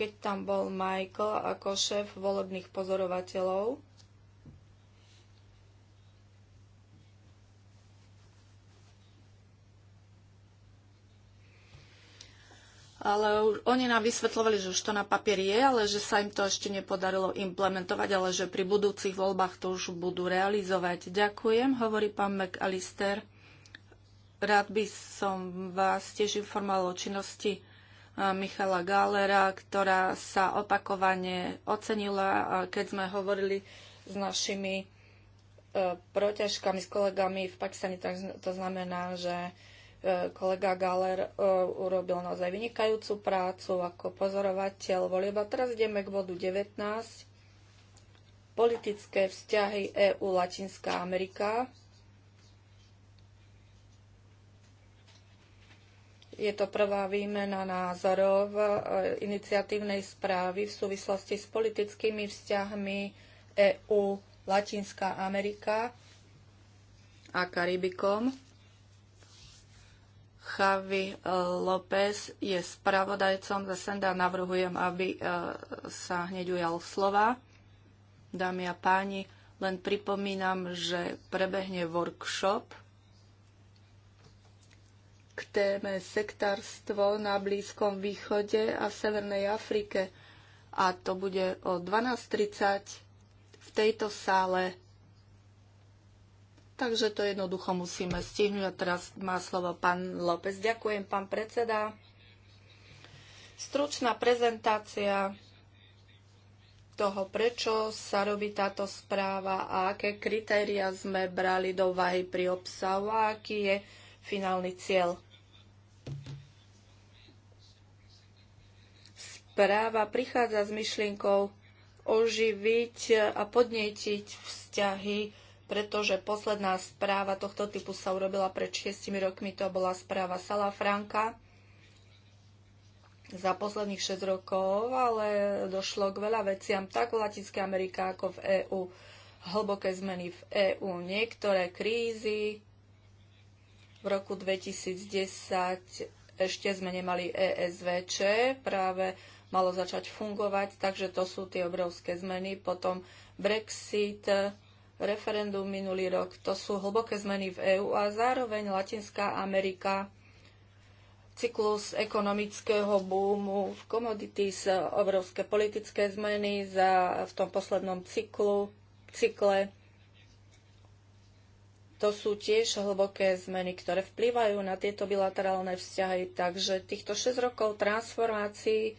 Speaker 3: keď tam bol Michael ako šéf volebných pozorovateľov. ale oni nám vysvetlovali, že už to na papier je, ale že sa im to ešte nepodarilo implementovať, ale že pri budúcich voľbách to už budú realizovať. Ďakujem, hovorí pán McAllister. Rád by som vás tiež informoval o činnosti eh, Michala Gálera, ktorá sa opakovane ocenila, keď sme hovorili s našimi eh, proťažkami, s kolegami v Pakistane. tak To znamená, že eh, kolega Galer urobil naozaj vynikajúcu prácu ako pozorovateľ volieba. teraz ideme k bodu 19. Politické vzťahy EU-Latinská Amerika. Je to prvá výmena názorov e, iniciatívnej správy v súvislosti s politickými vzťahmi EÚ, Latinská Amerika a Karibikom. Javi e, López je spravodajcom za Senda. Navrhujem, aby e, sa hneď ujal slova. Dámy a páni, len pripomínam, že prebehne workshop k téme sektárstvo na Blízkom východe a Severnej Afrike. A to bude o 12.30 v tejto sále. Takže to jednoducho musíme stihnúť. A teraz má slovo pán López. Ďakujem, pán predseda. Stručná prezentácia toho, prečo sa robí táto správa a aké kritéria sme brali do vahy pri obsahu a aký je finálny cieľ. Správa prichádza s myšlienkou oživiť a podnietiť vzťahy, pretože posledná správa tohto typu sa urobila pred šiestimi rokmi, to bola správa Sala Franka. za posledných 6 rokov, ale došlo k veľa veciam tak v Latinskej Amerike ako v EÚ. Hlboké zmeny v EÚ, niektoré krízy, v roku 2010 ešte sme nemali ESVČ, práve malo začať fungovať, takže to sú tie obrovské zmeny. Potom Brexit, referendum minulý rok, to sú hlboké zmeny v EÚ a zároveň Latinská Amerika, cyklus ekonomického búmu v commodities, obrovské politické zmeny za, v tom poslednom cyklu, cykle to sú tiež hlboké zmeny, ktoré vplývajú na tieto bilaterálne vzťahy. Takže týchto 6 rokov transformácií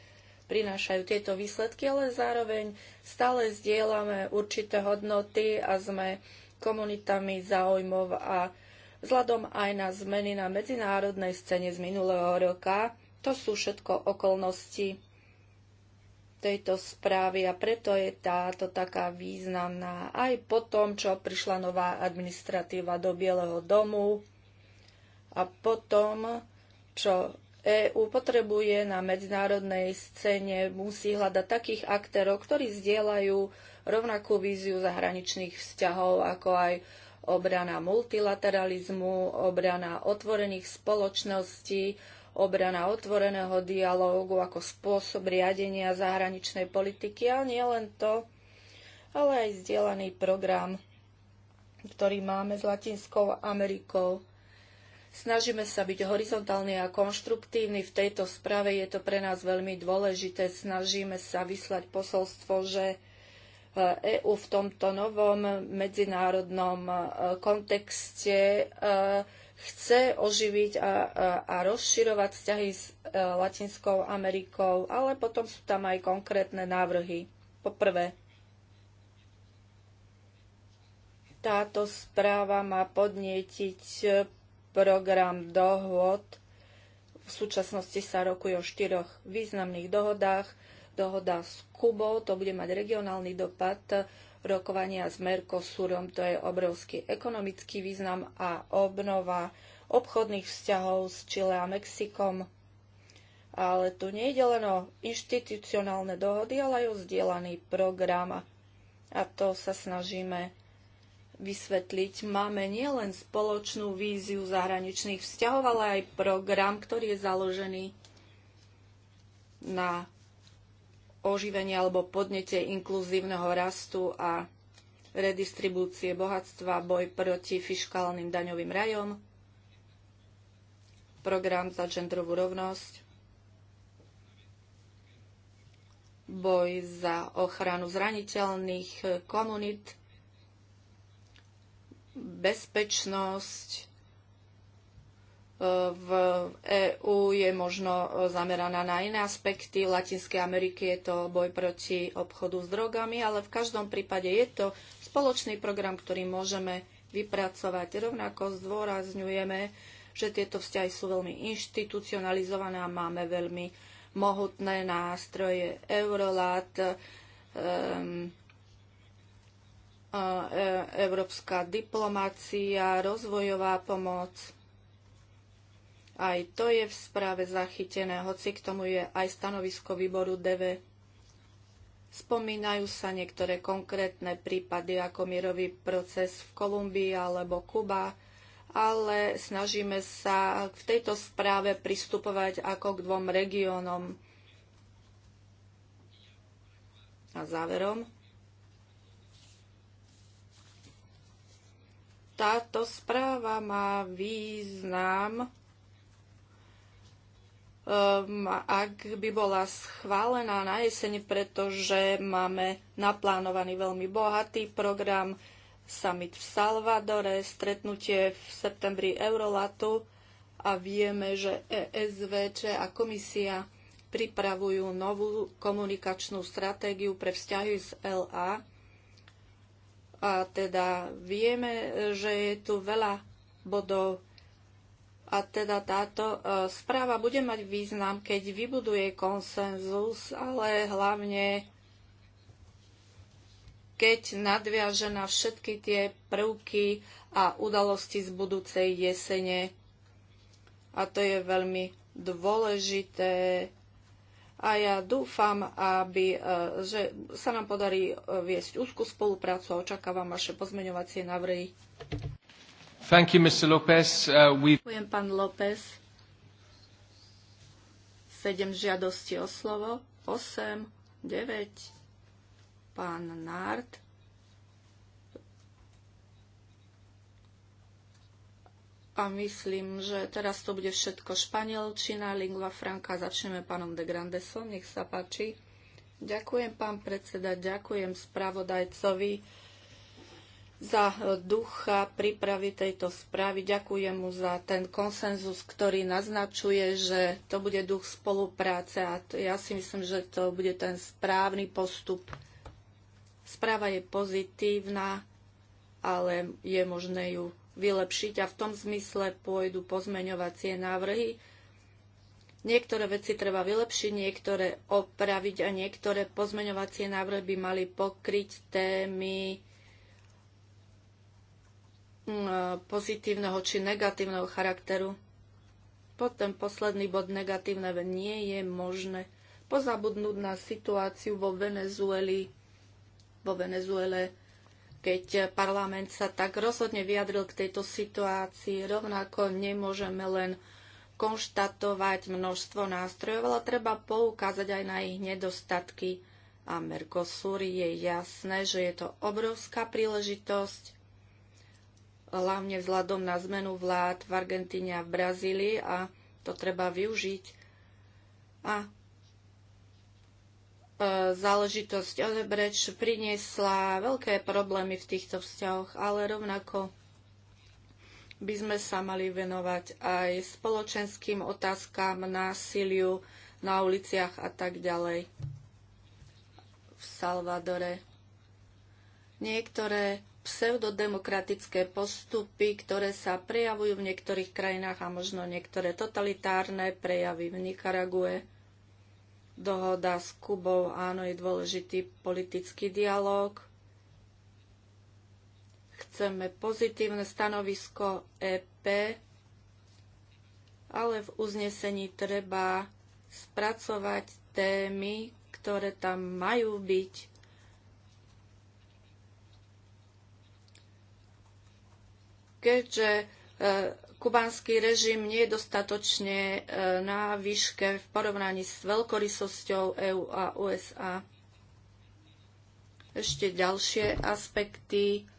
Speaker 3: prinášajú tieto výsledky, ale zároveň stále zdieľame určité hodnoty a sme komunitami záujmov a vzhľadom aj na zmeny na medzinárodnej scéne z minulého roka. To sú všetko okolnosti, tejto správy a preto je táto taká významná aj po tom, čo prišla nová administratíva do Bieleho domu a po tom, čo EÚ potrebuje na medzinárodnej scéne, musí hľadať takých aktérov, ktorí zdieľajú rovnakú víziu zahraničných vzťahov, ako aj obrana multilateralizmu, obrana otvorených spoločností obrana otvoreného dialógu ako spôsob riadenia zahraničnej politiky a nie len to, ale aj zdieľaný program, ktorý máme s Latinskou Amerikou. Snažíme sa byť horizontálni a konštruktívni. V tejto sprave je to pre nás veľmi dôležité. Snažíme sa vyslať posolstvo, že EÚ eh, e v tomto novom medzinárodnom eh, kontexte eh, chce oživiť a, a, a rozširovať vzťahy s e, Latinskou Amerikou, ale potom sú tam aj konkrétne návrhy. Poprvé, táto správa má podnietiť e, program dohod. V súčasnosti sa rokuje o štyroch významných dohodách. Dohoda s Kubou, to bude mať regionálny dopad rokovania s Mercosurom, to je obrovský ekonomický význam a obnova obchodných vzťahov s Čile a Mexikom. Ale tu nejde len o inštitucionálne dohody, ale aj o zdieľaný program. A to sa snažíme vysvetliť. Máme nielen spoločnú víziu zahraničných vzťahov, ale aj program, ktorý je založený na oživenie alebo podnete inkluzívneho rastu a redistribúcie bohatstva, boj proti fiškálnym daňovým rajom, program za genderovú rovnosť, boj za ochranu zraniteľných komunít, bezpečnosť, v EÚ je možno e, zameraná na iné aspekty. V Latinskej Amerike je to boj proti obchodu s drogami, ale v každom prípade je to spoločný program, ktorý môžeme vypracovať. Rovnako zdôrazňujeme, že tieto vzťahy sú veľmi inštitucionalizované a máme veľmi mohutné nástroje Eurolat, um, európska diplomácia, rozvojová pomoc aj to je v správe zachytené, hoci k tomu je aj stanovisko výboru DV. Spomínajú sa niektoré konkrétne prípady ako mierový proces v Kolumbii alebo Kuba, ale snažíme sa v tejto správe pristupovať ako k dvom regiónom. A záverom. Táto správa má význam um, ak by bola schválená na jeseň, pretože máme naplánovaný veľmi bohatý program, summit v Salvadore, stretnutie v septembri Eurolatu a vieme, že ESVČ a komisia pripravujú novú komunikačnú stratégiu pre vzťahy s LA. A teda vieme, že je tu veľa bodov a teda táto e, správa bude mať význam, keď vybuduje konsenzus, ale hlavne keď nadviaže na všetky tie prvky a udalosti z budúcej jesene. A to je veľmi dôležité. A ja dúfam, aby, e, že sa nám podarí e, viesť úzkú spoluprácu a očakávam vaše pozmeňovacie návrhy.
Speaker 2: Thank you, Mr. Lopez. Uh, we...
Speaker 3: Ďakujem, pán López. Sedem žiadosti o slovo. Osem, deväť. Pán Nárd. A myslím, že teraz to bude všetko španielčina, lingua franca. Začneme pánom de Grandesom, nech sa páči. Ďakujem, pán predseda, ďakujem spravodajcovi za ducha prípravy tejto správy. Ďakujem mu za ten konsenzus, ktorý naznačuje, že to bude duch spolupráce a to, ja si myslím, že to bude ten správny postup. Správa je pozitívna, ale je možné ju vylepšiť a v tom zmysle pôjdu pozmeňovacie návrhy. Niektoré veci treba vylepšiť, niektoré opraviť a niektoré pozmeňovacie návrhy by mali pokryť témy Mm, e, pozitívneho či negatívneho charakteru. Potom posledný bod negatívne nie je možné pozabudnúť na situáciu vo Venezueli, vo Venezuele, keď parlament sa tak rozhodne vyjadril k tejto situácii. Rovnako nemôžeme len konštatovať množstvo nástrojov, ale treba poukázať aj na ich nedostatky. A Mercosur je jasné, že je to obrovská príležitosť hlavne vzhľadom na zmenu vlád v Argentíne a v Brazílii a to treba využiť. A e, záležitosť Odebreč priniesla veľké problémy v týchto vzťahoch, ale rovnako by sme sa mali venovať aj spoločenským otázkam, násiliu na uliciach a tak ďalej v Salvadore. Niektoré pseudodemokratické postupy, ktoré sa prejavujú v niektorých krajinách a možno niektoré totalitárne prejavy v Nikarague. Dohoda s Kubou, áno, je dôležitý politický dialog. Chceme pozitívne stanovisko EP, ale v uznesení treba spracovať témy, ktoré tam majú byť keďže e, kubánsky režim nie je dostatočne e, na výške v porovnaní s veľkorysosťou EÚ a USA. Ešte ďalšie aspekty.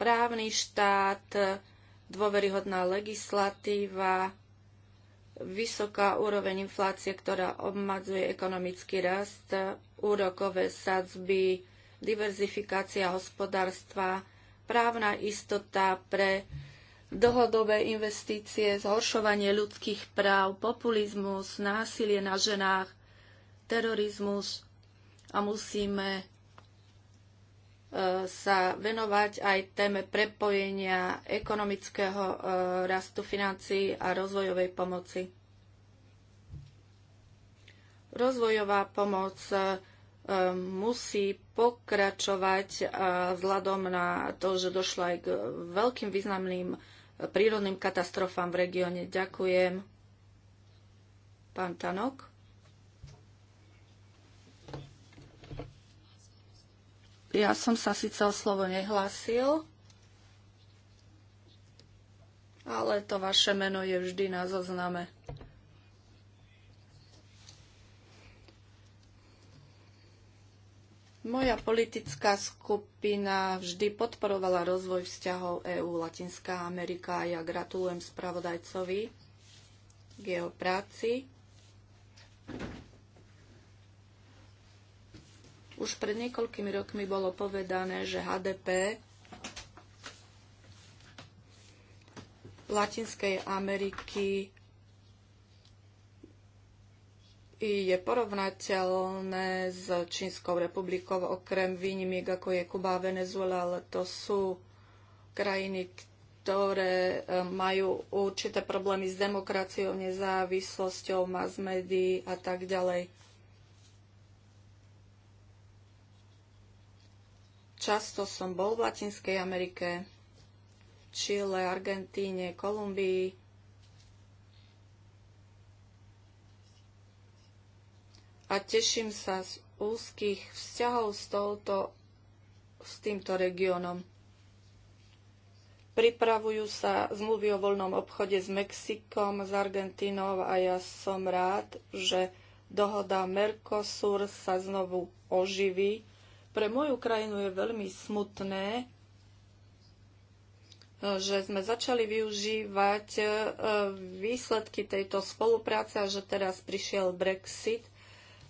Speaker 3: Právny štát, dôveryhodná legislatíva, vysoká úroveň inflácie, ktorá obmadzuje ekonomický rast, úrokové sadzby, diverzifikácia hospodárstva, právna istota pre dlhodobé investície, zhoršovanie ľudských práv, populizmus, násilie na ženách, terorizmus a musíme e, sa venovať aj téme prepojenia ekonomického e, rastu financií a rozvojovej pomoci. Rozvojová pomoc e, musí pokračovať vzhľadom na to, že došlo aj k veľkým významným prírodným katastrofám v regióne. Ďakujem. Pán Tanok. Ja som sa síce o slovo nehlásil, ale to vaše meno je vždy na zozname. Moja politická skupina vždy podporovala rozvoj vzťahov EÚ-Latinská Amerika a ja gratulujem spravodajcovi k jeho práci. Už pred niekoľkými rokmi bolo povedané, že HDP Latinskej Ameriky je porovnateľné s Čínskou republikou, okrem výnimiek ako je Kuba a Venezuela, ale to sú krajiny, ktoré e, majú určité problémy s demokraciou, nezávislosťou, mass médií a tak ďalej. Často som bol v Latinskej Amerike, Čile, Argentíne, Kolumbii a teším sa z úzkých vzťahov s, touto, s týmto regiónom. Pripravujú sa zmluvy o voľnom obchode s Mexikom, s Argentínou a ja som rád, že dohoda Mercosur sa znovu oživí. Pre moju krajinu je veľmi smutné, že sme začali využívať e, výsledky tejto spolupráce a že teraz prišiel Brexit –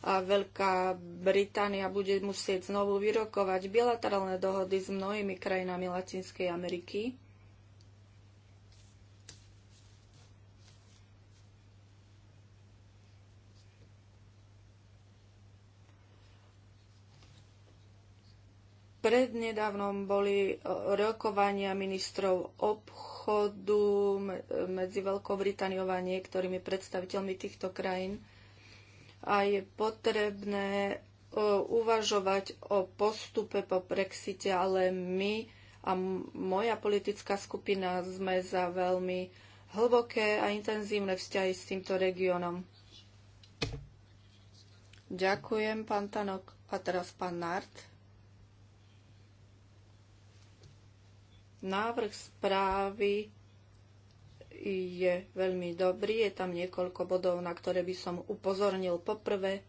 Speaker 3: a Veľká Británia bude musieť znovu vyrokovať bilaterálne dohody s mnohými krajinami Latinskej Ameriky. Prednedávnom boli rokovania ministrov obchodu medzi Veľkou Britániou a niektorými predstaviteľmi týchto krajín a je potrebné e, uvažovať o postupe po Brexite, ale my a moja politická skupina sme za veľmi hlboké a intenzívne vzťahy s týmto regiónom. Ďakujem, pán Tanok. A teraz pán Nart. Návrh správy je veľmi dobrý. Je tam niekoľko bodov, na ktoré by som upozornil. Poprvé,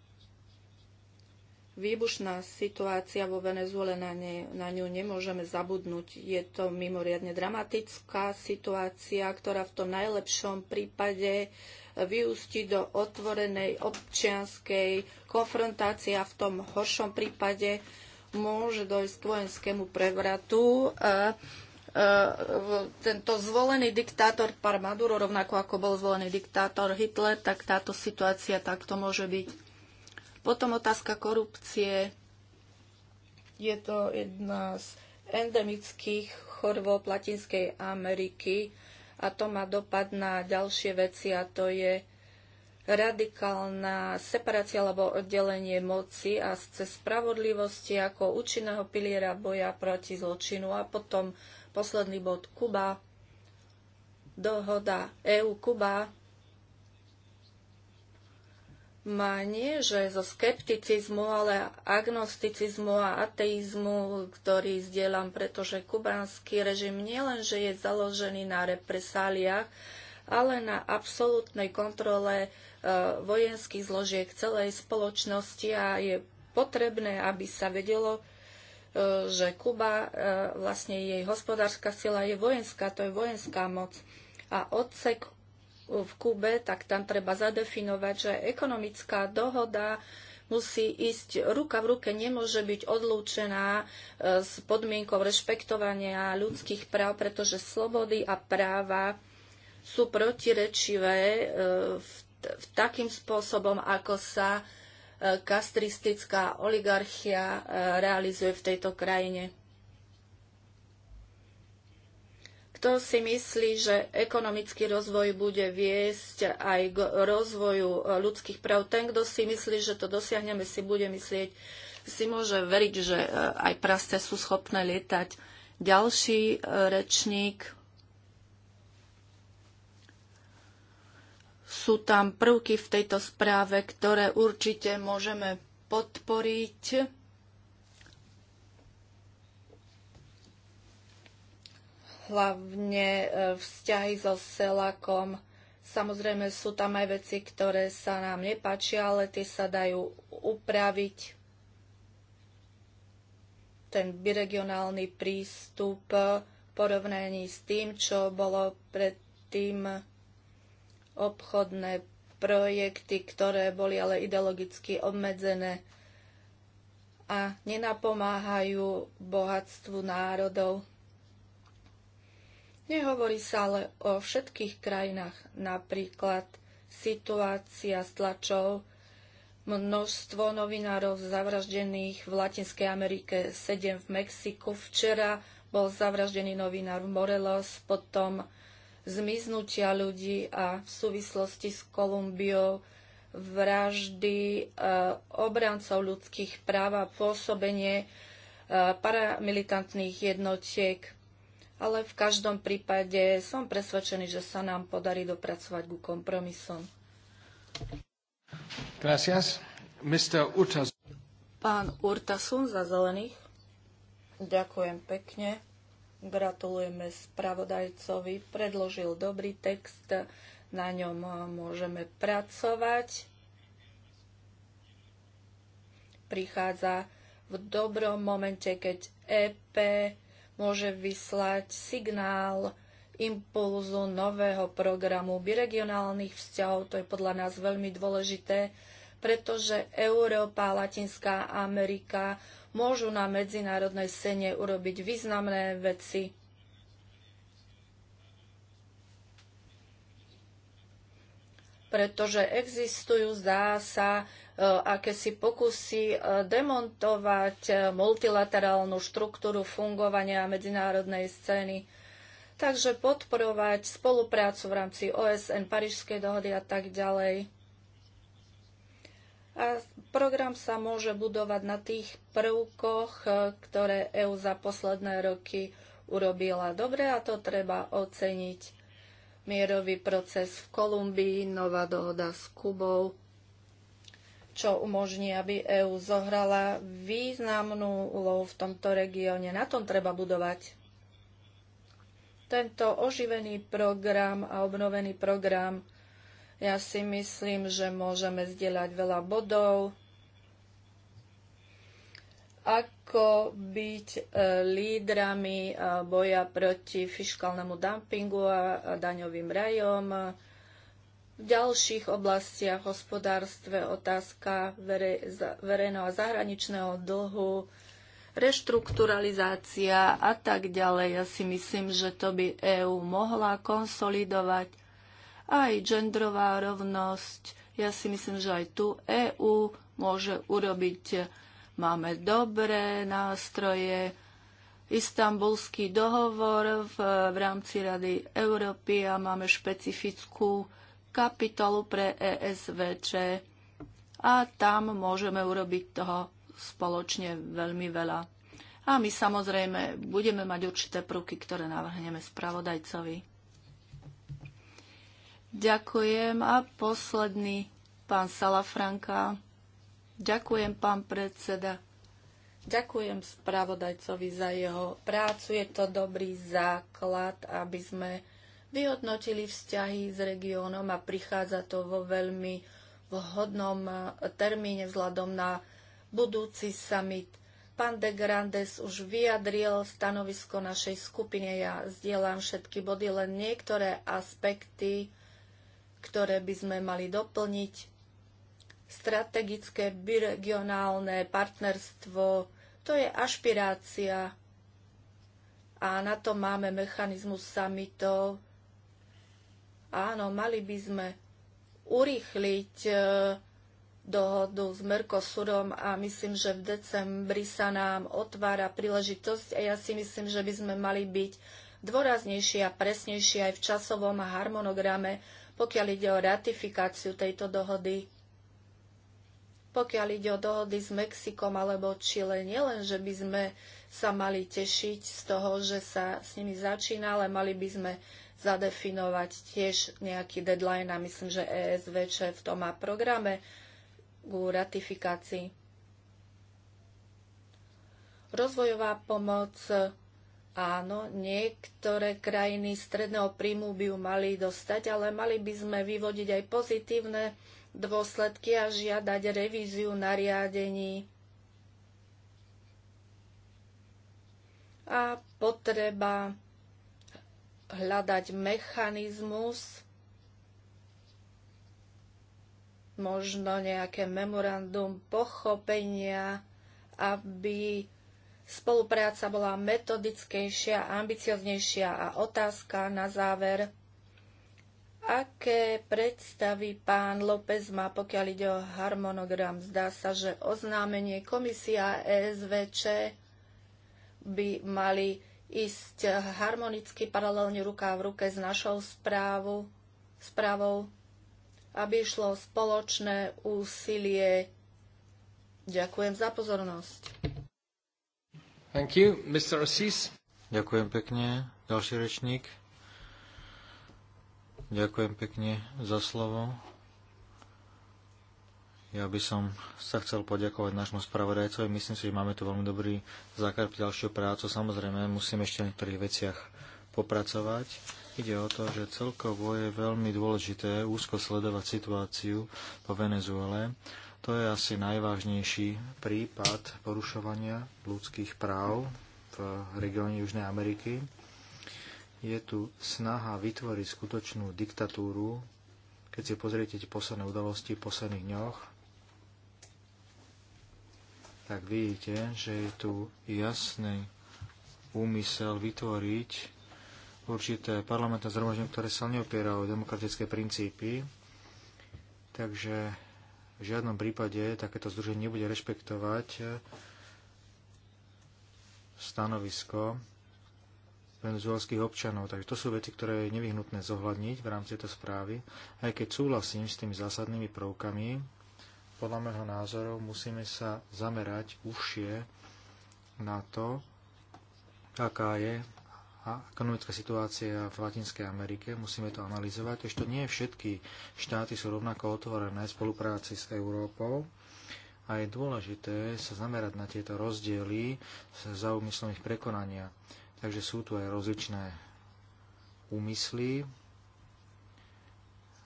Speaker 3: výbušná situácia vo Venezuele, na, ne, na ňu nemôžeme zabudnúť. Je to mimoriadne dramatická situácia, ktorá v tom najlepšom prípade vyústi do otvorenej občianskej konfrontácie a v tom horšom prípade môže dojsť k vojenskému prevratu. Uh, Eh, tento zvolený diktátor par Maduro, rovnako ako bol zvolený diktátor Hitler, tak táto situácia takto môže byť. Potom otázka korupcie. Je to jedna z endemických chorôb Latinskej Ameriky a to má dopad na ďalšie veci a to je radikálna separácia alebo oddelenie moci a cez spravodlivosti ako účinného piliera boja proti zločinu a potom Posledný bod Kuba. Dohoda EU-Kuba má nie že zo skepticizmu, ale agnosticizmu a ateizmu, ktorý zdieľam, pretože kubánsky režim nielenže je založený na represáliách, ale na absolútnej kontrole e, vojenských zložiek celej spoločnosti a je potrebné, aby sa vedelo, E, že Kuba, e, vlastne jej hospodárska sila je vojenská, to je vojenská moc. A odsek v Kube, tak tam treba zadefinovať, že ekonomická dohoda musí ísť ruka v ruke, nemôže byť odlúčená e, s podmienkou rešpektovania ľudských práv, pretože slobody a práva sú protirečivé v, takým spôsobom, ako sa kastristická oligarchia eh, realizuje v tejto krajine. Kto si myslí, že ekonomický rozvoj bude viesť aj k rozvoju eh, ľudských práv, ten, kto si myslí, že to dosiahneme, si bude myslieť, si môže veriť, že eh, aj prasce sú schopné lietať. Ďalší rečník Sú tam prvky v tejto správe, ktoré určite môžeme podporiť. Hlavne e, vzťahy so Selakom. Samozrejme sú tam aj veci, ktoré sa nám nepáčia, ale tie sa dajú upraviť. Ten biregionálny prístup v e, porovnaní s tým, čo bolo predtým obchodné projekty, ktoré boli ale ideologicky obmedzené a nenapomáhajú bohatstvu národov. Nehovorí sa ale o všetkých krajinách, napríklad situácia s tlačou, množstvo novinárov zavraždených v Latinskej Amerike, 7 v Mexiku. Včera bol zavraždený novinár Morelos, potom zmiznutia ľudí a v súvislosti s Kolumbiou vraždy e, obrancov ľudských práv a pôsobenie e, paramilitantných jednotiek. Ale v každom prípade som presvedčený, že sa nám podarí dopracovať ku kompromisom.
Speaker 1: Gracias. Mr. Urtasun.
Speaker 3: Pán Urtasun za zelených. Ďakujem pekne. Gratulujeme spravodajcovi, predložil dobrý text, na ňom môžeme pracovať. Prichádza v dobrom momente, keď EP môže vyslať signál impulzu nového programu biregionálnych vzťahov. To je podľa nás veľmi dôležité, pretože Európa Latinská Amerika môžu na medzinárodnej scéne urobiť významné veci. pretože existujú, zdá sa, e, akési pokusy e, demontovať e, multilaterálnu štruktúru fungovania medzinárodnej scény. Takže podporovať spoluprácu v rámci OSN, Parížskej dohody a tak ďalej a program sa môže budovať na tých prvkoch, e, ktoré EU za posledné roky urobila dobre a to treba oceniť. Mierový proces v Kolumbii, nová dohoda s Kubou, čo umožní, aby EÚ zohrala významnú úlohu v tomto regióne. Na tom treba budovať. Tento oživený program a obnovený program ja si myslím, že môžeme zdieľať veľa bodov. Ako byť e, lídrami e, boja proti fiskálnemu dumpingu a daňovým rajom. V ďalších oblastiach hospodárstve otázka verejného a zahraničného dlhu, reštrukturalizácia a tak ďalej. Ja si myslím, že to by EÚ mohla konsolidovať aj gendrová rovnosť. Ja si myslím, že aj tu EÚ môže urobiť. Máme dobré nástroje, istambulský dohovor v, v rámci Rady Európy a máme špecifickú kapitolu pre ESVČ a tam môžeme urobiť toho spoločne veľmi veľa. A my samozrejme budeme mať určité prúky, ktoré navrhneme spravodajcovi. Ďakujem. A posledný, pán Salafranka. Ďakujem, pán predseda. Ďakujem spravodajcovi za jeho prácu. Je to dobrý základ, aby sme vyhodnotili vzťahy s regiónom a prichádza to vo veľmi vhodnom e, termíne vzhľadom na budúci summit. Pán de Grandes už vyjadril stanovisko našej skupine. Ja zdieľam všetky body, len niektoré aspekty ktoré by sme mali doplniť. Strategické biregionálne partnerstvo, to je ašpirácia a na to máme mechanizmus samitov. Áno, mali by sme urýchliť e, dohodu s Mercosurom a myslím, že v decembri sa nám otvára príležitosť a ja si myslím, že by sme mali byť dôraznejší a presnejší aj v časovom harmonograme, pokiaľ ide o ratifikáciu tejto dohody. Pokiaľ ide o dohody s Mexikom alebo Čile, nielen, že by sme sa mali tešiť z toho, že sa s nimi začína, ale mali by sme zadefinovať tiež nejaký deadline a myslím, že ESVČ v tom má programe ku ratifikácii. Rozvojová pomoc Áno, niektoré krajiny stredného príjmu by ju mali dostať, ale mali by sme vyvodiť aj pozitívne dôsledky a žiadať revíziu nariadení. A potreba hľadať mechanizmus, možno nejaké memorandum pochopenia, aby Spolupráca bola metodickejšia, ambicioznejšia a otázka na záver. Aké predstavy pán López má, pokiaľ ide o harmonogram? Zdá sa, že oznámenie komisia ESVČ by mali ísť harmonicky paralelne ruka v ruke s našou správu, správou, aby išlo spoločné úsilie. Ďakujem za pozornosť.
Speaker 1: Thank you. Mr. Assis. Ďakujem pekne. Ďalší rečník. Ďakujem pekne za slovo. Ja by som sa chcel poďakovať nášmu spravodajcovi. Myslím si, že máme tu veľmi dobrý základ pre ďalšiu prácu. Samozrejme, musíme ešte v niektorých veciach popracovať. Ide o to, že celkovo je veľmi dôležité úzko sledovať situáciu po Venezuele to je asi najvážnejší prípad porušovania ľudských práv v regióne Južnej Ameriky. Je tu snaha vytvoriť skutočnú diktatúru, keď si pozriete tie posledné udalosti v posledných dňoch, tak vidíte, že je tu jasný úmysel vytvoriť určité parlamentné zhromaždenie, ktoré sa neopiera o demokratické princípy. Takže v žiadnom prípade takéto združenie nebude rešpektovať eh, stanovisko venezuelských občanov. Takže to sú veci, ktoré je nevyhnutné zohľadniť v rámci tejto správy. Aj keď súhlasím s tými zásadnými prvkami, podľa môjho názoru musíme sa zamerať užšie na to, aká je a ekonomická situácia v Latinskej Amerike, musíme to analyzovať. Ešte nie všetky štáty sú rovnako otvorené v spolupráci s Európou a je dôležité sa zamerať na tieto rozdiely za úmyslom ich prekonania. Takže sú tu aj rozličné úmysly,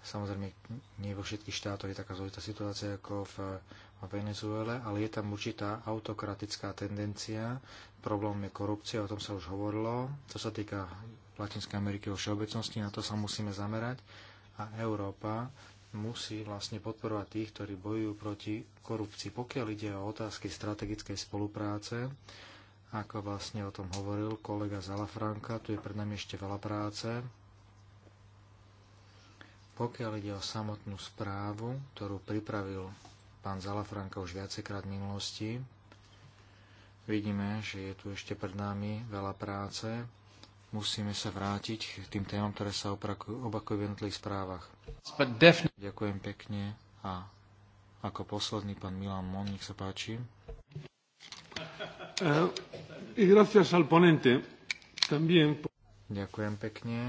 Speaker 1: Samozrejme, nie vo všetkých štátoch je taká zložitá situácia ako v Venezuele, ale je tam určitá autokratická tendencia. Problém je korupcia, o tom sa už hovorilo. To sa týka Latinskej Ameriky vo všeobecnosti, na to sa musíme zamerať. A Európa musí vlastne podporovať tých, ktorí bojujú proti korupcii. Pokiaľ ide o otázky strategickej spolupráce, ako vlastne o tom hovoril kolega Zalafranka, tu je pred nami ešte veľa práce. Pokiaľ ide o samotnú správu, ktorú pripravil pán Zalafranka už viacekrát v minulosti, vidíme, že je tu ešte pred nami veľa práce. Musíme sa vrátiť k tým témam, ktoré sa opakujú v jednotlých správach. Ďakujem pekne a ako posledný pán Milan Mon, nech sa páči. Eh, Ďakujem pekne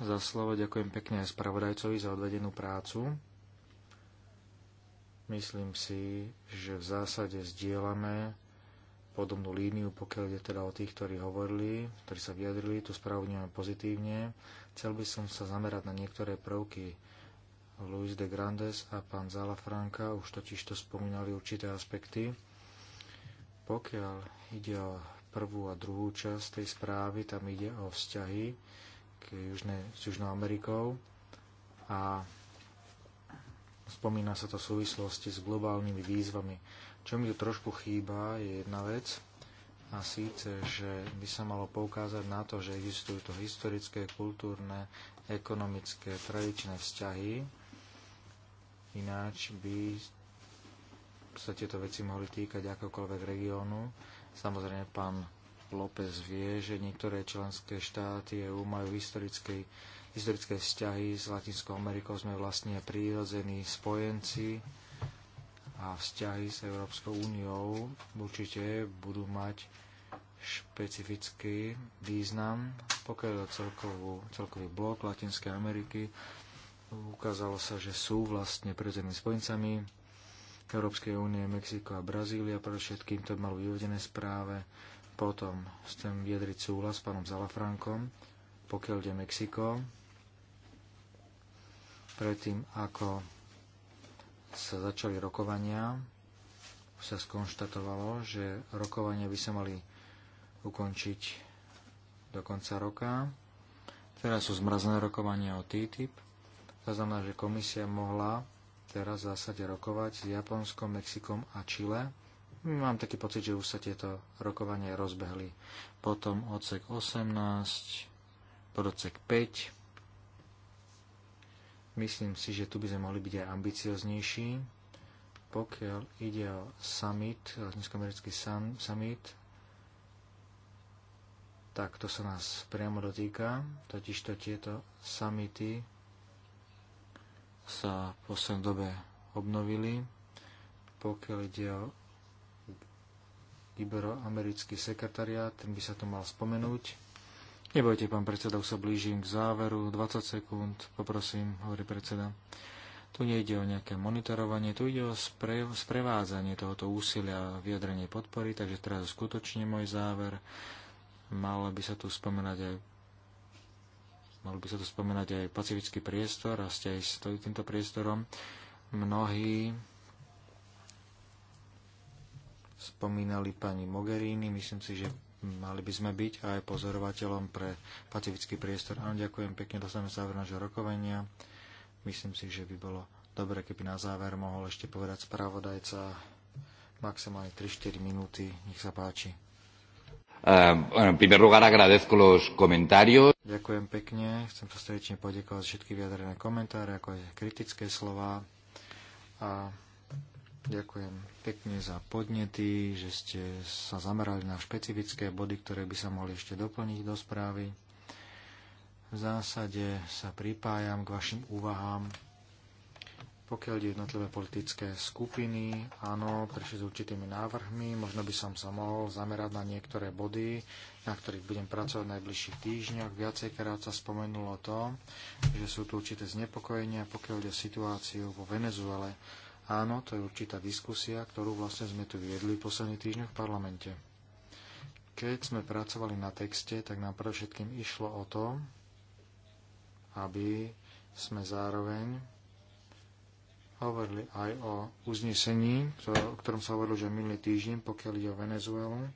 Speaker 1: za slovo. Ďakujem pekne aj spravodajcovi za odvedenú prácu. Myslím si, že v zásade zdieľame podobnú líniu, pokiaľ ide teda o tých, ktorí hovorili, ktorí sa vyjadrili, tú správu pozitívne. Chcel by som sa zamerať na niektoré prvky. Luis de Grandes a pán Zala Franka už totiž to spomínali určité aspekty. Pokiaľ ide o prvú a druhú časť tej správy, tam ide o vzťahy Južné, s Južnou Amerikou a spomína sa to v súvislosti s globálnymi výzvami. Čo mi tu trošku chýba je jedna vec a síce, že by sa malo poukázať na to, že existujú to historické, kultúrne, ekonomické, tradičné vzťahy, ináč by sa tieto veci mohli týkať akokoľvek regiónu. Samozrejme, pán López vie, že niektoré členské štáty EU majú historické, historické vzťahy s Latinskou Amerikou. Sme vlastne prírodzení spojenci a vzťahy s Európskou úniou určite budú mať špecifický význam, pokiaľ celkovú, celkový blok Latinskej Ameriky. Ukázalo sa, že sú vlastne prirodzenými spojencami Európskej únie, Mexiko a Brazília. Pre všetkým to malo vyvodené správe potom chcem vyjadriť súhlas s pánom Zalafrankom, pokiaľ ide Mexiko. Predtým, ako sa začali rokovania, sa skonštatovalo, že rokovania by sa mali ukončiť do konca roka. Teraz sú zmrazené rokovania o TTIP. To znamená, že komisia mohla teraz v zásade rokovať s Japonskom, Mexikom a Čile Mám taký pocit, že už sa tieto rokovania rozbehli. Potom odsek 18, pododsek 5. Myslím si, že tu by sme mohli byť aj ambicioznejší. Pokiaľ ide o summit, latinskoamerický summit, tak to sa nás priamo dotýka. Totižto tieto summity sa v poslednej dobe obnovili. Pokiaľ ide o iberoamerický sekretariát, ten by sa to mal spomenúť. Nebojte, pán predseda, už sa blížim k záveru. 20 sekúnd, poprosím, hovorí predseda. Tu nejde o nejaké monitorovanie, tu ide o spre, sprevádzanie tohoto úsilia a vyjadrenie podpory, takže teraz skutočne môj záver. Malo by sa tu spomenať aj Malo by sa tu spomenať aj pacifický priestor a ste aj s týmto priestorom. Mnohí spomínali pani Mogherini. Myslím si, že mali by sme byť aj pozorovateľom pre pacifický priestor. Áno, ďakujem pekne, dostaneme záver nášho rokovania. Myslím si, že by bolo dobre, keby na záver mohol ešte povedať spravodajca maximálne 3-4 minúty. Nech sa páči.
Speaker 3: Eh,
Speaker 1: ďakujem pekne, chcem sa srdečne podiekovať za všetky vyjadrené komentáre, ako aj kritické slova. A Ďakujem pekne za podnety, že ste sa zamerali na špecifické body, ktoré by sa mohli ešte doplniť do správy. V zásade sa pripájam k vašim úvahám. Pokiaľ ide jednotlivé politické skupiny, áno, prešli s určitými návrhmi, možno by som sa mohol zamerať na niektoré body, na ktorých budem pracovať v najbližších týždňoch. Viacejkrát sa spomenulo to, že sú tu určité znepokojenia, pokiaľ ide o situáciu vo Venezuele Áno, to je určitá diskusia, ktorú vlastne sme tu viedli posledný týždeň v parlamente. Keď sme pracovali na texte, tak nám predovšetkým išlo o to, aby sme zároveň hovorili aj o uznesení, o ktorom sa hovorilo, že minulý týždeň, pokiaľ ide o Venezuelu.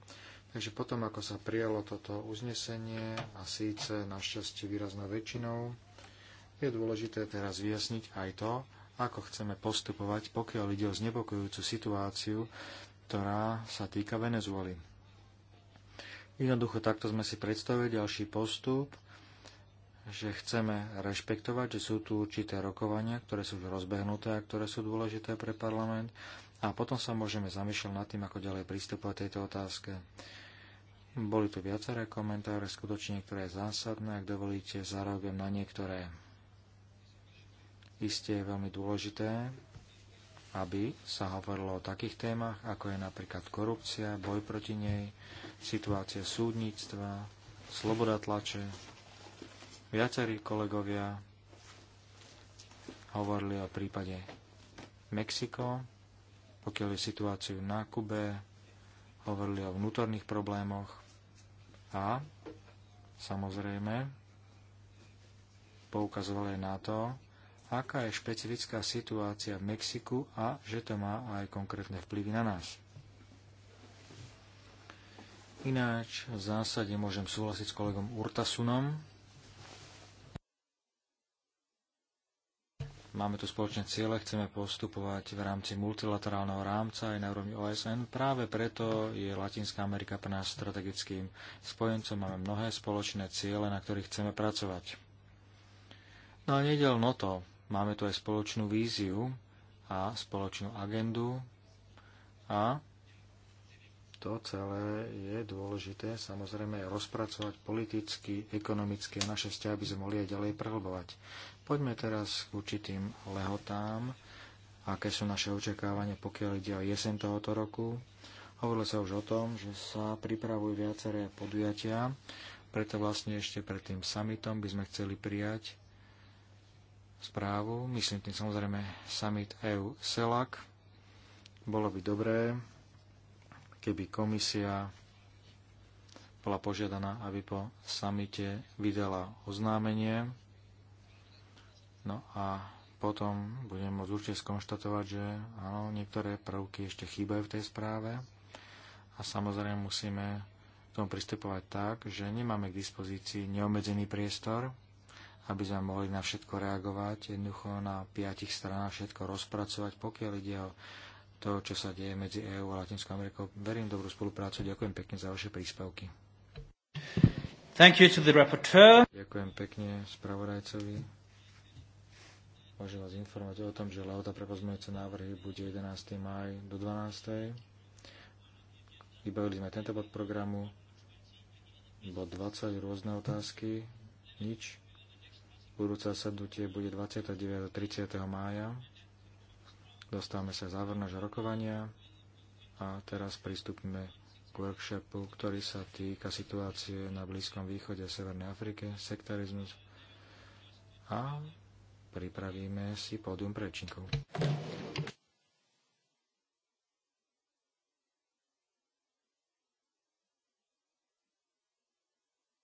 Speaker 1: Takže potom, ako sa prijalo toto uznesenie a síce našťastie výraznou väčšinou, je dôležité teraz vyjasniť aj to, ako chceme postupovať, pokiaľ ide o znepokojujúcu situáciu, ktorá sa týka Venezuely. Jednoducho takto sme si predstavili ďalší postup, že chceme rešpektovať, že sú tu určité rokovania, ktoré sú už rozbehnuté a ktoré sú dôležité pre parlament a potom sa môžeme zamýšľať nad tým, ako ďalej pristupovať tejto otázke. Boli tu viaceré komentáre, skutočne niektoré zásadné, ak dovolíte, zareagujem na niektoré. Isté je veľmi dôležité, aby sa hovorilo o takých témach, ako je napríklad korupcia, boj proti nej, situácia súdnictva, sloboda tlače. Viacerí kolegovia hovorili o prípade Mexiko, pokiaľ je situáciu na Kube, hovorili o vnútorných problémoch a samozrejme poukazovali na to, aká je špecifická situácia v Mexiku a že to má aj konkrétne vplyvy na nás. Ináč v zásade môžem súhlasiť s kolegom Urtasunom. Máme tu spoločné ciele, chceme postupovať v rámci multilaterálneho rámca aj na úrovni OSN. Práve preto je Latinská Amerika pre nás strategickým spojencom. Máme mnohé spoločné ciele, na ktorých chceme pracovať. No a nejde to, Máme tu aj spoločnú víziu a spoločnú agendu a to celé je dôležité samozrejme rozpracovať politicky, ekonomicky a naše vzťahy by sme mohli aj ďalej prehlbovať. Poďme teraz k určitým lehotám, aké sú naše očakávania, pokiaľ ide o jeseň tohoto roku. Hovorilo sa už o tom, že sa pripravujú viaceré podujatia, preto vlastne ešte pred tým summitom by sme chceli prijať správu, myslím tým samozrejme summit EU-CELAC. E Bolo by dobré, keby komisia bola požiadaná, aby po samite vydala oznámenie. No a potom budem môcť určite skonštatovať, že áno, niektoré prvky ešte chýbajú v tej správe. A samozrejme musíme k tomu pristupovať tak, že nemáme k dispozícii neobmedzený priestor, aby sme mohli na všetko reagovať, jednoducho na piatich stranách všetko rozpracovať, pokiaľ ide o to, čo sa deje medzi EÚ a Latinskou Amerikou. Verím dobrú spoluprácu, ďakujem pekne za vaše príspevky.
Speaker 3: Thank you to the rapporteur.
Speaker 1: Ďakujem pekne spravodajcovi. Môžem vás informovať o tom, že lauta pre pozmeňujúce návrhy bude 11. maj do 12. Vybavili sme tento bod programu. Bod 20, rôzne otázky. Nič. Budúce sadnutie bude 29. 30. mája. Dostávame sa závor nášho rokovania a teraz pristúpime k workshopu, ktorý sa týka situácie na Blízkom východe a Severnej Afrike, sektarizmus a pripravíme si pódium prečinkov.